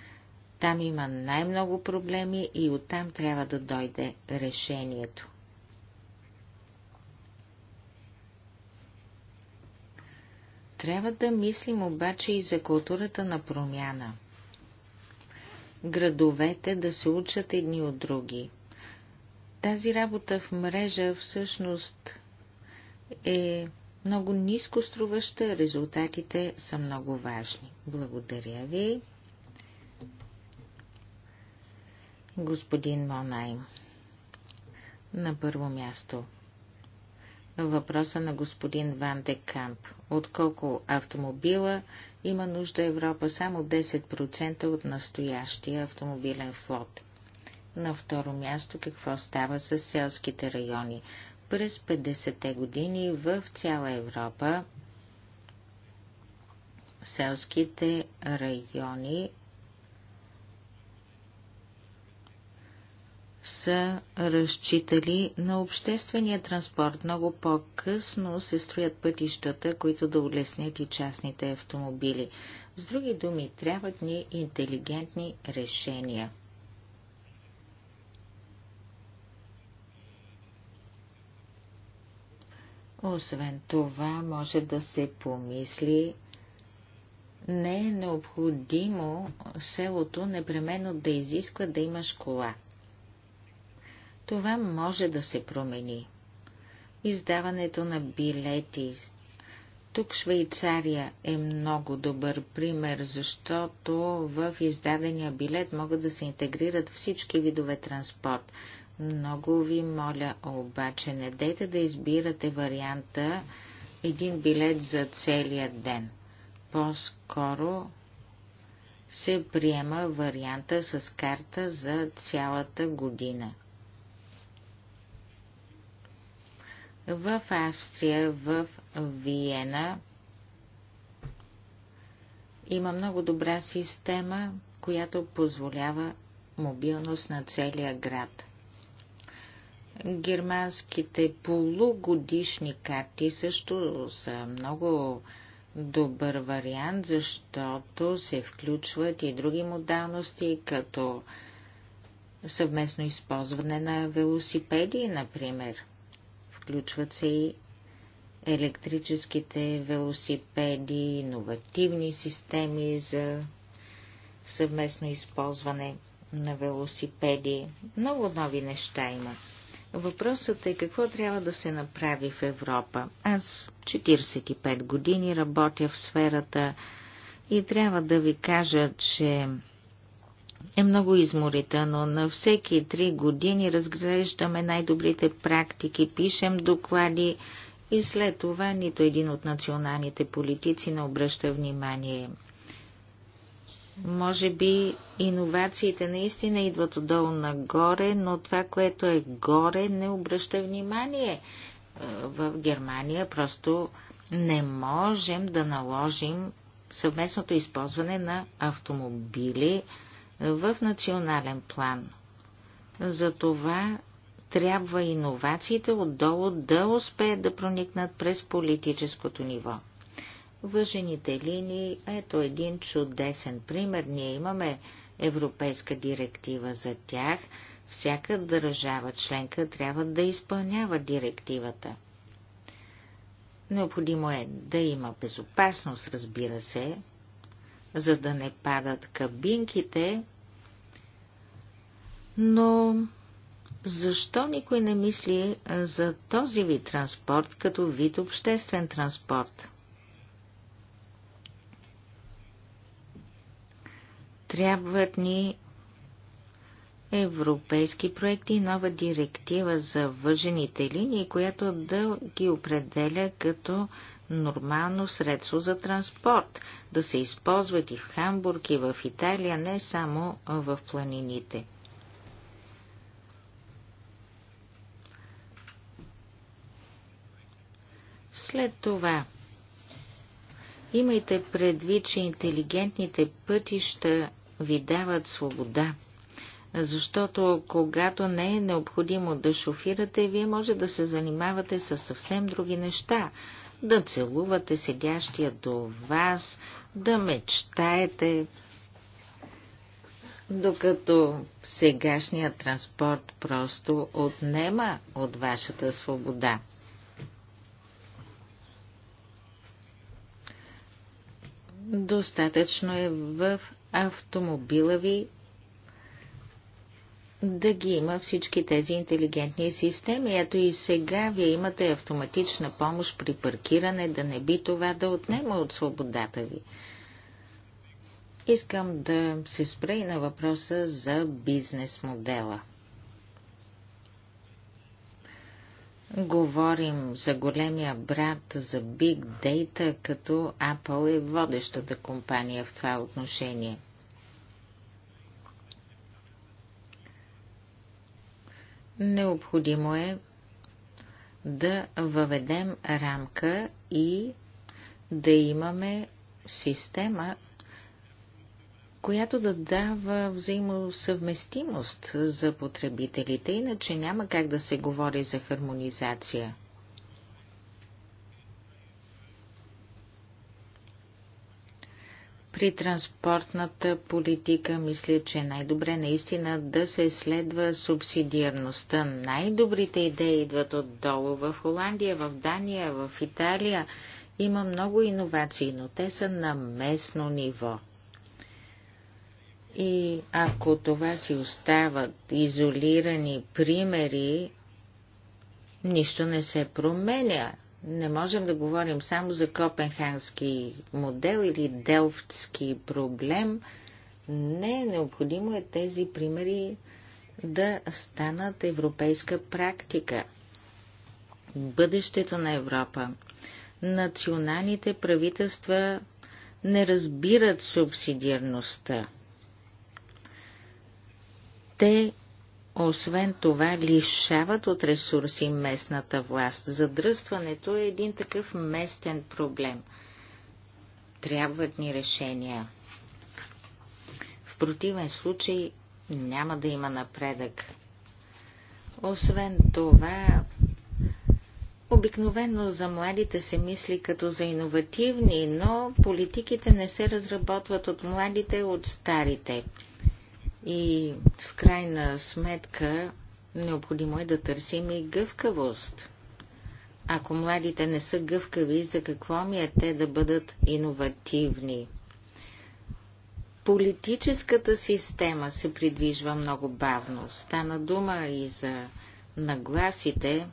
там има най-много проблеми и оттам трябва да дойде решението. Трябва да мислим обаче и за културата на промяна. Градовете да се учат едни от други. Тази работа в мрежа всъщност е много ниско струваща, резултатите са много важни. Благодаря ви. господин Монайм. На първо място въпроса на господин Ван де Камп. От колко автомобила има нужда Европа? Само 10% от настоящия автомобилен флот. На второ място какво става с селските райони? През 50-те години в цяла Европа селските райони са разчитали на обществения транспорт. Много по-късно се строят пътищата, които да улеснят и частните автомобили. С други думи, трябват ни интелигентни решения. Освен това, може да се помисли не е необходимо селото непременно да изисква да има школа. Това може да се промени. Издаването на билети. Тук Швейцария е много добър пример, защото в издадения билет могат да се интегрират всички видове транспорт. Много ви моля, обаче не дайте да избирате варианта един билет за целия ден. По-скоро се приема варианта с карта за цялата година. в Австрия, в Виена. Има много добра система, която позволява мобилност на целия град. Германските полугодишни карти също са много добър вариант, защото се включват и други модалности, като съвместно използване на велосипеди, например – Включват се и електрическите велосипеди, иновативни системи за съвместно използване на велосипеди. Много нови неща има. Въпросът е какво трябва да се направи в Европа. Аз 45 години работя в сферата и трябва да ви кажа, че е много изморително. На всеки три години разглеждаме най-добрите практики, пишем доклади и след това нито един от националните политици не обръща внимание. Може би иновациите наистина идват отдолу нагоре, но това, което е горе, не обръща внимание. В Германия просто не можем да наложим съвместното използване на автомобили, в национален план. Затова трябва иновациите отдолу да успеят да проникнат през политическото ниво. Въжените линии ето един чудесен пример. Ние имаме европейска директива за тях. Всяка държава членка трябва да изпълнява директивата. Необходимо е да има безопасност, разбира се, за да не падат кабинките, но защо никой не мисли за този вид транспорт като вид обществен транспорт? Трябват ни европейски проекти и нова директива за въжените линии, която да ги определя като нормално средство за транспорт, да се използват и в Хамбург, и в Италия, не само в планините. След това, имайте предвид, че интелигентните пътища ви дават свобода. Защото когато не е необходимо да шофирате, вие може да се занимавате с съвсем други неща. Да целувате седящия до вас, да мечтаете. Докато сегашният транспорт просто отнема от вашата свобода. достатъчно е в автомобила ви да ги има всички тези интелигентни системи. Ето и сега вие имате автоматична помощ при паркиране, да не би това да отнема от свободата ви. Искам да се спре и на въпроса за бизнес модела. Говорим за големия брат, за Big Data, като Apple е водещата компания в това отношение. Необходимо е да въведем рамка и да имаме система, която да дава взаимосъвместимост за потребителите, иначе няма как да се говори за хармонизация. При транспортната политика мисля, че е най-добре наистина да се следва субсидиарността. Най-добрите идеи идват отдолу в Холандия, в Дания, в Италия. Има много иновации, но те са на местно ниво – и ако това си остават изолирани примери, нищо не се променя. Не можем да говорим само за копенхански модел или делфтски проблем. Не, необходимо е тези примери да станат европейска практика. Бъдещето на Европа. Националните правителства не разбират субсидиарността. Те, освен това, лишават от ресурси местната власт. Задръстването е един такъв местен проблем. Трябват ни решения. В противен случай няма да има напредък. Освен това, Обикновено за младите се мисли като за иновативни, но политиките не се разработват от младите, от старите. И в крайна сметка необходимо е да търсим и гъвкавост. Ако младите не са гъвкави, за какво ми е те да бъдат иновативни? Политическата система се придвижва много бавно. Стана дума и за нагласите.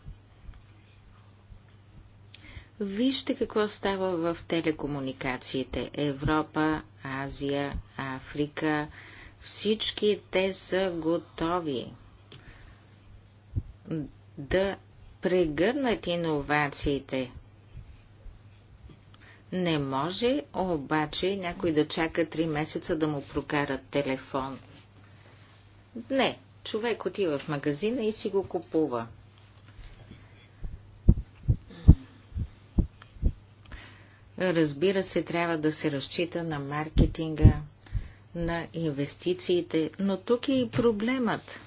Вижте какво става в телекомуникациите. Европа, Азия, Африка, всички те са готови да прегърнат иновациите. Не може обаче някой да чака три месеца да му прокарат телефон. Не, човек отива в магазина и си го купува. Разбира се, трябва да се разчита на маркетинга, на инвестициите, но тук е и проблемът.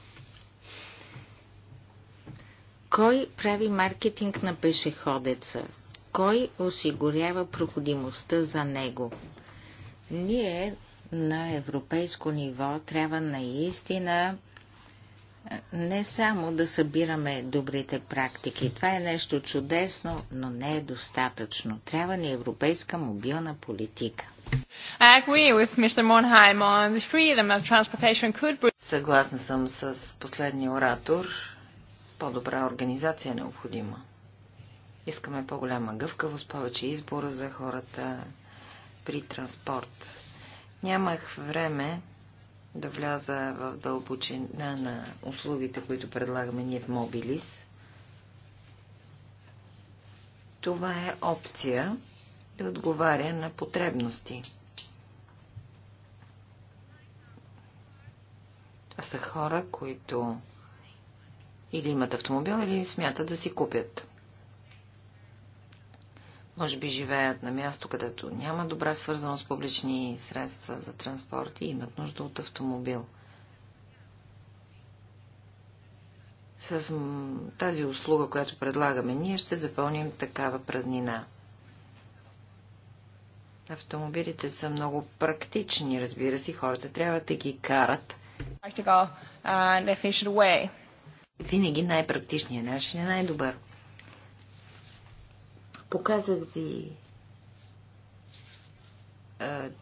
Кой прави маркетинг на пешеходеца? Кой осигурява проходимостта за него? Ние на европейско ниво трябва наистина не само да събираме добрите практики. Това е нещо чудесно, но не е достатъчно. Трябва ни европейска мобилна политика. Съгласна съм с последния оратор. По-добра организация е необходима. Искаме по-голяма гъвкавост, повече избор за хората при транспорт. Нямах време да вляза в дълбочина на услугите, които предлагаме ние в Мобилис. Това е опция да отговаря на потребности. Това са хора, които или имат автомобил, или смятат да си купят. Може би живеят на място, където няма добра свързаност с публични средства за транспорт и имат нужда от автомобил. С тази услуга, която предлагаме, ние ще запълним такава празнина. Автомобилите са много практични, разбира се, хората трябва да ги карат. Винаги най-практичният начин е най-добър. Показах ви,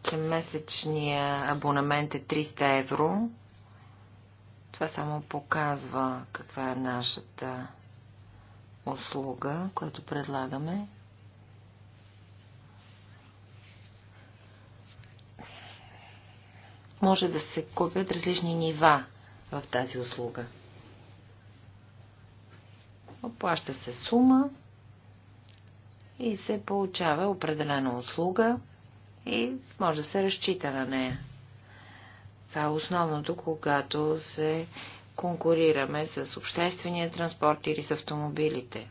че месечния абонамент е 300 евро. Това само показва каква е нашата услуга, която предлагаме. Може да се купят различни нива в тази услуга. Оплаща се сума и се получава определена услуга и може да се разчита на нея. Това е основното, когато се конкурираме с обществения транспорт или с автомобилите.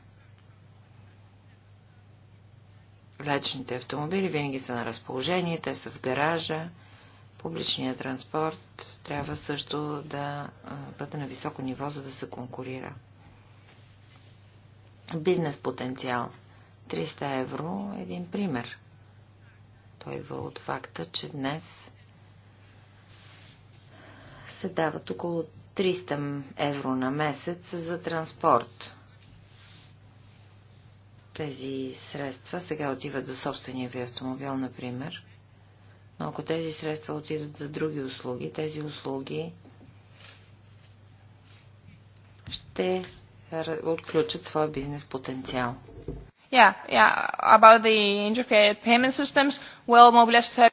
Лечните автомобили винаги са на разположение, те са в гаража. Публичният транспорт трябва също да бъде на високо ниво, за да се конкурира. Бизнес потенциал – 300 евро е един пример. Той идва от факта, че днес се дават около 300 евро на месец за транспорт. Тези средства сега отиват за собствения ви автомобил, например. Но ако тези средства отидат за други услуги, тези услуги ще отключат своя бизнес потенциал. Yeah, yeah. About the integrated payment systems, well, Mobilesh said.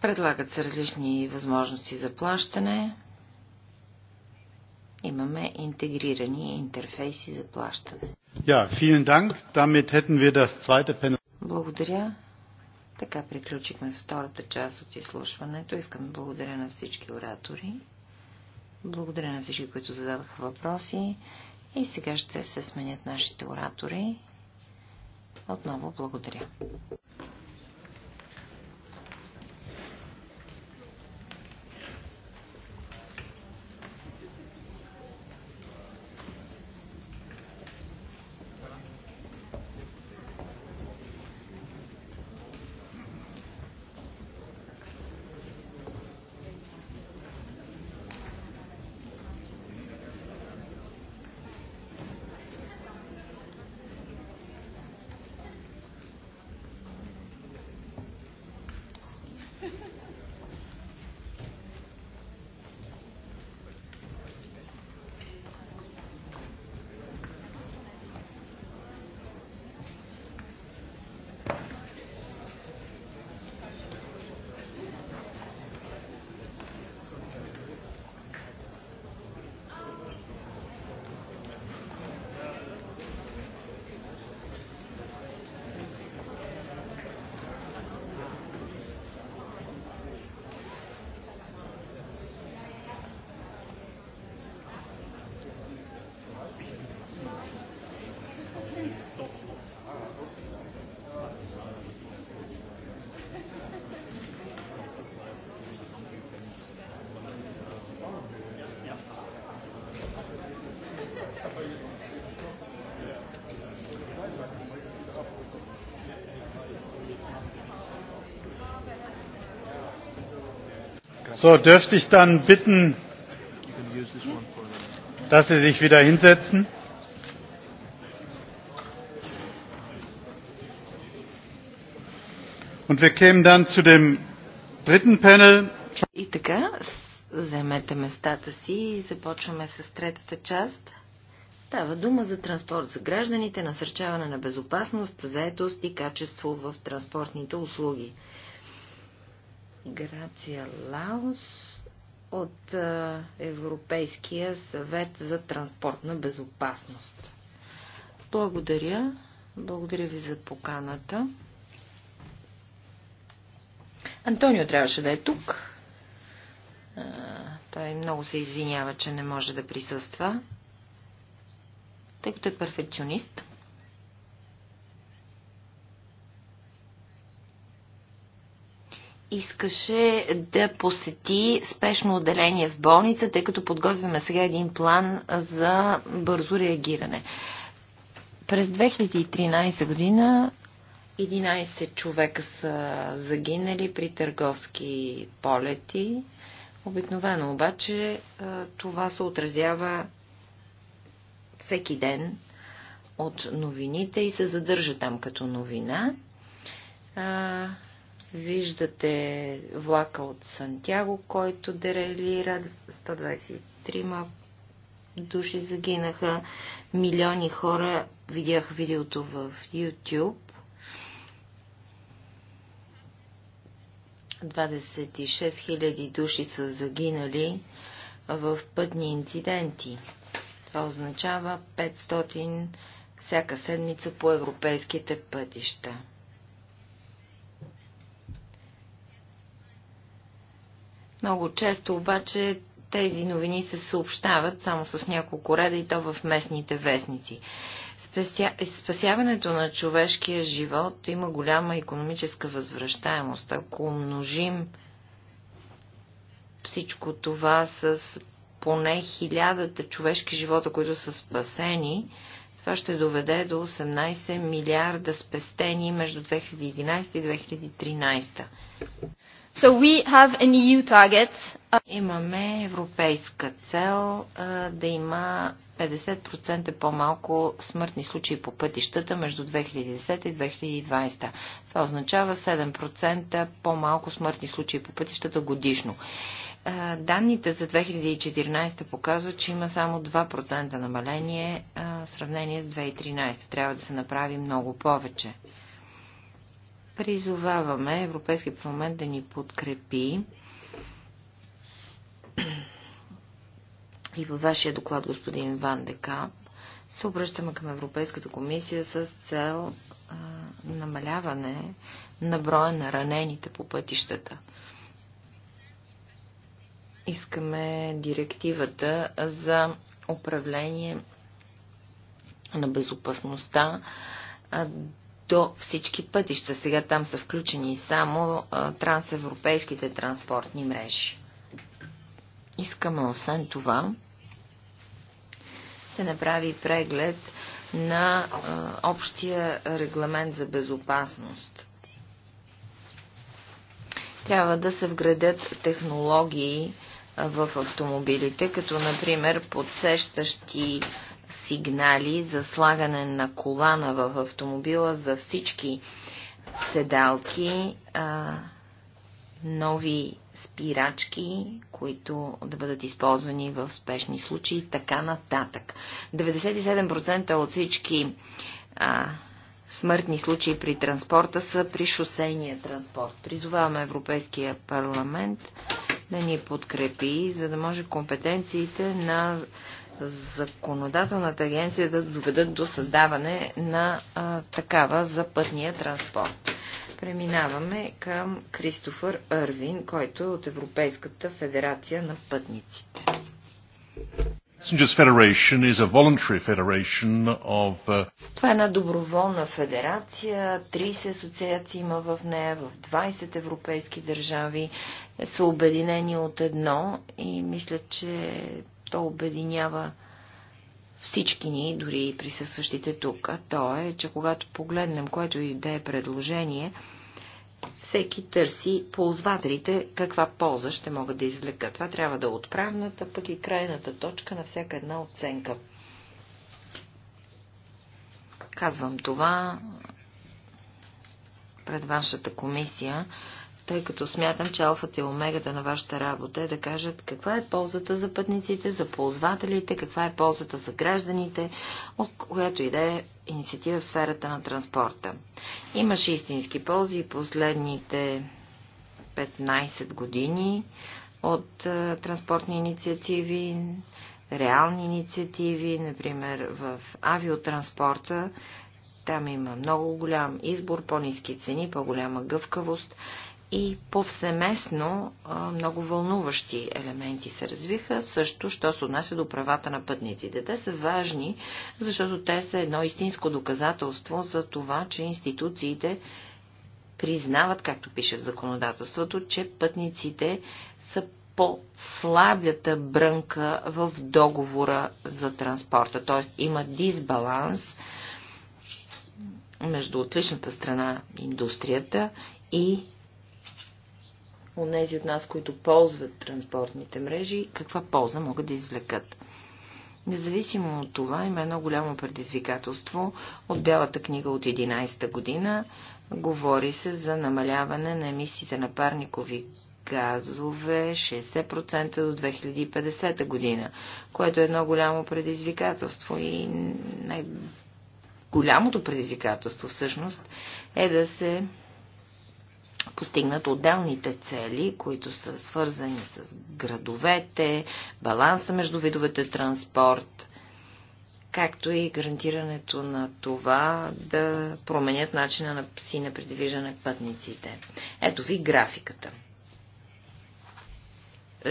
Предлагат се различни възможности за плащане. Имаме интегрирани интерфейси за плащане. Ja, vielen Dank. Damit hätten wir das zweite Panel. Благодаря. Така приключихме с втората част от изслушването. Искам да благодаря на всички оратори. Благодаря на всички, които зададоха въпроси. И сега ще се сменят нашите оратори. Отново благодаря. So, dürfte ich dann bitten, dass Sie sich wieder hinsetzen? Und wir kämen dann zu dem dritten Panel. И местата си и започваме с третата част. Става дума за транспорт за гражданите, насърчаване на безопасност, заетост и качество в транспортните услуги. Грация Лаус от Европейския съвет за транспортна безопасност. Благодаря. Благодаря ви за поканата. Антонио трябваше да е тук. Той много се извинява, че не може да присъства, тъй като е перфекционист. искаше да посети спешно отделение в болница, тъй като подготвяме сега един план за бързо реагиране. През 2013 година 11 човека са загинали при търговски полети. Обикновено обаче това се отразява всеки ден от новините и се задържа там като новина. Виждате влака от Сантяго, който дерелира. 123 души загинаха. Милиони хора видях видеото в YouTube. 26 000 души са загинали в пътни инциденти. Това означава 500 всяка седмица по европейските пътища. Много често обаче тези новини се съобщават само с няколко реда и то в местните вестници. Спеся... Спасяването на човешкия живот има голяма економическа възвръщаемост. Ако умножим всичко това с поне хилядата човешки живота, които са спасени, това ще доведе до 18 милиарда спестени между 2011 и 2013. So we have an EU target. Имаме европейска цел а, да има 50% по-малко смъртни случаи по пътищата между 2010 и 2020. Това означава 7% по-малко смъртни случаи по пътищата годишно. данните за 2014 показват, че има само 2% намаление в сравнение с 2013. Трябва да се направи много повече. Призоваваме Европейския парламент да ни подкрепи и във вашия доклад, господин Ван Декап, се обръщаме към Европейската комисия с цел а, намаляване на броя на ранените по пътищата. Искаме директивата за управление на безопасността а, до всички пътища. Сега там са включени само а, трансевропейските транспортни мрежи. Искаме освен това се направи преглед на а, общия регламент за безопасност. Трябва да се вградят технологии в автомобилите, като например подсещащи сигнали за слагане на колана в автомобила за всички седалки, а, нови спирачки, които да бъдат използвани в спешни случаи, така нататък. 97% от всички а, смъртни случаи при транспорта са при шосейния транспорт. Призоваваме Европейския парламент да ни подкрепи, за да може компетенциите на законодателната агенция да доведат до създаване на а, такава за пътния транспорт. Преминаваме към Кристофър Арвин който е от Европейската федерация на пътниците. Uh, Това е една доброволна федерация, 30 асоциации има в нея, в 20 европейски държави, е, са обединени от едно и мисля, че то обединява всички ни, дори и присъстващите тук, а то е, че когато погледнем което и да е предложение, всеки търси ползвателите каква полза ще могат да извлекат. Това трябва да е отправната, пък и крайната точка на всяка една оценка. Казвам това пред вашата комисия, тъй като смятам, че алфата и омегата на вашата работа е да кажат каква е ползата за пътниците, за ползвателите, каква е ползата за гражданите, от която и да е инициатива в сферата на транспорта. Имаше истински ползи последните 15 години от транспортни инициативи, реални инициативи, например в авиотранспорта, там има много голям избор, по-низки цени, по-голяма гъвкавост и повсеместно много вълнуващи елементи се развиха, също, що се отнася до правата на пътниците. Те са важни, защото те са едно истинско доказателство за това, че институциите признават, както пише в законодателството, че пътниците са по-слабята брънка в договора за транспорта. Т.е. има дисбаланс между отличната страна индустрията и от тези от нас, които ползват транспортните мрежи, каква полза могат да извлекат. Независимо от това, има едно голямо предизвикателство от Бялата книга от 11-та година. Говори се за намаляване на емисиите на парникови газове 60% до 2050 година, което е едно голямо предизвикателство и най-голямото предизвикателство всъщност е да се постигнат отделните цели, които са свързани с градовете, баланса между видовете транспорт, както и гарантирането на това да променят начина на си на придвижване пътниците. Ето ви графиката.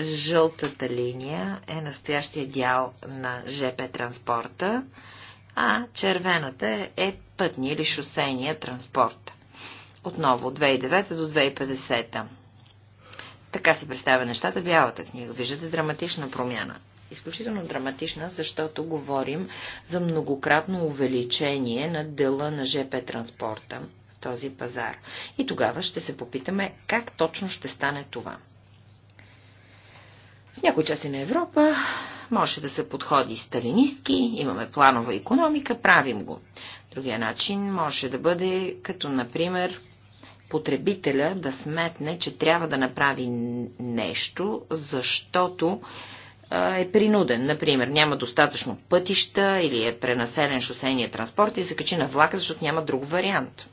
Жълтата линия е настоящия дял на ЖП транспорта, а червената е пътния или шосейния транспорт. Отново, от 2009 до 2050. Така си представя нещата бялата книга. Виждате драматична промяна. Изключително драматична, защото говорим за многократно увеличение на дела на ЖП транспорта в този пазар. И тогава ще се попитаме как точно ще стане това. В някои части на Европа може да се подходи сталинистки, имаме планова економика, правим го. Другия начин може да бъде като, например, потребителя да сметне, че трябва да направи нещо, защото е принуден. Например, няма достатъчно пътища или е пренаселен шосейния транспорт и се качи на влака, защото няма друг вариант.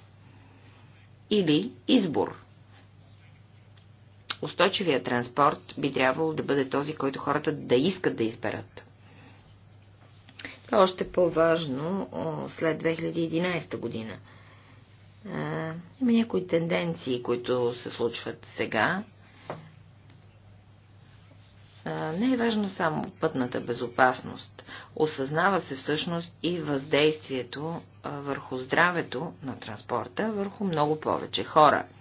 Или избор. Устойчивия транспорт би трябвало да бъде този, който хората да искат да изберат. Това е още по-важно след 2011 година – има някои тенденции, които се случват сега. Не е важно само пътната безопасност. Осъзнава се всъщност и въздействието върху здравето на транспорта, върху много повече хора –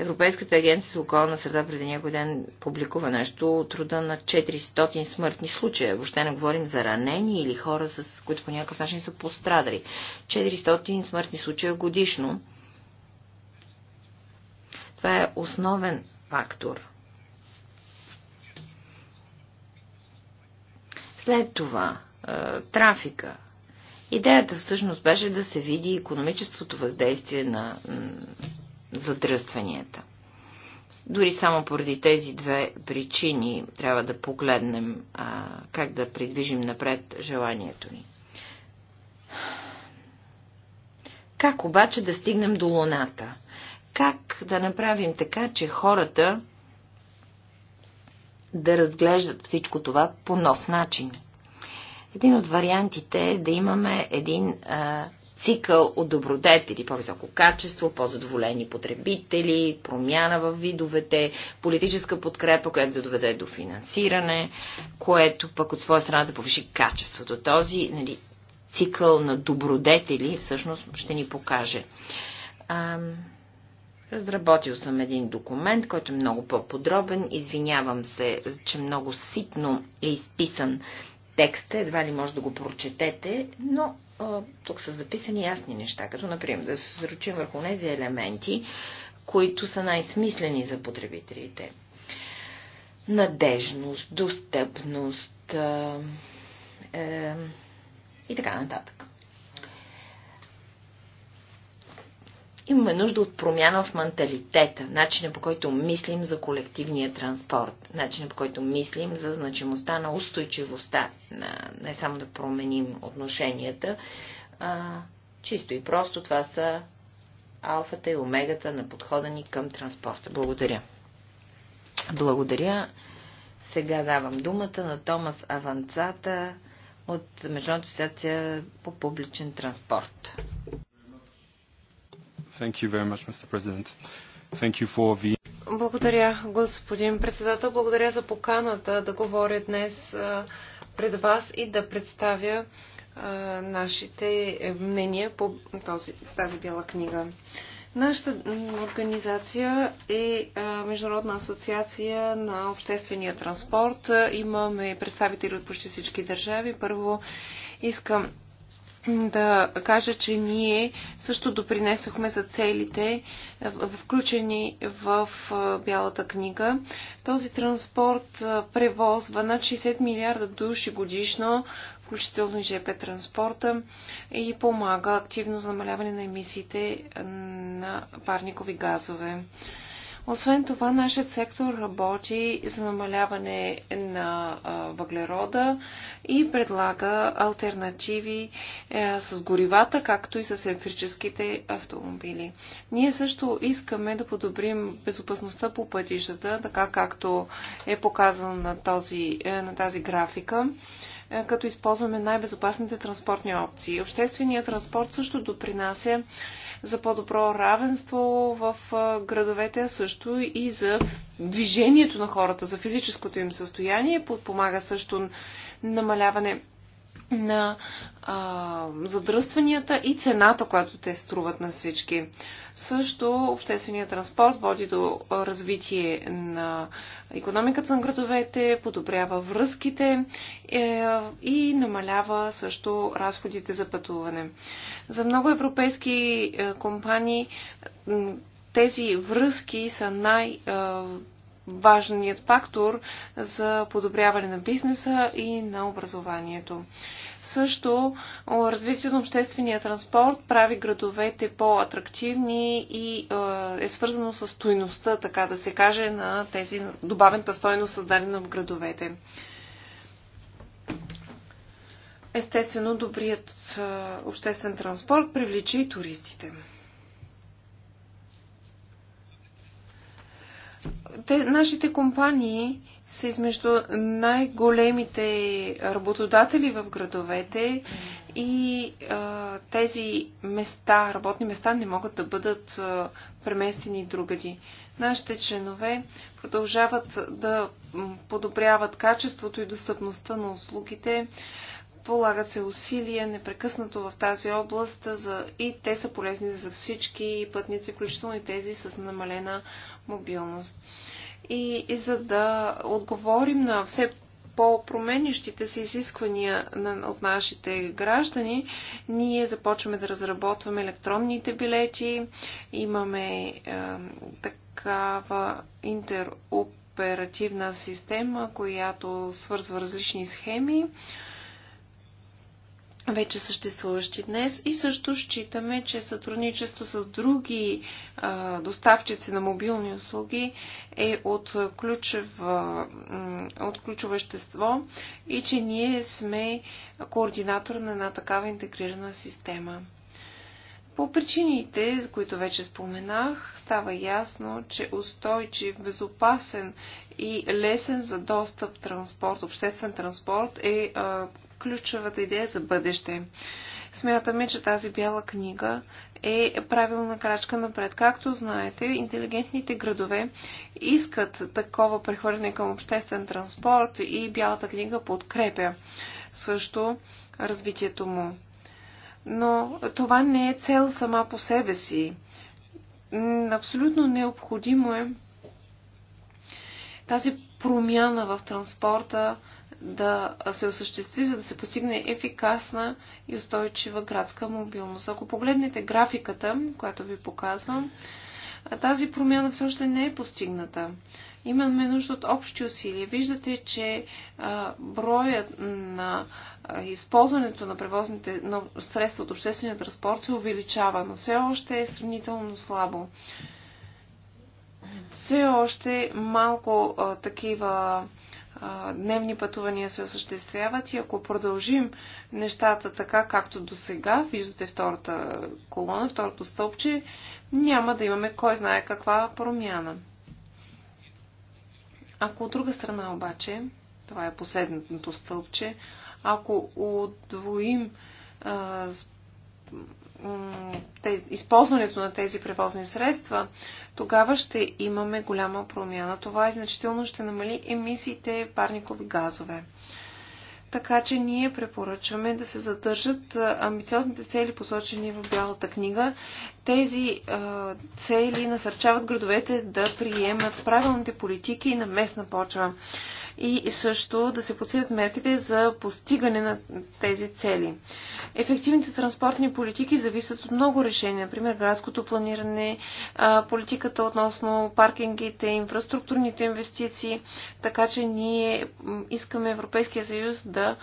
Европейската агенция за околна среда преди някой ден публикува нещо от труда на 400 смъртни случая. Въобще не говорим за ранени или хора, с които по някакъв начин са пострадали. 400 смъртни случая годишно. Това е основен фактор. След това, е, трафика. Идеята всъщност беше да се види економическото въздействие на задръстванията. Дори само поради тези две причини трябва да погледнем а, как да придвижим напред желанието ни. Как обаче да стигнем до Луната? Как да направим така, че хората да разглеждат всичко това по нов начин? Един от вариантите е да имаме един а, цикъл от добродетели, по-високо качество, по-задоволени потребители, промяна в видовете, политическа подкрепа, която да доведе до финансиране, което пък от своя страна да повиши качеството. Този нали, цикъл на добродетели всъщност ще ни покаже. Ам... Разработил съм един документ, който е много по-подробен. Извинявам се, че много ситно е изписан текста, едва ли може да го прочетете, но тук са записани ясни неща, като например да се сръчим върху тези елементи, които са най-смислени за потребителите. Надежност, достъпност е, и така нататък. Имаме нужда от промяна в менталитета, начина по който мислим за колективния транспорт, начина по който мислим за значимостта на устойчивостта, на, не само да променим отношенията, а, чисто и просто това са алфата и омегата на подхода ни към транспорта. Благодаря. Благодаря. Сега давам думата на Томас Аванцата от Международната асоциация по публичен транспорт. Thank you very much, Mr. President. Thank you for the... Благодаря, господин председател. Благодаря за поканата да говоря днес пред вас и да представя нашите мнения по този, тази бяла книга. Нашата организация е Международна асоциация на обществения транспорт. Имаме представители от почти всички държави. Първо искам да кажа, че ние също допринесохме за целите, е, включени в е, Бялата книга. Този транспорт е, превозва над 60 милиарда души годишно, включително и ЖП транспорта, и помага активно за намаляване на емисиите на парникови газове. Освен това, нашият сектор работи за намаляване на въглерода и предлага альтернативи е, с горивата, както и с електрическите автомобили. Ние също искаме да подобрим безопасността по пътищата, така както е показано на, този, е, на тази графика е, като използваме най-безопасните транспортни опции. Общественият транспорт също допринася за по-добро равенство в градовете, а също и за движението на хората, за физическото им състояние. Подпомага също намаляване на а, задръстванията и цената, която те струват на всички. Също общественият транспорт води до развитие на економиката на градовете, подобрява връзките е, и намалява също разходите за пътуване. За много европейски е, компании тези връзки са най- е, важният фактор за подобряване на бизнеса и на образованието. Също развитието на обществения транспорт прави градовете по-атрактивни и е, е свързано с стойността, така да се каже, на тези добавената стойност, създадена в градовете. Естествено, добрият е, обществен транспорт привлича и туристите. Те, нашите компании са измежду най-големите работодатели в градовете и а, тези места, работни места не могат да бъдат а, преместени другади. Нашите членове продължават да подобряват качеството и достъпността на услугите, Полагат се усилия непрекъснато в тази област за... и те са полезни за всички пътници, включително и тези с намалена мобилност. И, и за да отговорим на все по-променящите се изисквания на, от нашите граждани, ние започваме да разработваме електронните билети. Имаме е, такава интероперативна система, която свързва различни схеми вече съществуващи днес и също считаме, че сътрудничество с други а, доставчици на мобилни услуги е от, ключев, от ключово вещество и че ние сме координатор на една такава интегрирана система. По причините, за които вече споменах, става ясно, че устойчив, безопасен и лесен за достъп транспорт, обществен транспорт е а, ключовата идея за бъдеще. Смятаме, че тази бяла книга е правилна крачка напред. Както знаете, интелигентните градове искат такова прехвърляне към обществен транспорт и бялата книга подкрепя също развитието му. Но това не е цел сама по себе си. Абсолютно необходимо е тази промяна в транспорта да се осъществи, за да се постигне ефикасна и устойчива градска мобилност. Ако погледнете графиката, която ви показвам, тази промяна все още не е постигната. Имаме нужда от общи усилия. Виждате, че броят на използването на превозните на средства от обществения транспорт се увеличава, но все още е сравнително слабо. Все още малко а, такива дневни пътувания се осъществяват и ако продължим нещата така, както до сега, виждате втората колона, второто стълбче, няма да имаме кой знае каква промяна. Ако от друга страна обаче, това е последното стълбче, ако удвоим а, използването на тези превозни средства, тогава ще имаме голяма промяна. Това и е значително ще намали емисиите парникови газове. Така че ние препоръчваме да се задържат амбициозните цели, посочени в Бялата книга. Тези цели насърчават градовете да приемат правилните политики на местна почва и също да се подсилят мерките за постигане на тези цели. Ефективните транспортни политики зависят от много решения, например градското планиране, политиката относно паркингите, инфраструктурните инвестиции, така че ние искаме Европейския съюз да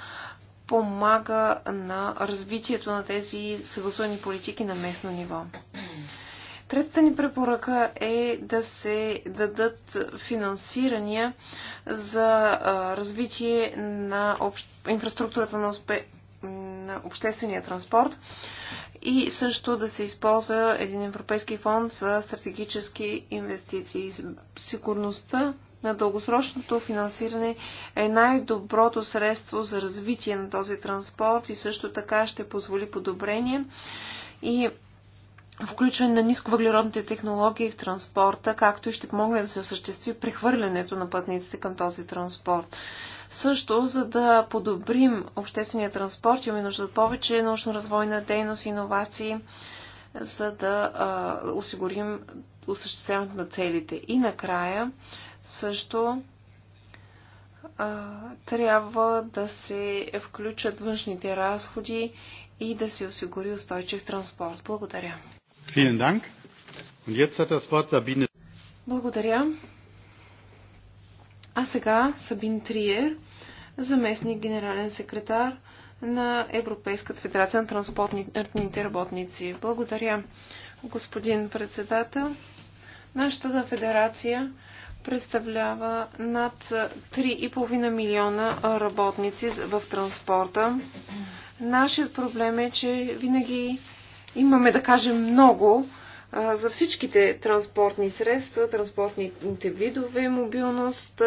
помага на развитието на тези съгласувани политики на местно ниво. Третата ни препоръка е да се дадат финансирания за развитие на общ... инфраструктурата на, успе... на обществения транспорт и също да се използва един европейски фонд за стратегически инвестиции. Сигурността на дългосрочното финансиране е най-доброто средство за развитие на този транспорт и също така ще позволи подобрение и включване на нисковъглеродните технологии в транспорта, както и ще помогне да се осъществи прехвърлянето на пътниците към този транспорт. Също, за да подобрим обществения транспорт, имаме нужда от повече научно-развойна дейност, и иновации, за да а, осигурим осъществяването на целите. И накрая, също а, трябва да се включат външните разходи и да се осигури устойчив транспорт. Благодаря. Благодаря. А сега Сабин Триер, заместник генерален секретар на Европейската федерация на транспортните работници. Благодаря, господин председател. Нашата федерация представлява над 3,5 милиона работници в транспорта. Нашият проблем е, че винаги Имаме да кажем много за всичките транспортни средства, транспортните видове, мобилност.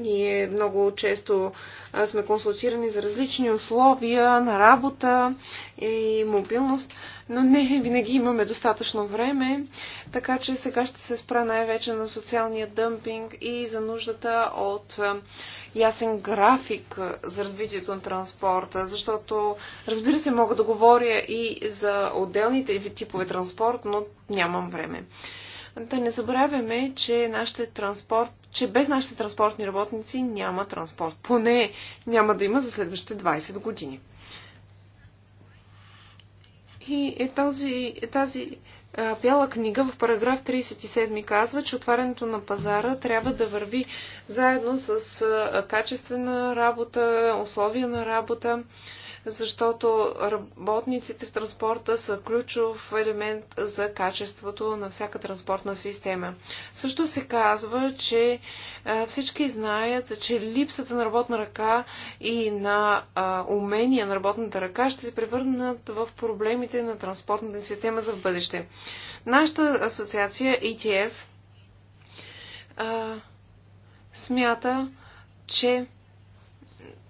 Ние много често сме консултирани за различни условия на работа и мобилност, но не винаги имаме достатъчно време, така че сега ще се спра най-вече на социалния дъмпинг и за нуждата от ясен график за развитието на транспорта, защото, разбира се, мога да говоря и за отделните типове транспорт, но нямам време. Да не забравяме, че, нашите транспорт, че без нашите транспортни работници няма транспорт. Поне няма да има за следващите 20 години. И е този, е тази Бяла книга в параграф 37 казва, че отварянето на пазара трябва да върви заедно с качествена работа, условия на работа защото работниците в транспорта са ключов елемент за качеството на всяка транспортна система. Също се казва, че всички знаят, че липсата на работна ръка и на умения на работната ръка ще се превърнат в проблемите на транспортната система за в бъдеще. Нашата асоциация ETF смята, че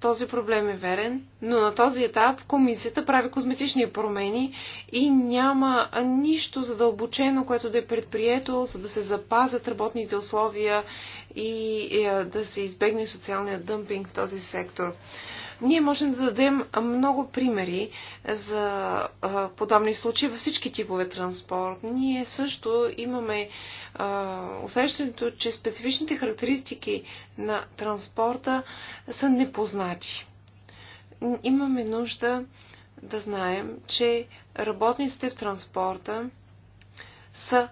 този проблем е верен, но на този етап комисията прави козметични промени и няма нищо задълбочено, което да е предприето, за да се запазят работните условия и е, да се избегне социалния дъмпинг в този сектор. Ние можем да дадем много примери за е, подобни случаи във всички типове транспорт. Ние също имаме а, усещането, че специфичните характеристики на транспорта са непознати. Имаме нужда да знаем, че работниците в транспорта са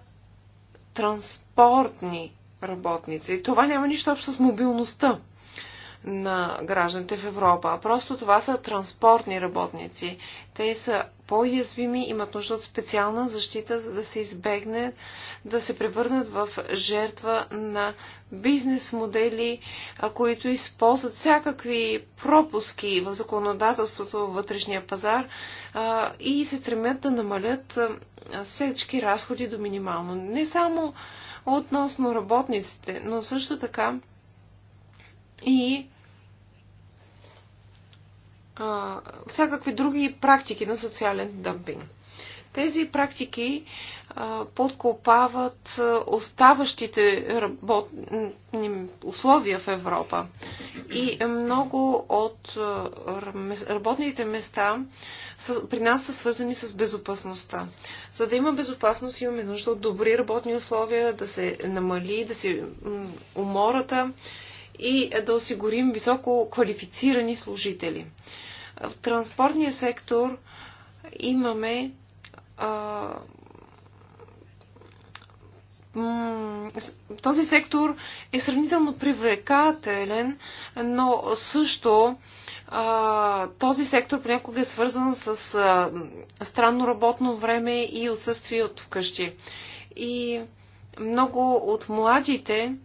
транспортни работници. Това няма нищо общо с мобилността на гражданите в Европа. просто това са транспортни работници. Те са по-язвими, имат нужда от специална защита, за да се избегне да се превърнат в жертва на бизнес модели, които използват всякакви пропуски в законодателството във вътрешния пазар и се стремят да намалят всички разходи до минимално. Не само относно работниците, но също така и а, всякакви други практики на социален дъмпинг. Тези практики а, подкопават оставащите работни условия в Европа. И много от работните места са, при нас са свързани с безопасността. За да има безопасност, имаме нужда от добри работни условия, да се намали, да се умората и да осигурим високо квалифицирани служители. В транспортния сектор имаме а, този сектор е сравнително привлекателен, но също а, този сектор понякога е свързан с а, странно работно време и отсъствие от вкъщи. И много от младите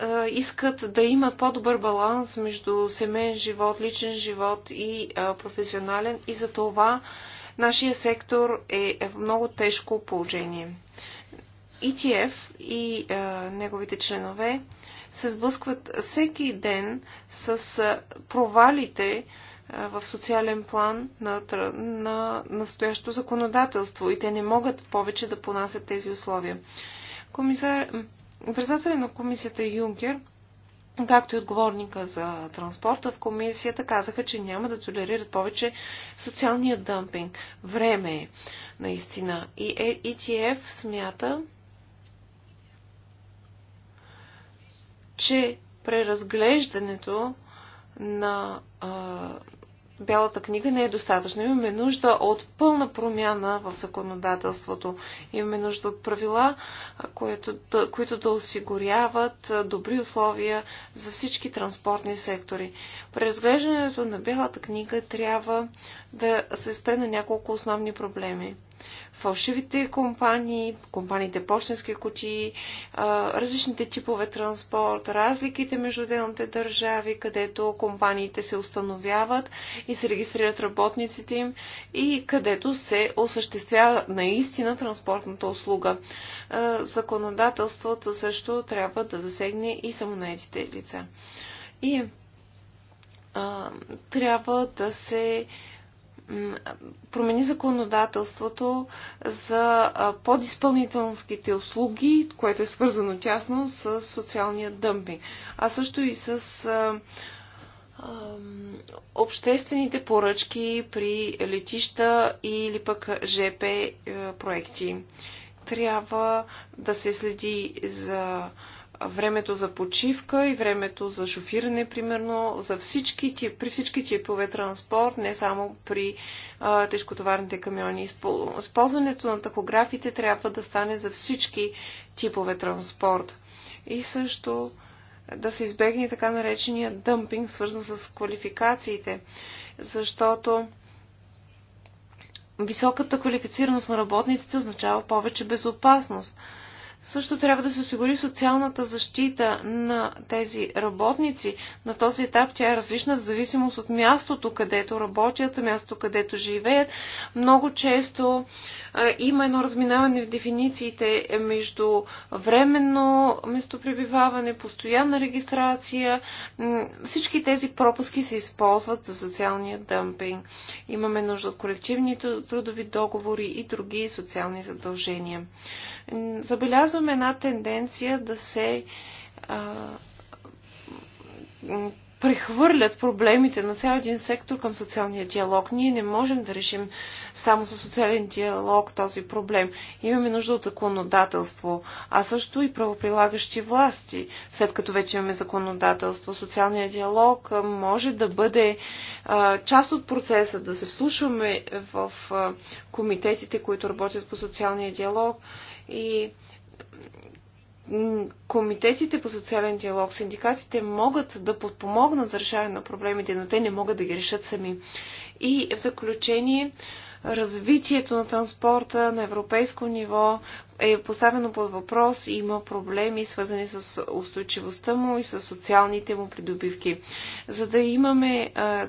е, искат да имат по-добър баланс между семейен живот, личен живот и е, професионален и за това нашия сектор е, е в много тежко положение. ETF и а, неговите членове се сблъскват всеки ден с а, провалите в социален план на, на настоящото законодателство и те не могат повече да понасят тези условия. Комисар Председателя на комисията Юнкер, както и отговорника за транспорта в комисията, казаха, че няма да толерират повече социалния дъмпинг. Време е, наистина. И ETF е, смята, че преразглеждането на а, Бялата книга не е достатъчна. Имаме нужда от пълна промяна в законодателството. Имаме нужда от правила, които да, които да осигуряват добри условия за всички транспортни сектори. Преразглеждането на Бялата книга трябва да се спре на няколко основни проблеми фалшивите компании, компаниите почтенски кутии, различните типове транспорт, разликите между отделните държави, където компаниите се установяват и се регистрират работниците им и където се осъществява наистина транспортната услуга. Законодателството също трябва да засегне и самонаетите лица. И трябва да се а, промени законодателството за подизпълнителските услуги, което е свързано тясно с социалния дъмпинг, а също и с обществените поръчки при летища или пък ЖП проекти. Трябва да се следи за времето за почивка и времето за шофиране, примерно, за всички, при всички типове транспорт, не само при а, тежкотоварните камиони. Използването на тахографите трябва да стане за всички типове транспорт. И също да се избегне така наречения дъмпинг, свързан с квалификациите, защото високата квалифицираност на работниците означава повече безопасност – също трябва да се осигури социалната защита на тези работници. На този етап тя е различна в зависимост от мястото, където работят, мястото, където живеят. Много често а, има едно разминаване в дефинициите между временно местопребиваване, постоянна регистрация. Всички тези пропуски се използват за социалния дъмпинг. Имаме нужда от колективните трудови договори и други социални задължения забелязваме една тенденция да се а, прехвърлят проблемите на цял един сектор към социалния диалог. Ние не можем да решим само със социален диалог този проблем. Имаме нужда от законодателство, а също и правоприлагащи власти. След като вече имаме законодателство, социалния диалог може да бъде а, част от процеса, да се вслушваме в а, комитетите, които работят по социалния диалог и комитетите по социален диалог, синдикатите могат да подпомогнат за решаване на проблемите, но те не могат да ги решат сами. И в заключение, развитието на транспорта на европейско ниво е поставено под въпрос и има проблеми, свързани с устойчивостта му и с социалните му придобивки. За да имаме а,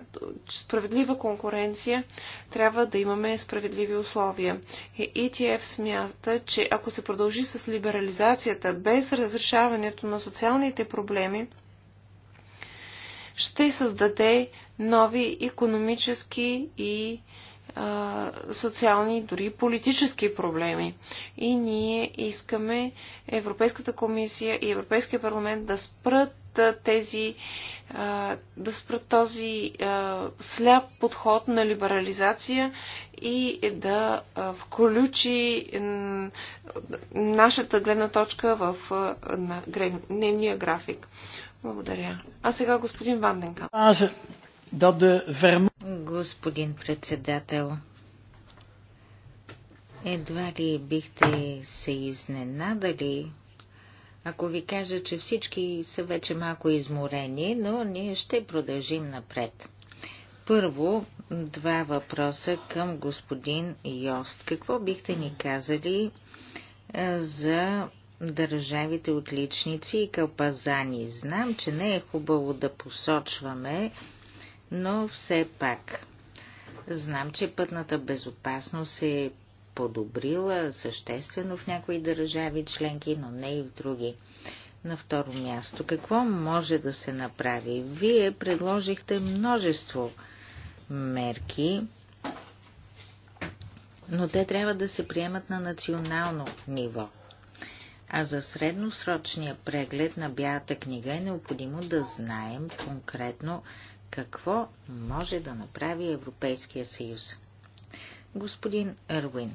справедлива конкуренция, трябва да имаме справедливи условия. И ETF смята, че ако се продължи с либерализацията без разрешаването на социалните проблеми, ще създаде нови економически и социални, дори политически проблеми. И ние искаме Европейската комисия и Европейския парламент да спрат тези, да спрат този сляп подход на либерализация и да включи нашата гледна точка в дневния график. Благодаря. А сега господин Ванденка. Господин председател, едва ли бихте се изненадали, ако ви кажа, че всички са вече малко изморени, но ние ще продължим напред. Първо, два въпроса към господин Йост. Какво бихте ни казали е, за държавите отличници и кълпазани? Знам, че не е хубаво да посочваме но все пак знам, че пътната безопасност е подобрила съществено в някои държави членки, но не и в други. На второ място, какво може да се направи? Вие предложихте множество мерки, но те трябва да се приемат на национално ниво. А за средносрочния преглед на Бялата книга е необходимо да знаем конкретно какво може да направи Европейския съюз. Господин Ервин.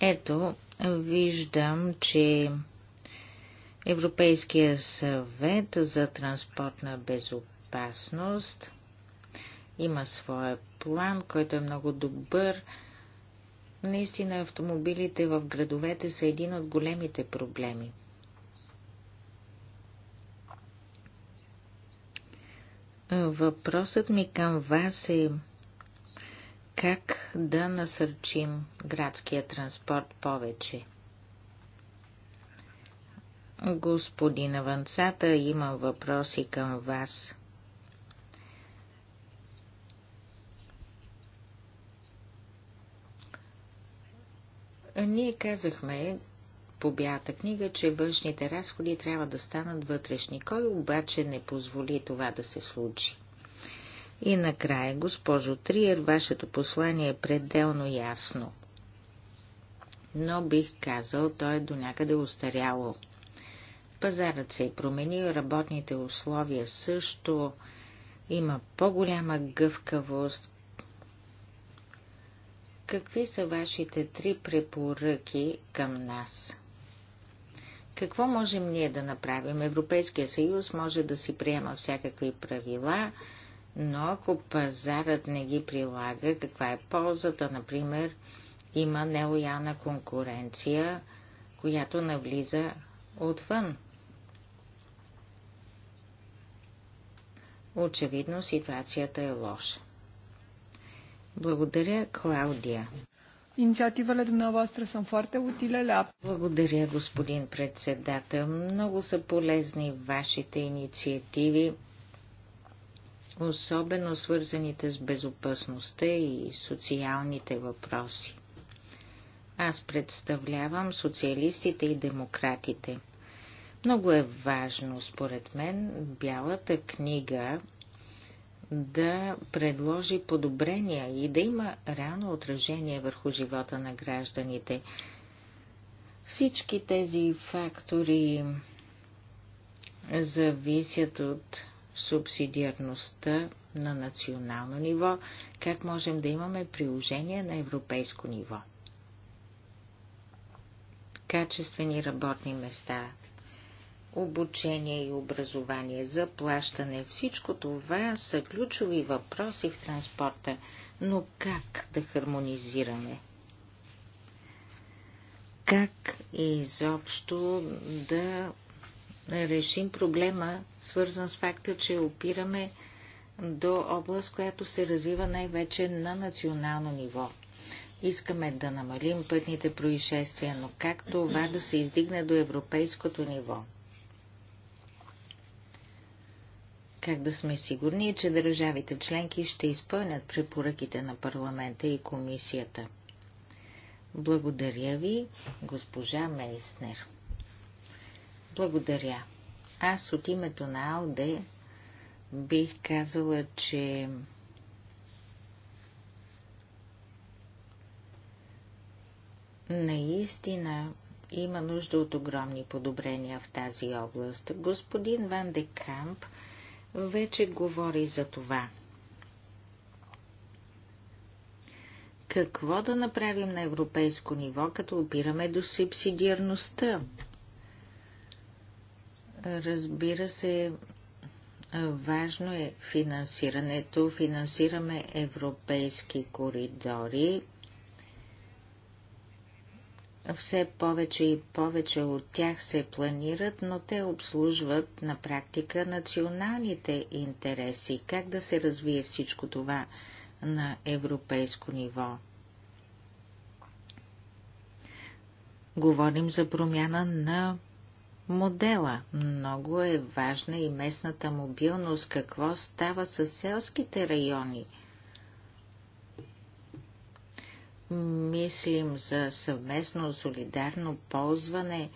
Ето, виждам, че Европейския съвет за транспортна безопасност има своя план, който е много добър Наистина автомобилите в градовете са един от големите проблеми. Въпросът ми към вас е как да насърчим градския транспорт повече. Господин Аванцата, имам въпроси към вас. Ние казахме по бялата книга, че външните разходи трябва да станат вътрешни. Кой обаче не позволи това да се случи? И накрая, госпожо Триер, вашето послание е пределно ясно. Но бих казал, то е до някъде устаряло. Пазарът се е променил, работните условия също. Има по-голяма гъвкавост, Какви са вашите три препоръки към нас? Какво можем ние да направим? Европейския съюз може да си приема всякакви правила, но ако пазарът не ги прилага, каква е ползата? Например, има нелояна конкуренция, която навлиза отвън. Очевидно ситуацията е лоша. Благодаря, Клаудия. Инициативele dumneavoastră съм foarte от илеля. Благодаря, господин председател. Много са полезни вашите инициативи, особено свързаните с безопасността и социалните въпроси. Аз представлявам социалистите и демократите. Много е важно, според мен, бялата книга да предложи подобрения и да има реално отражение върху живота на гражданите. Всички тези фактори зависят от субсидиарността на национално ниво, как можем да имаме приложение на европейско ниво. Качествени работни места, обучение и образование, заплащане. Всичко това са ключови въпроси в транспорта, но как да хармонизираме? Как изобщо да решим проблема, свързан с факта, че опираме до област, която се развива най-вече на национално ниво. Искаме да намалим пътните происшествия, но как това да се издигне до европейското ниво? Как да сме сигурни, че държавите членки ще изпълнят препоръките на парламента и комисията? Благодаря ви, госпожа Мейснер. Благодаря. Аз от името на Алде бих казала, че наистина има нужда от огромни подобрения в тази област. Господин Ван де Камп вече говори за това. Какво да направим на европейско ниво, като опираме до субсидиарността? Разбира се, важно е финансирането. Финансираме европейски коридори, все повече и повече от тях се планират, но те обслужват на практика националните интереси. Как да се развие всичко това на европейско ниво? Говорим за промяна на модела. Много е важна и местната мобилност. Какво става с селските райони – мислим за съвместно солидарно ползване,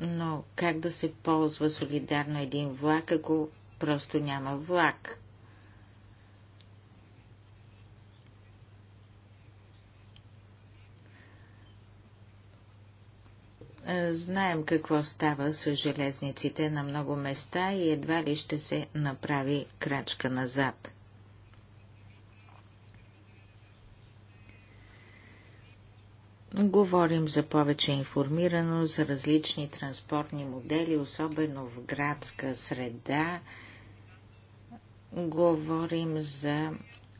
но как да се ползва солидарно един влак, ако просто няма влак? Знаем какво става с железниците на много места и едва ли ще се направи крачка назад. Говорим за повече информираност, за различни транспортни модели, особено в градска среда. Говорим за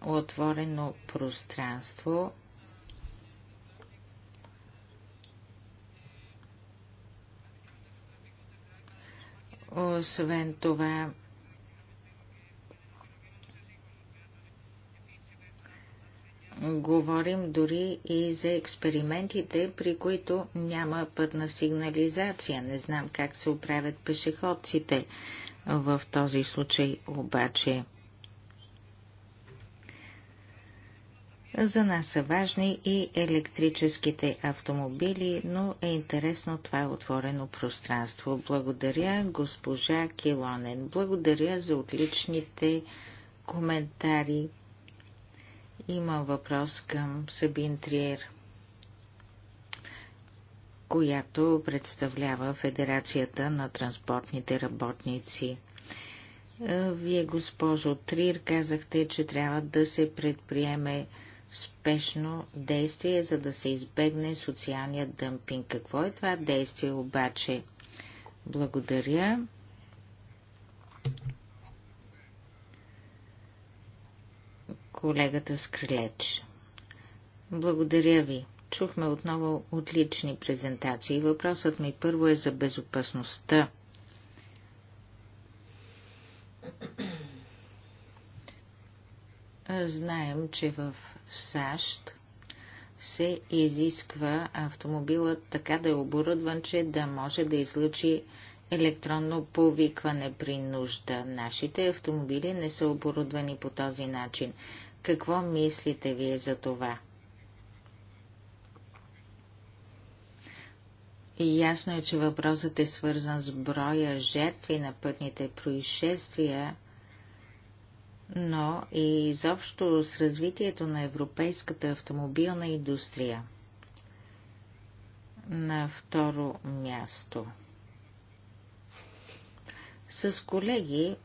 отворено пространство. Освен това, Говорим дори и за експериментите, при които няма пътна сигнализация. Не знам как се оправят пешеходците в този случай обаче. За нас са важни и електрическите автомобили, но е интересно това е отворено пространство. Благодаря, госпожа Килонен. Благодаря за отличните коментари. Има въпрос към Сабин Триер, която представлява Федерацията на транспортните работници. Е, вие, госпожо Триер, казахте, че трябва да се предприеме спешно действие, за да се избегне социалният дъмпинг. Какво е това действие обаче? Благодаря. колегата Скрилеч. Благодаря ви. Чухме отново отлични презентации. Въпросът ми първо е за безопасността. Знаем, че в САЩ се изисква автомобилът така да е оборудван, че да може да излъчи електронно повикване при нужда. Нашите автомобили не са оборудвани по този начин. Какво мислите вие за това? И ясно е, че въпросът е свързан с броя жертви на пътните происшествия, но и изобщо с развитието на европейската автомобилна индустрия. На второ място. С колеги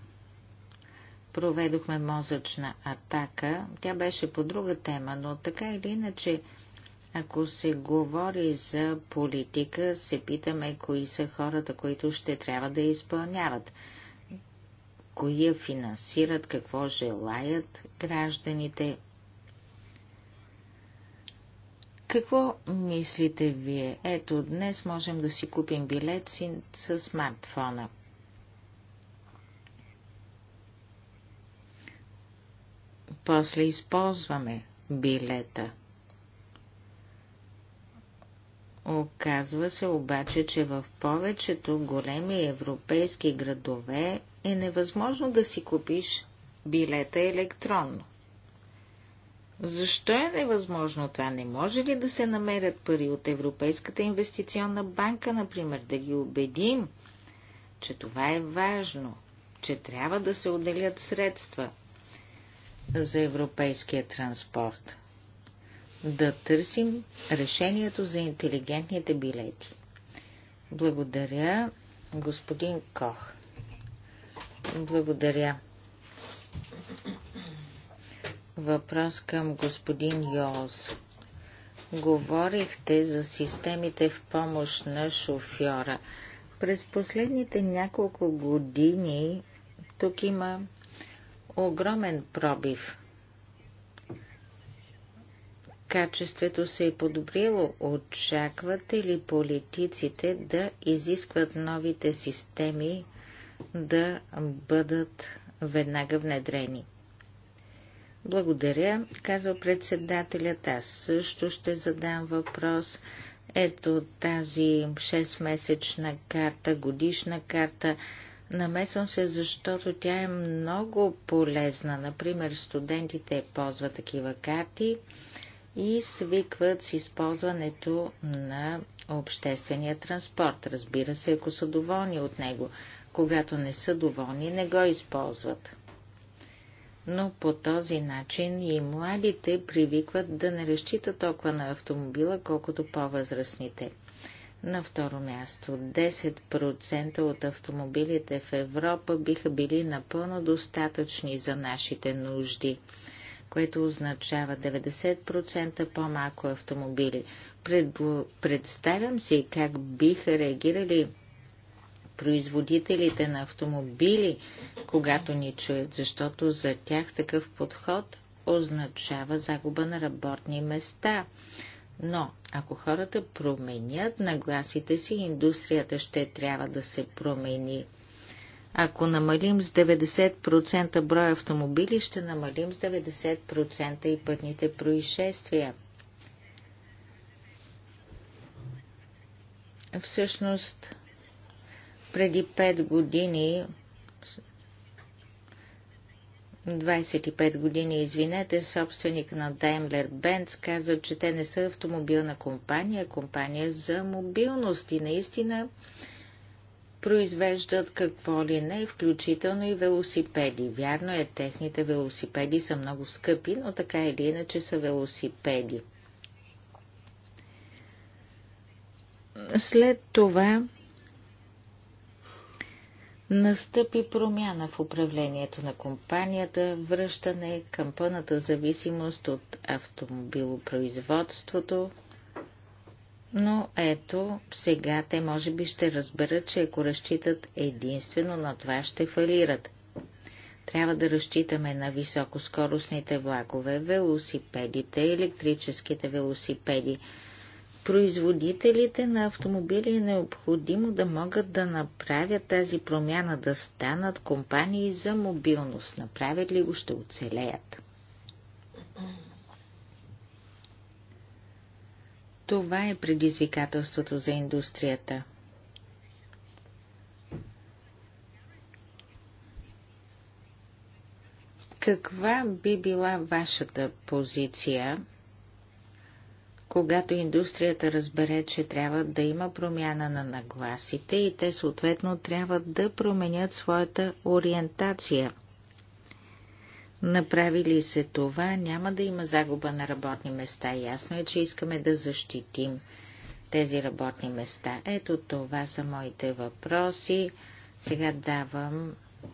проведохме мозъчна атака. Тя беше по друга тема, но така или иначе, ако се говори за политика, се питаме кои са хората, които ще трябва да изпълняват. Кои я финансират, какво желаят гражданите. Какво мислите вие? Ето, днес можем да си купим билет с смартфона – После използваме билета. Оказва се обаче, че в повечето големи европейски градове е невъзможно да си купиш билета електронно. Защо е невъзможно това? Не може ли да се намерят пари от Европейската инвестиционна банка, например, да ги убедим, че това е важно, че трябва да се отделят средства? за европейския транспорт. Да търсим решението за интелигентните билети. Благодаря, господин Кох. Благодаря. Въпрос към господин Йоз. Говорихте за системите в помощ на шофьора. През последните няколко години тук има огромен пробив. Качеството се е подобрило. Очаквате ли политиците да изискват новите системи да бъдат веднага внедрени? Благодаря, казва председателят. Аз също ще задам въпрос. Ето тази 6-месечна карта, годишна карта. Намесвам се, защото тя е много полезна. Например, студентите ползват такива карти и свикват с използването на обществения транспорт. Разбира се, ако са доволни от него. Когато не са доволни, не го използват. Но по този начин и младите привикват да не разчитат толкова на автомобила, колкото по-възрастните. На второ място, 10% от автомобилите в Европа биха били напълно достатъчни за нашите нужди, което означава 90% по-малко автомобили. Представям си как биха реагирали производителите на автомобили, когато ни чуят, защото за тях такъв подход означава загуба на работни места. Но ако хората променят нагласите си, индустрията ще трябва да се промени. Ако намалим с 90% броя автомобили, ще намалим с 90% и пътните происшествия. Всъщност, преди 5 години 25 години, извинете, собственик на Daimler Benz каза, че те не са автомобилна компания, компания за мобилност и наистина произвеждат какво ли не, включително и велосипеди. Вярно е, техните велосипеди са много скъпи, но така или иначе са велосипеди. След това Настъпи промяна в управлението на компанията, връщане към пълната зависимост от автомобилопроизводството, но ето, сега те може би ще разберат, че ако разчитат единствено на това, ще фалират. Трябва да разчитаме на високоскоростните влакове, велосипедите, електрическите велосипеди – производителите на автомобили е необходимо да могат да направят тази промяна, да станат компании за мобилност. Направят ли го, ще оцелеят. Това е предизвикателството за индустрията. Каква би била вашата позиция? когато индустрията разбере, че трябва да има промяна на нагласите и те съответно трябва да променят своята ориентация. Направили се това, няма да има загуба на работни места. Ясно е, че искаме да защитим тези работни места. Ето това са моите въпроси. Сега давам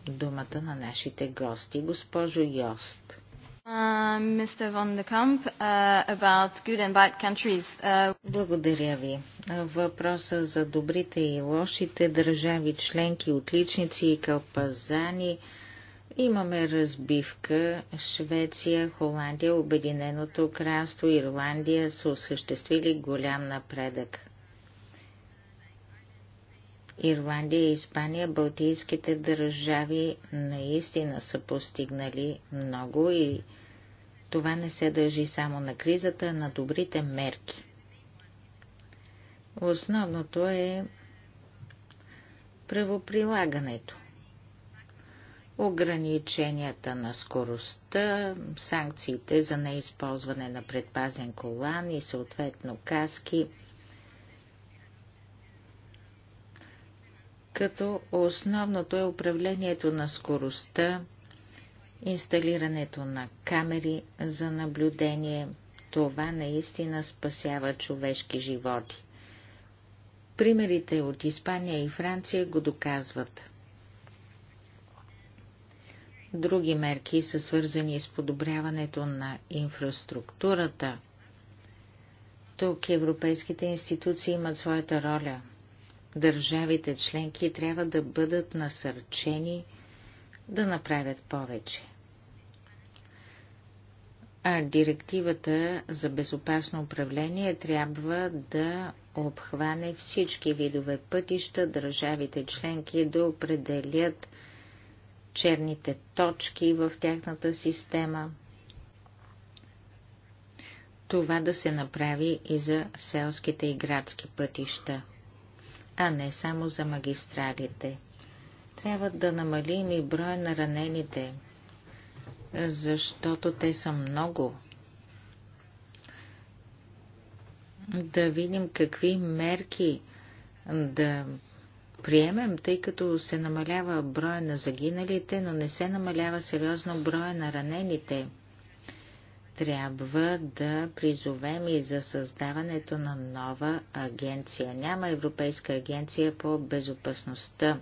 думата на нашите гости. Госпожо Йост. Uh, uh, uh, Благодаря ви. Въпроса за добрите и лошите държави, членки, отличници и кълпазани. Имаме разбивка. Швеция, Холандия, Обединеното кралство, Ирландия са осъществили голям напредък. Ирландия и Испания, балтийските държави наистина са постигнали много и това не се дължи само на кризата, а на добрите мерки. Основното е правоприлагането. Ограниченията на скоростта, санкциите за неизползване на предпазен колан и съответно каски – като основното е управлението на скоростта, инсталирането на камери за наблюдение. Това наистина спасява човешки животи. Примерите от Испания и Франция го доказват. Други мерки са свързани с подобряването на инфраструктурата. Тук европейските институции имат своята роля – Държавите членки трябва да бъдат насърчени да направят повече. А директивата за безопасно управление трябва да обхване всички видове пътища, държавите членки да определят черните точки в тяхната система. Това да се направи и за селските и градски пътища а не само за магистралите. Трябва да намалим и броя на ранените, защото те са много. Да видим какви мерки да приемем, тъй като се намалява броя на загиналите, но не се намалява сериозно броя на ранените – трябва да призовем и за създаването на нова агенция. Няма Европейска агенция по безопасността.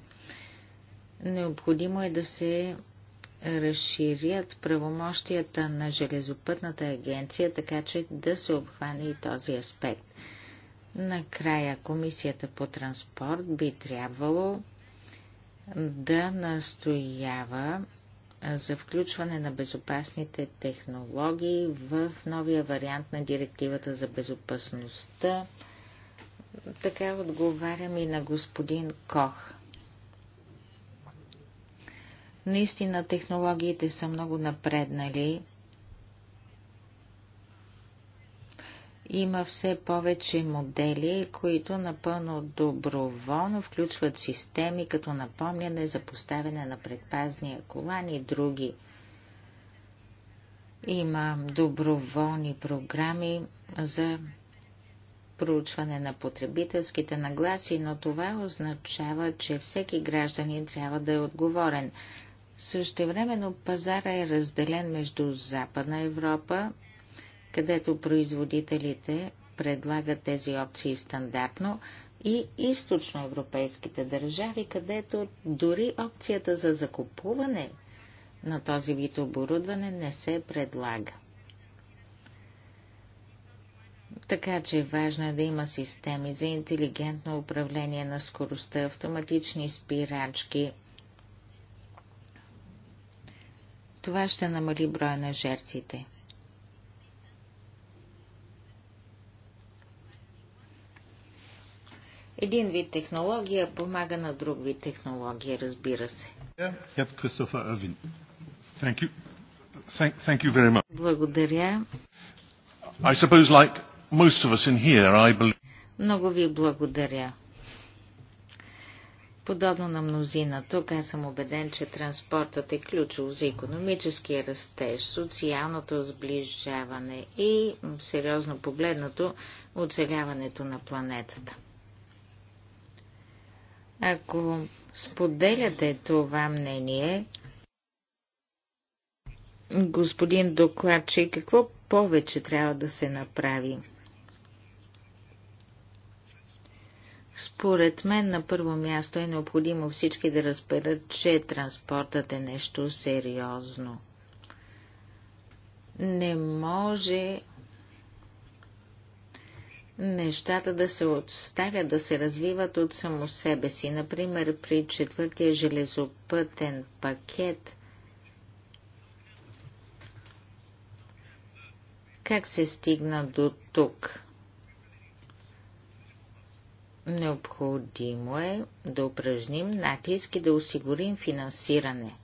Необходимо е да се разширят правомощията на Железопътната агенция, така че да се обхване и този аспект. Накрая Комисията по транспорт би трябвало да настоява за включване на безопасните технологии в новия вариант на директивата за безопасността. Така отговарям и на господин Кох. Наистина технологиите са много напреднали Има все повече модели, които напълно доброволно включват системи като напомняне за поставяне на предпазния колан и други. Има доброволни програми за проучване на потребителските нагласи, но това означава, че всеки гражданин трябва да е отговорен. Същевременно пазара е разделен между Западна Европа където производителите предлагат тези опции стандартно и източноевропейските държави, където дори опцията за закупуване на този вид оборудване не се предлага. Така че важно е да има системи за интелигентно управление на скоростта, автоматични спирачки. Това ще намали броя на жертвите. Един вид технология помага на друг вид технология, разбира се. Благодаря. Много ви благодаря. Подобно на мнозина, тук аз съм убеден, че транспортът е ключов за економическия растеж, социалното сближаване и, сериозно погледнато, оцеляването на планетата. Ако споделяте това мнение, господин докладчик, какво повече трябва да се направи? Според мен на първо място е необходимо всички да разберат, че транспортът е нещо сериозно. Не може нещата да се отставят, да се развиват от само себе си. Например, при четвъртия железопътен пакет, как се стигна до тук? Необходимо е да упражним натиск и да осигурим финансиране –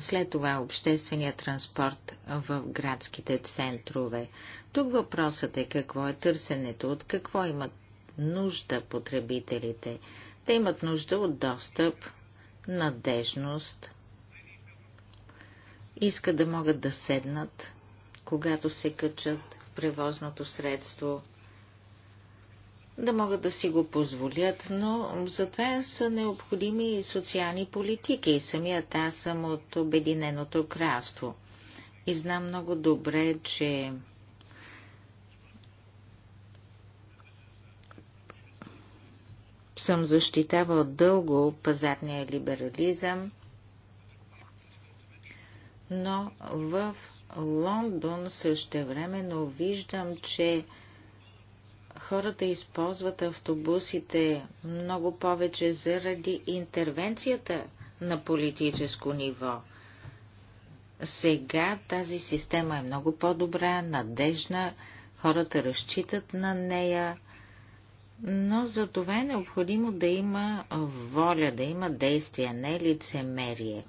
след това обществения транспорт в градските центрове. Тук въпросът е какво е търсенето, от какво имат нужда потребителите. Те имат нужда от достъп, надежност, искат да могат да седнат, когато се качат в превозното средство – да могат да си го позволят, но за това са необходими и социални политики. Самият аз съм от Обединеното кралство. И знам много добре, че съм защитавал дълго пазарния либерализъм, но в Лондон също времено виждам, че Хората използват автобусите много повече заради интервенцията на политическо ниво. Сега тази система е много по-добра, надежна, хората разчитат на нея, но за това е необходимо да има воля, да има действие, не лицемерие.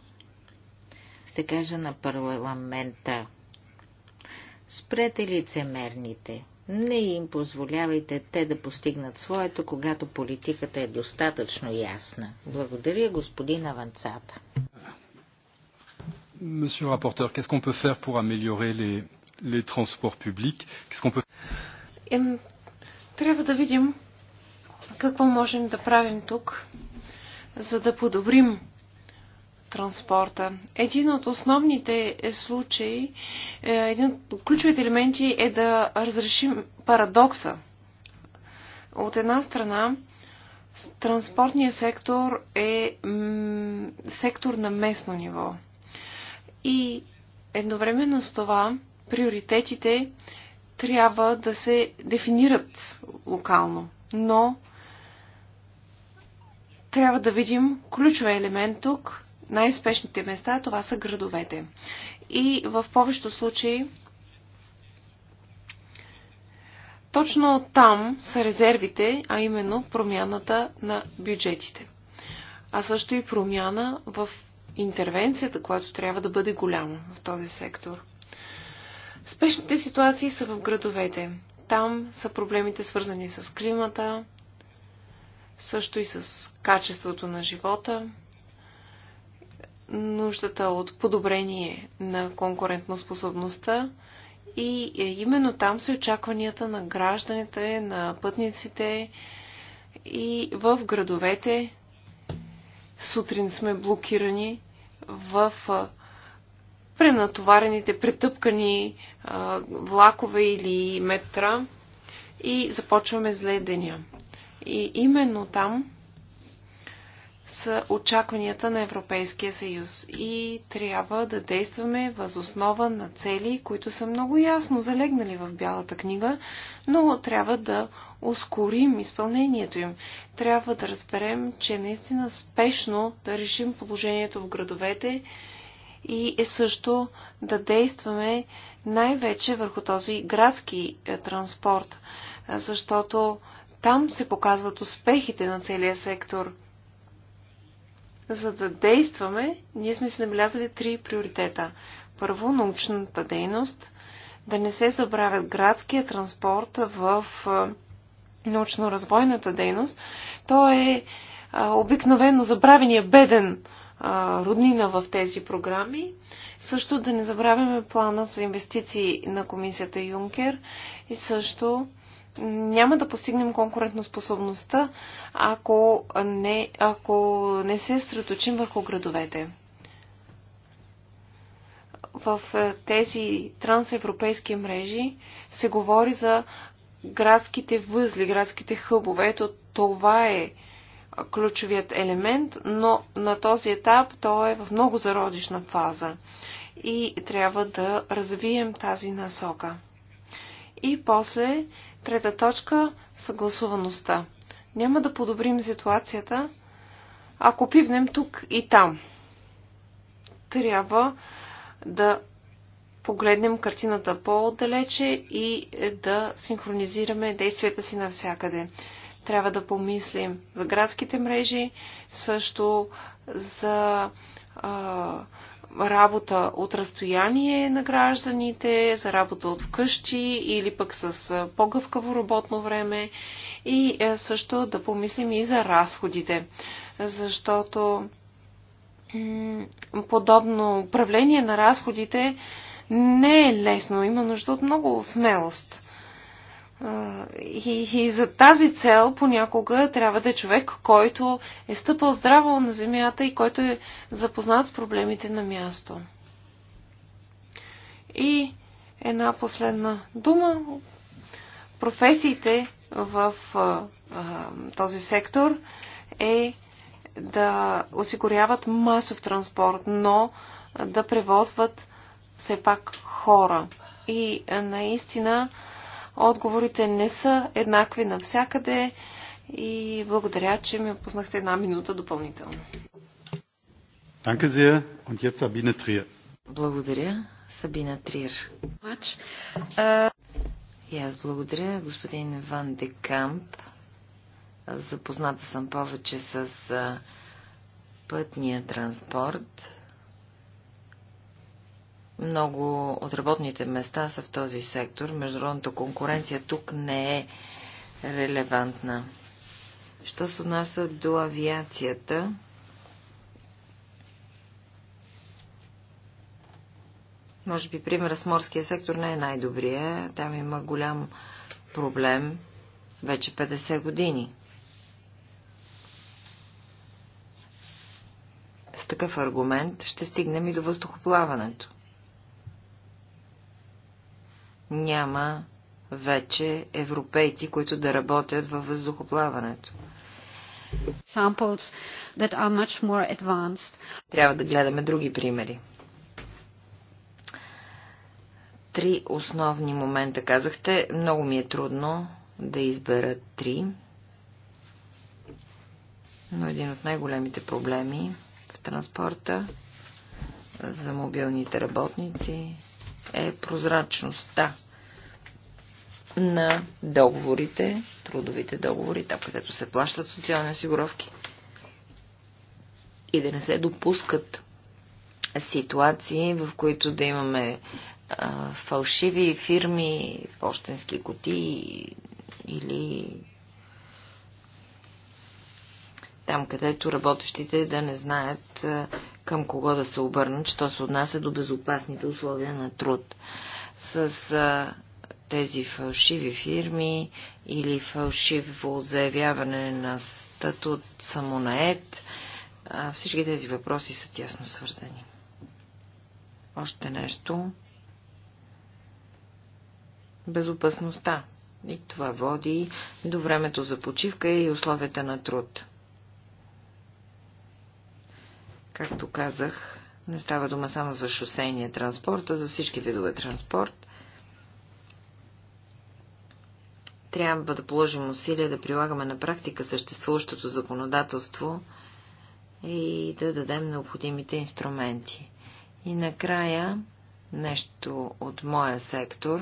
Ще кажа на парламента. Спрете лицемерните. Не им позволявайте те да постигнат своето, когато политиката е достатъчно ясна. Благодаря, господин Аванцата. Monsieur le rapporteur, qu'est-ce qu'on peut faire pour améliorer les, les transports publics Qu'est-ce qu'on peut е, Трябва да видим какво можем да правим тук, за да подобрим транспорта. Един от основните случаи, е, един от ключовите елементи е да разрешим парадокса. От една страна, транспортният сектор е сектор на местно ниво. И едновременно с това, приоритетите трябва да се дефинират локално. Но трябва да видим ключовия елемент тук най-спешните места, това са градовете. И в повечето случаи точно там са резервите, а именно промяната на бюджетите. А също и промяна в интервенцията, която трябва да бъде голяма в този сектор. Спешните ситуации са в градовете. Там са проблемите свързани с климата, също и с качеството на живота, нуждата от подобрение на конкурентноспособността и е, именно там са очакванията на гражданите, на пътниците и в градовете. Сутрин сме блокирани в е, пренатоварените, претъпкани е, влакове или метра и започваме зле деня. И именно там са очакванията на Европейския съюз и трябва да действаме възоснова на цели, които са много ясно залегнали в Бялата книга, но трябва да ускорим изпълнението им. Трябва да разберем, че наистина спешно да решим положението в градовете и е също да действаме най-вече върху този градски е, транспорт, е, защото там се показват успехите на целия сектор – за да действаме, ние сме си набелязали три приоритета. Първо, научната дейност, да не се забравят градския транспорт в научно-развойната дейност. То е обикновено забравения беден роднина в тези програми. Също да не забравяме плана за инвестиции на комисията Юнкер и също няма да постигнем конкурентоспособността, ако не, ако не се средоточим върху градовете. В е, тези трансевропейски мрежи се говори за градските възли, градските хъбове. Ето това е ключовият елемент, но на този етап то е в много зародишна фаза и трябва да развием тази насока. И после Трета точка – съгласуваността. Няма да подобрим ситуацията, ако пивнем тук и там. Трябва да погледнем картината по-отдалече и да синхронизираме действията си навсякъде. Трябва да помислим за градските мрежи, също за а, работа от разстояние на гражданите, за работа от вкъщи или пък с по-гъвкаво работно време и също да помислим и за разходите, защото подобно управление на разходите не е лесно, има нужда от много смелост. И, и за тази цел понякога трябва да е човек, който е стъпал здраво на земята и който е запознат с проблемите на място. И една последна дума. Професиите в а, а, този сектор е да осигуряват масов транспорт, но да превозват все пак хора. И наистина Отговорите не са еднакви навсякъде и благодаря, че ми опознахте една минута допълнително. Благодаря, Сабина Триер. И аз благодаря, господин Ван Декамп. Запозната съм повече с пътния транспорт много от работните места са в този сектор. Международната конкуренция тук не е релевантна. Що се отнася до авиацията, може би пример с морския сектор не е най-добрия. Там има голям проблем вече 50 години. С такъв аргумент ще стигнем и до въздухоплаването няма вече европейци, които да работят във въздухоплаването. Трябва да гледаме други примери. Три основни момента казахте. Много ми е трудно да избера три. Но един от най-големите проблеми в транспорта за мобилните работници е прозрачността на договорите, трудовите договори, там където се плащат социални осигуровки и да не се допускат ситуации, в които да имаме а, фалшиви фирми, почтенски коти или там, където работещите да не знаят към кого да се обърнат, че се отнася до безопасните условия на труд. С а, тези фалшиви фирми или фалшиво заявяване на статут самонает, а, всички тези въпроси са тясно свързани. Още нещо. Безопасността. И това води до времето за почивка и условията на труд. Както казах, не става дума само за шосейния транспорт, а за всички видове транспорт. Трябва да положим усилия да прилагаме на практика съществуващото законодателство и да дадем необходимите инструменти. И накрая нещо от моя сектор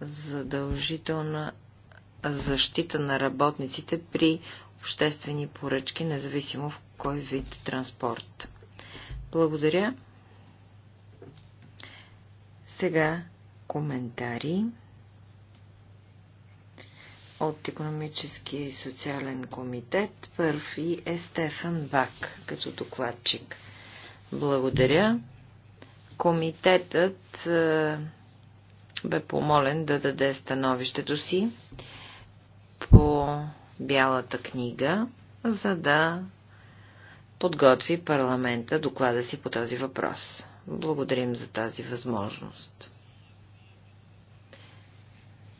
задължителна защита на работниците при обществени поръчки, независимо в кой вид транспорт. Благодаря. Сега коментари от економически и социален комитет. Първи е Стефан Бак, като докладчик. Благодаря. Комитетът е, бе помолен да даде становището си по Бялата книга, за да подготви парламента доклада си по този въпрос. Благодарим за тази възможност.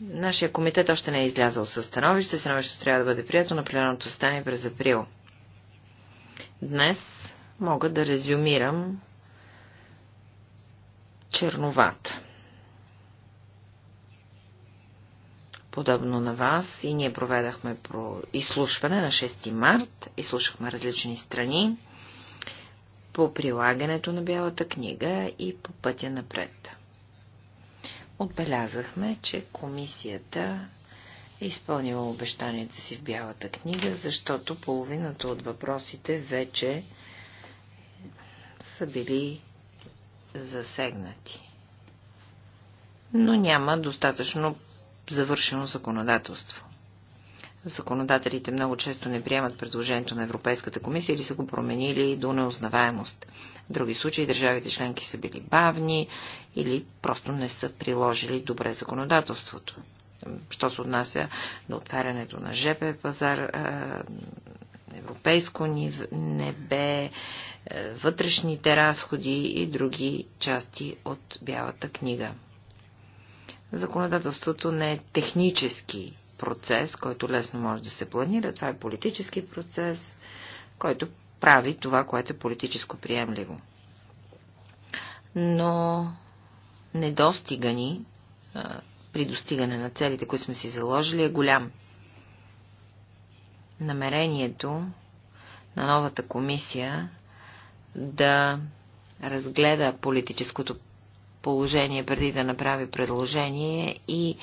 Нашия комитет още не е излязъл със становище. Становището трябва да бъде прието на пленарното стане през април. Днес мога да резюмирам черновата. подобно на вас, и ние проведахме про изслушване на 6 март, изслушахме различни страни по прилагането на Бялата книга и по пътя напред. Отбелязахме, че комисията е изпълнила обещанията си в Бялата книга, защото половината от въпросите вече са били засегнати. Но няма достатъчно завършено законодателство. Законодателите много често не приемат предложението на Европейската комисия или са го променили до неузнаваемост. В други случаи държавите членки са били бавни или просто не са приложили добре законодателството. Що се отнася до отварянето на ЖП пазар, европейско небе, вътрешните разходи и други части от Бялата книга. Законодателството не е технически процес, който лесно може да се планира. Това е политически процес, който прави това, което е политическо приемливо. Но недостига ни при достигане на целите, които сме си заложили, е голям. Намерението на новата комисия да разгледа политическото положение преди да направи предложение и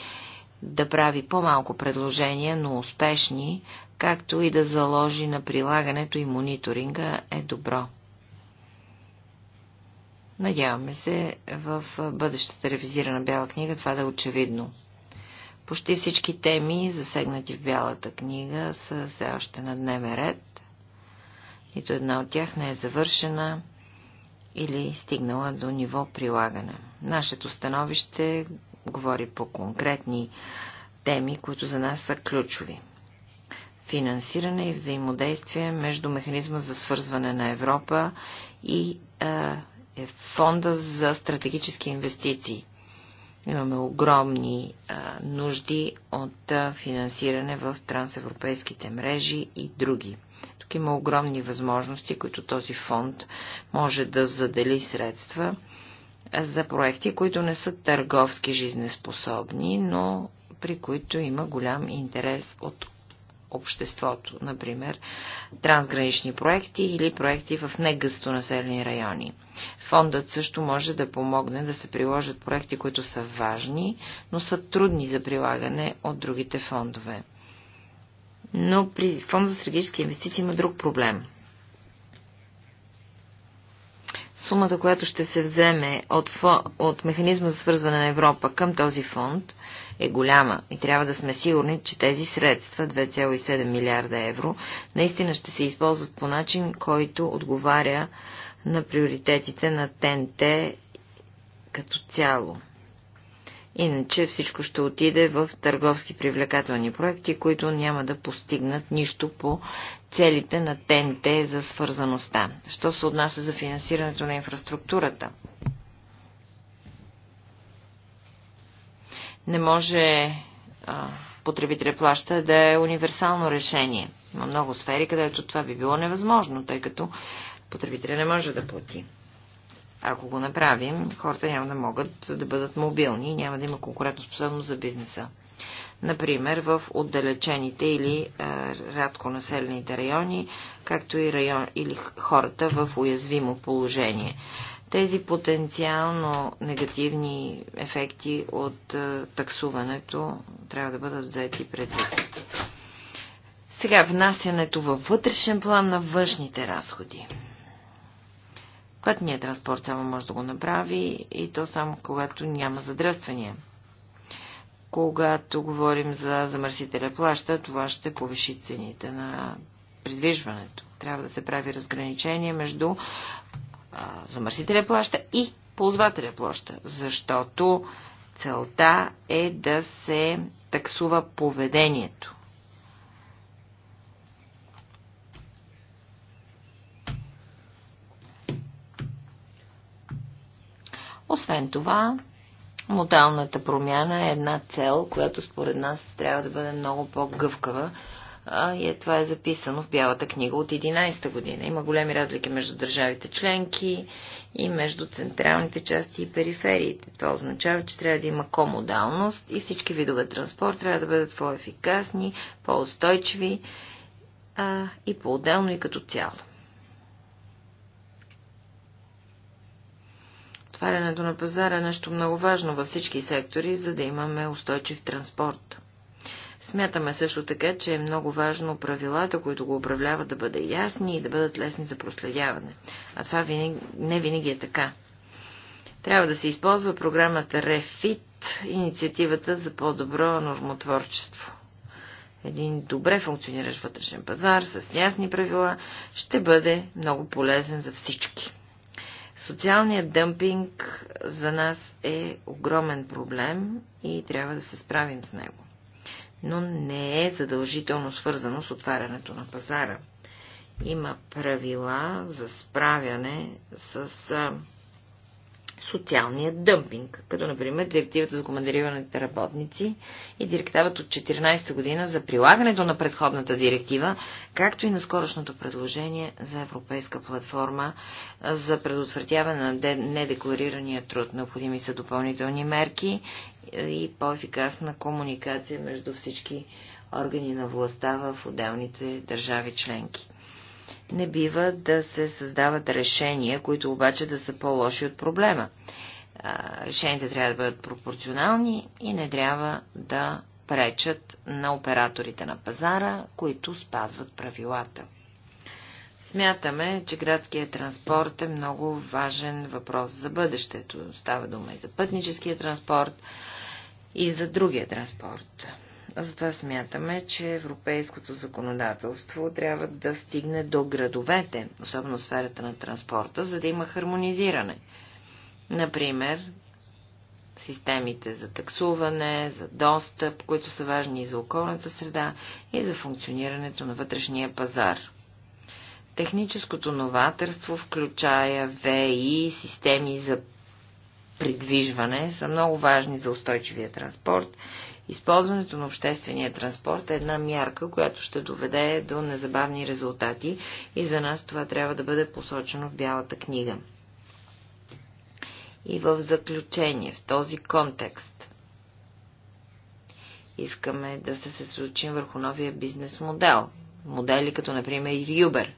да прави по-малко предложения, но успешни, както и да заложи на прилагането и мониторинга е добро. Надяваме се в бъдещата ревизирана бяла книга това да е очевидно. Почти всички теми, засегнати в бялата книга, са все още на дневен ред. Нито една от тях не е завършена или стигнала до ниво прилагане. Нашето становище говори по конкретни теми, които за нас са ключови. Финансиране и взаимодействие между механизма за свързване на Европа и е, фонда за стратегически инвестиции. Имаме огромни е, нужди от е, финансиране в трансевропейските мрежи и други пак има огромни възможности, които този фонд може да задели средства за проекти, които не са търговски жизнеспособни, но при които има голям интерес от обществото, например трансгранични проекти или проекти в негъсто населени райони. Фондът също може да помогне да се приложат проекти, които са важни, но са трудни за прилагане от другите фондове. Но при Фонд за стратегически инвестиции има друг проблем. Сумата, която ще се вземе от, фон, от механизма за свързване на Европа към този фонд е голяма и трябва да сме сигурни, че тези средства, 2,7 милиарда евро, наистина ще се използват по начин, който отговаря на приоритетите на ТНТ като цяло. Иначе всичко ще отиде в търговски привлекателни проекти, които няма да постигнат нищо по целите на ТНТ за свързаността. Що се отнася за финансирането на инфраструктурата? Не може а, потребителя плаща да е универсално решение. Има много сфери, където това би било невъзможно, тъй като потребителя не може да плати. Ако го направим, хората няма да могат да бъдат мобилни и няма да има конкурентоспособност за бизнеса. Например, в отдалечените или е, рядко населените райони, както и район, или хората в уязвимо положение тези потенциално негативни ефекти от таксуването трябва да бъдат взети предвид. Сега внасянето във вътрешен план на външните разходи. Пътният транспорт само може да го направи и то само когато няма задръствания. Когато говорим за замърсителя плаща, това ще повиши цените на придвижването. Трябва да се прави разграничение между а, замърсителя плаща и ползвателя плаща, защото целта е да се таксува поведението. Освен това, модалната промяна е една цел, която според нас трябва да бъде много по-гъвкава. И е, това е записано в Бялата книга от 11-та година. Има големи разлики между държавите членки и между централните части и перифериите. Това означава, че трябва да има комодалност и всички видове транспорт трябва да бъдат по-ефикасни, по-устойчиви и по-отделно и като цяло. Отварянето на пазара е нещо много важно във всички сектори, за да имаме устойчив транспорт. Смятаме също така, че е много важно правилата, които го управляват, да бъдат ясни и да бъдат лесни за проследяване. А това не винаги е така. Трябва да се използва програмата REFIT, инициативата за по-добро нормотворчество. Един добре функциониращ вътрешен пазар с ясни правила ще бъде много полезен за всички. Социалният дъмпинг за нас е огромен проблем и трябва да се справим с него. Но не е задължително свързано с отварянето на пазара. Има правила за справяне с социалния дъмпинг, като например директивата за командарираните работници и директивата от 14 година за прилагането на предходната директива, както и на скорошното предложение за европейска платформа за предотвратяване на недекларирания труд. Необходими са допълнителни мерки и по-ефикасна комуникация между всички органи на властта в отделните държави членки. Не бива да се създават решения, които обаче да са по-лоши от проблема. Решенията трябва да бъдат пропорционални и не трябва да пречат на операторите на пазара, които спазват правилата. Смятаме, че градският транспорт е много важен въпрос за бъдещето. Става дума и за пътническия транспорт, и за другия транспорт. Затова смятаме, че европейското законодателство трябва да стигне до градовете, особено в сферата на транспорта, за да има хармонизиране. Например, системите за таксуване, за достъп, които са важни и за околната среда, и за функционирането на вътрешния пазар. Техническото новаторство включая ВИ, системи за придвижване, са много важни за устойчивия транспорт Използването на обществения транспорт е една мярка, която ще доведе до незабавни резултати и за нас това трябва да бъде посочено в Бялата книга. И в заключение, в този контекст, искаме да се съсочим върху новия бизнес модел. Модели като, например, Uber.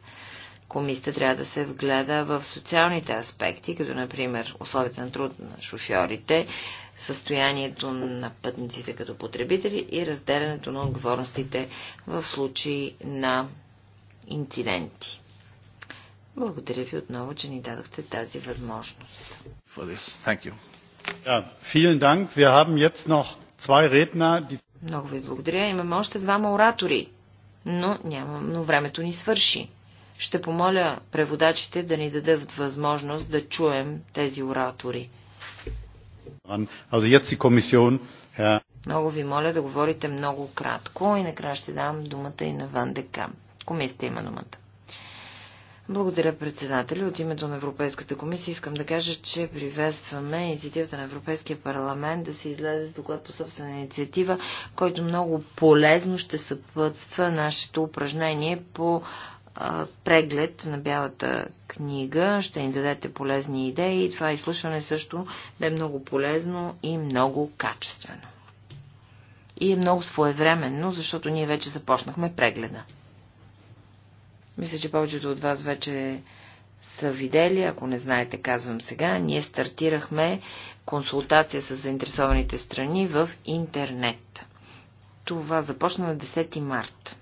Комисията трябва да се вгледа в социалните аспекти, като, например, условията на труд на шофьорите, състоянието на пътниците като потребители и разделянето на отговорностите в случай на инциденти. Благодаря ви отново, че ни дадохте тази възможност. Много ви благодаря. Имаме още двама оратори, но, няма, но времето ни свърши. Ще помоля преводачите да ни дадат възможност да чуем тези оратори. Много ви моля да говорите много кратко и накрая ще дам думата и на Ван Дека. Комисията има думата. Благодаря, председателю. От името на Европейската комисия искам да кажа, че приветстваме инициативата на Европейския парламент да се излезе с доклад по собствена инициатива, който много полезно ще съпътства нашето упражнение по преглед на Бялата книга. Ще ни дадете полезни идеи. Това изслушване също бе много полезно и много качествено. И е много своевременно, защото ние вече започнахме прегледа. Мисля, че повечето от вас вече са видели, ако не знаете, казвам сега, ние стартирахме консултация с заинтересованите страни в интернет. Това започна на 10 март.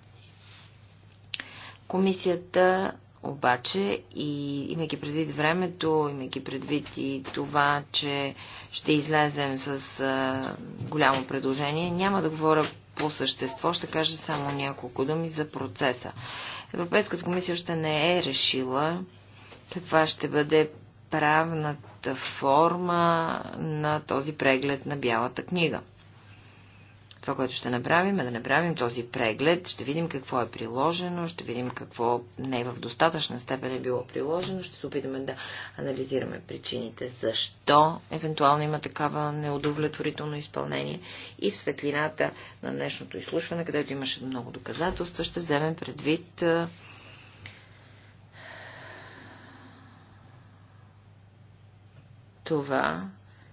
Комисията обаче и имайки предвид времето, имайки предвид и това, че ще излезем с а, голямо предложение, няма да говоря по същество, ще кажа само няколко думи за процеса. Европейската комисия още не е решила каква ще бъде правната форма на този преглед на Бялата книга. Това, което ще направим е да направим този преглед, ще видим какво е приложено, ще видим какво не е в достатъчна степен е било приложено, ще се опитаме да анализираме причините, защо евентуално има такава неудовлетворително изпълнение и в светлината на днешното изслушване, където имаше много доказателства, ще вземем предвид това,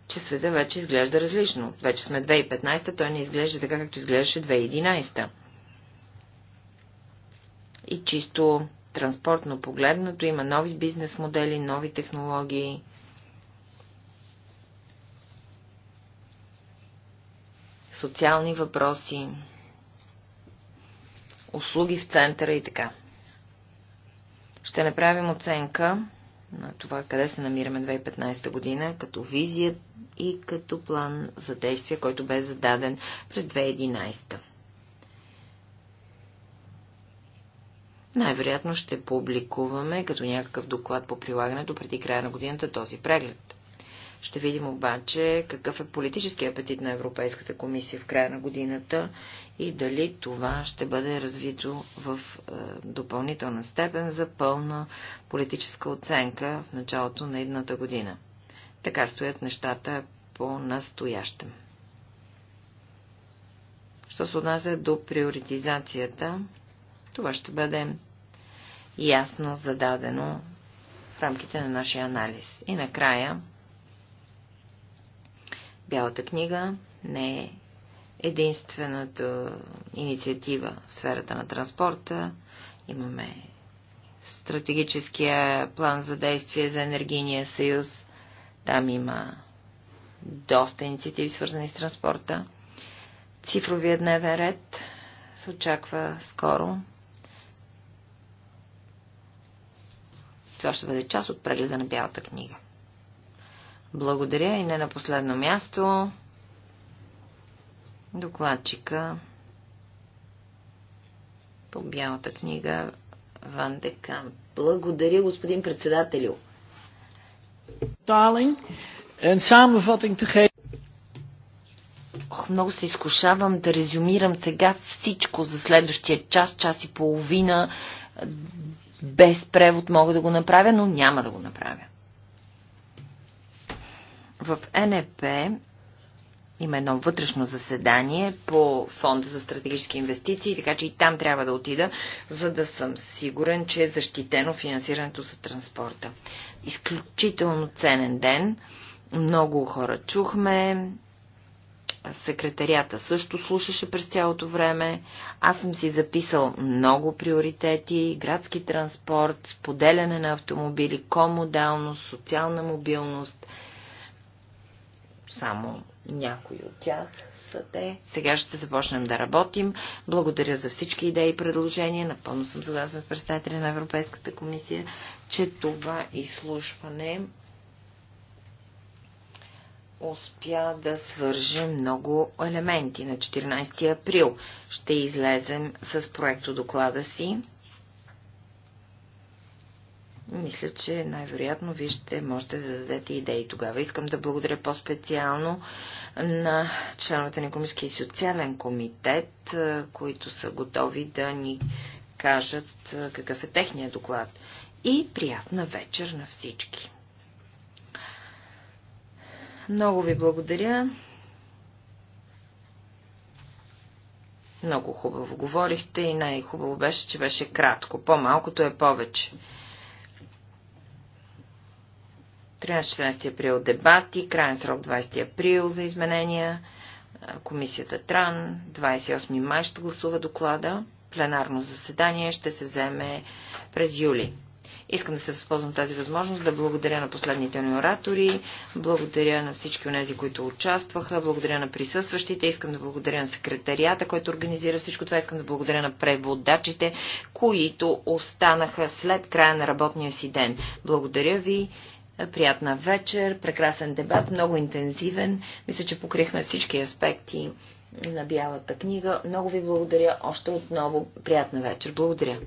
че света вече изглежда различно. Вече сме 2015, той не изглежда така, както изглеждаше 2011. И чисто транспортно погледнато има нови бизнес модели, нови технологии. социални въпроси, услуги в центъра и така. Ще направим оценка на това къде се намираме 2015 година, като визия и като план за действие, който бе зададен през 2011. Най-вероятно ще публикуваме като някакъв доклад по прилагането преди края на годината този преглед. Ще видим обаче какъв е политически апетит на Европейската комисия в края на годината и дали това ще бъде развито в е, допълнителна степен за пълна политическа оценка в началото на едната година. Така стоят нещата по-настоящем. Що се отнася до приоритизацията, това ще бъде ясно зададено в рамките на нашия анализ. И накрая, Бялата книга не е единствената инициатива в сферата на транспорта. Имаме стратегическия план за действие за енергийния съюз. Там има доста инициативи, свързани с транспорта. Цифровия дневен ред се очаква скоро. Това ще бъде част от прегледа на Бялата книга. Благодаря и не на последно място докладчика по бялата книга Ван Декан. Благодаря, господин председателю. Талинг, een samenvatting te geven. Ох, много се изкушавам да резюмирам сега всичко за следващия час, час и половина. Без превод мога да го направя, но няма да го направя. В НЕП има едно вътрешно заседание по фонда за стратегически инвестиции, така че и там трябва да отида, за да съм сигурен, че е защитено финансирането за транспорта. Изключително ценен ден. Много хора чухме. Секретарията също слушаше през цялото време. Аз съм си записал много приоритети. Градски транспорт, поделяне на автомобили, комодалност, социална мобилност. Само някои от тях са те. Сега ще започнем да работим. Благодаря за всички идеи и предложения. Напълно съм съгласен с представителя на Европейската комисия, че това изслушване успя да свърже много елементи. На 14 април ще излезем с проекто доклада си мисля, че най-вероятно вие ще можете да дадете идеи тогава. Искам да благодаря по-специално на членовете на Економически и социален комитет, които са готови да ни кажат какъв е техният доклад. И приятна вечер на всички! Много ви благодаря. Много хубаво говорихте и най-хубаво беше, че беше кратко. По-малкото е повече. 13-14 април дебати, крайен срок 20 април за изменения, комисията Тран, 28 май ще гласува доклада, пленарно заседание ще се вземе през юли. Искам да се възползвам тази възможност да благодаря на последните ни оратори, благодаря на всички от тези, които участваха, благодаря на присъстващите, искам да благодаря на секретарията, който организира всичко това, искам да благодаря на преводачите, които останаха след края на работния си ден. Благодаря ви Приятна вечер, прекрасен дебат, много интензивен. Мисля, че покрихме всички аспекти на Бялата книга. Много ви благодаря още отново. Приятна вечер. Благодаря.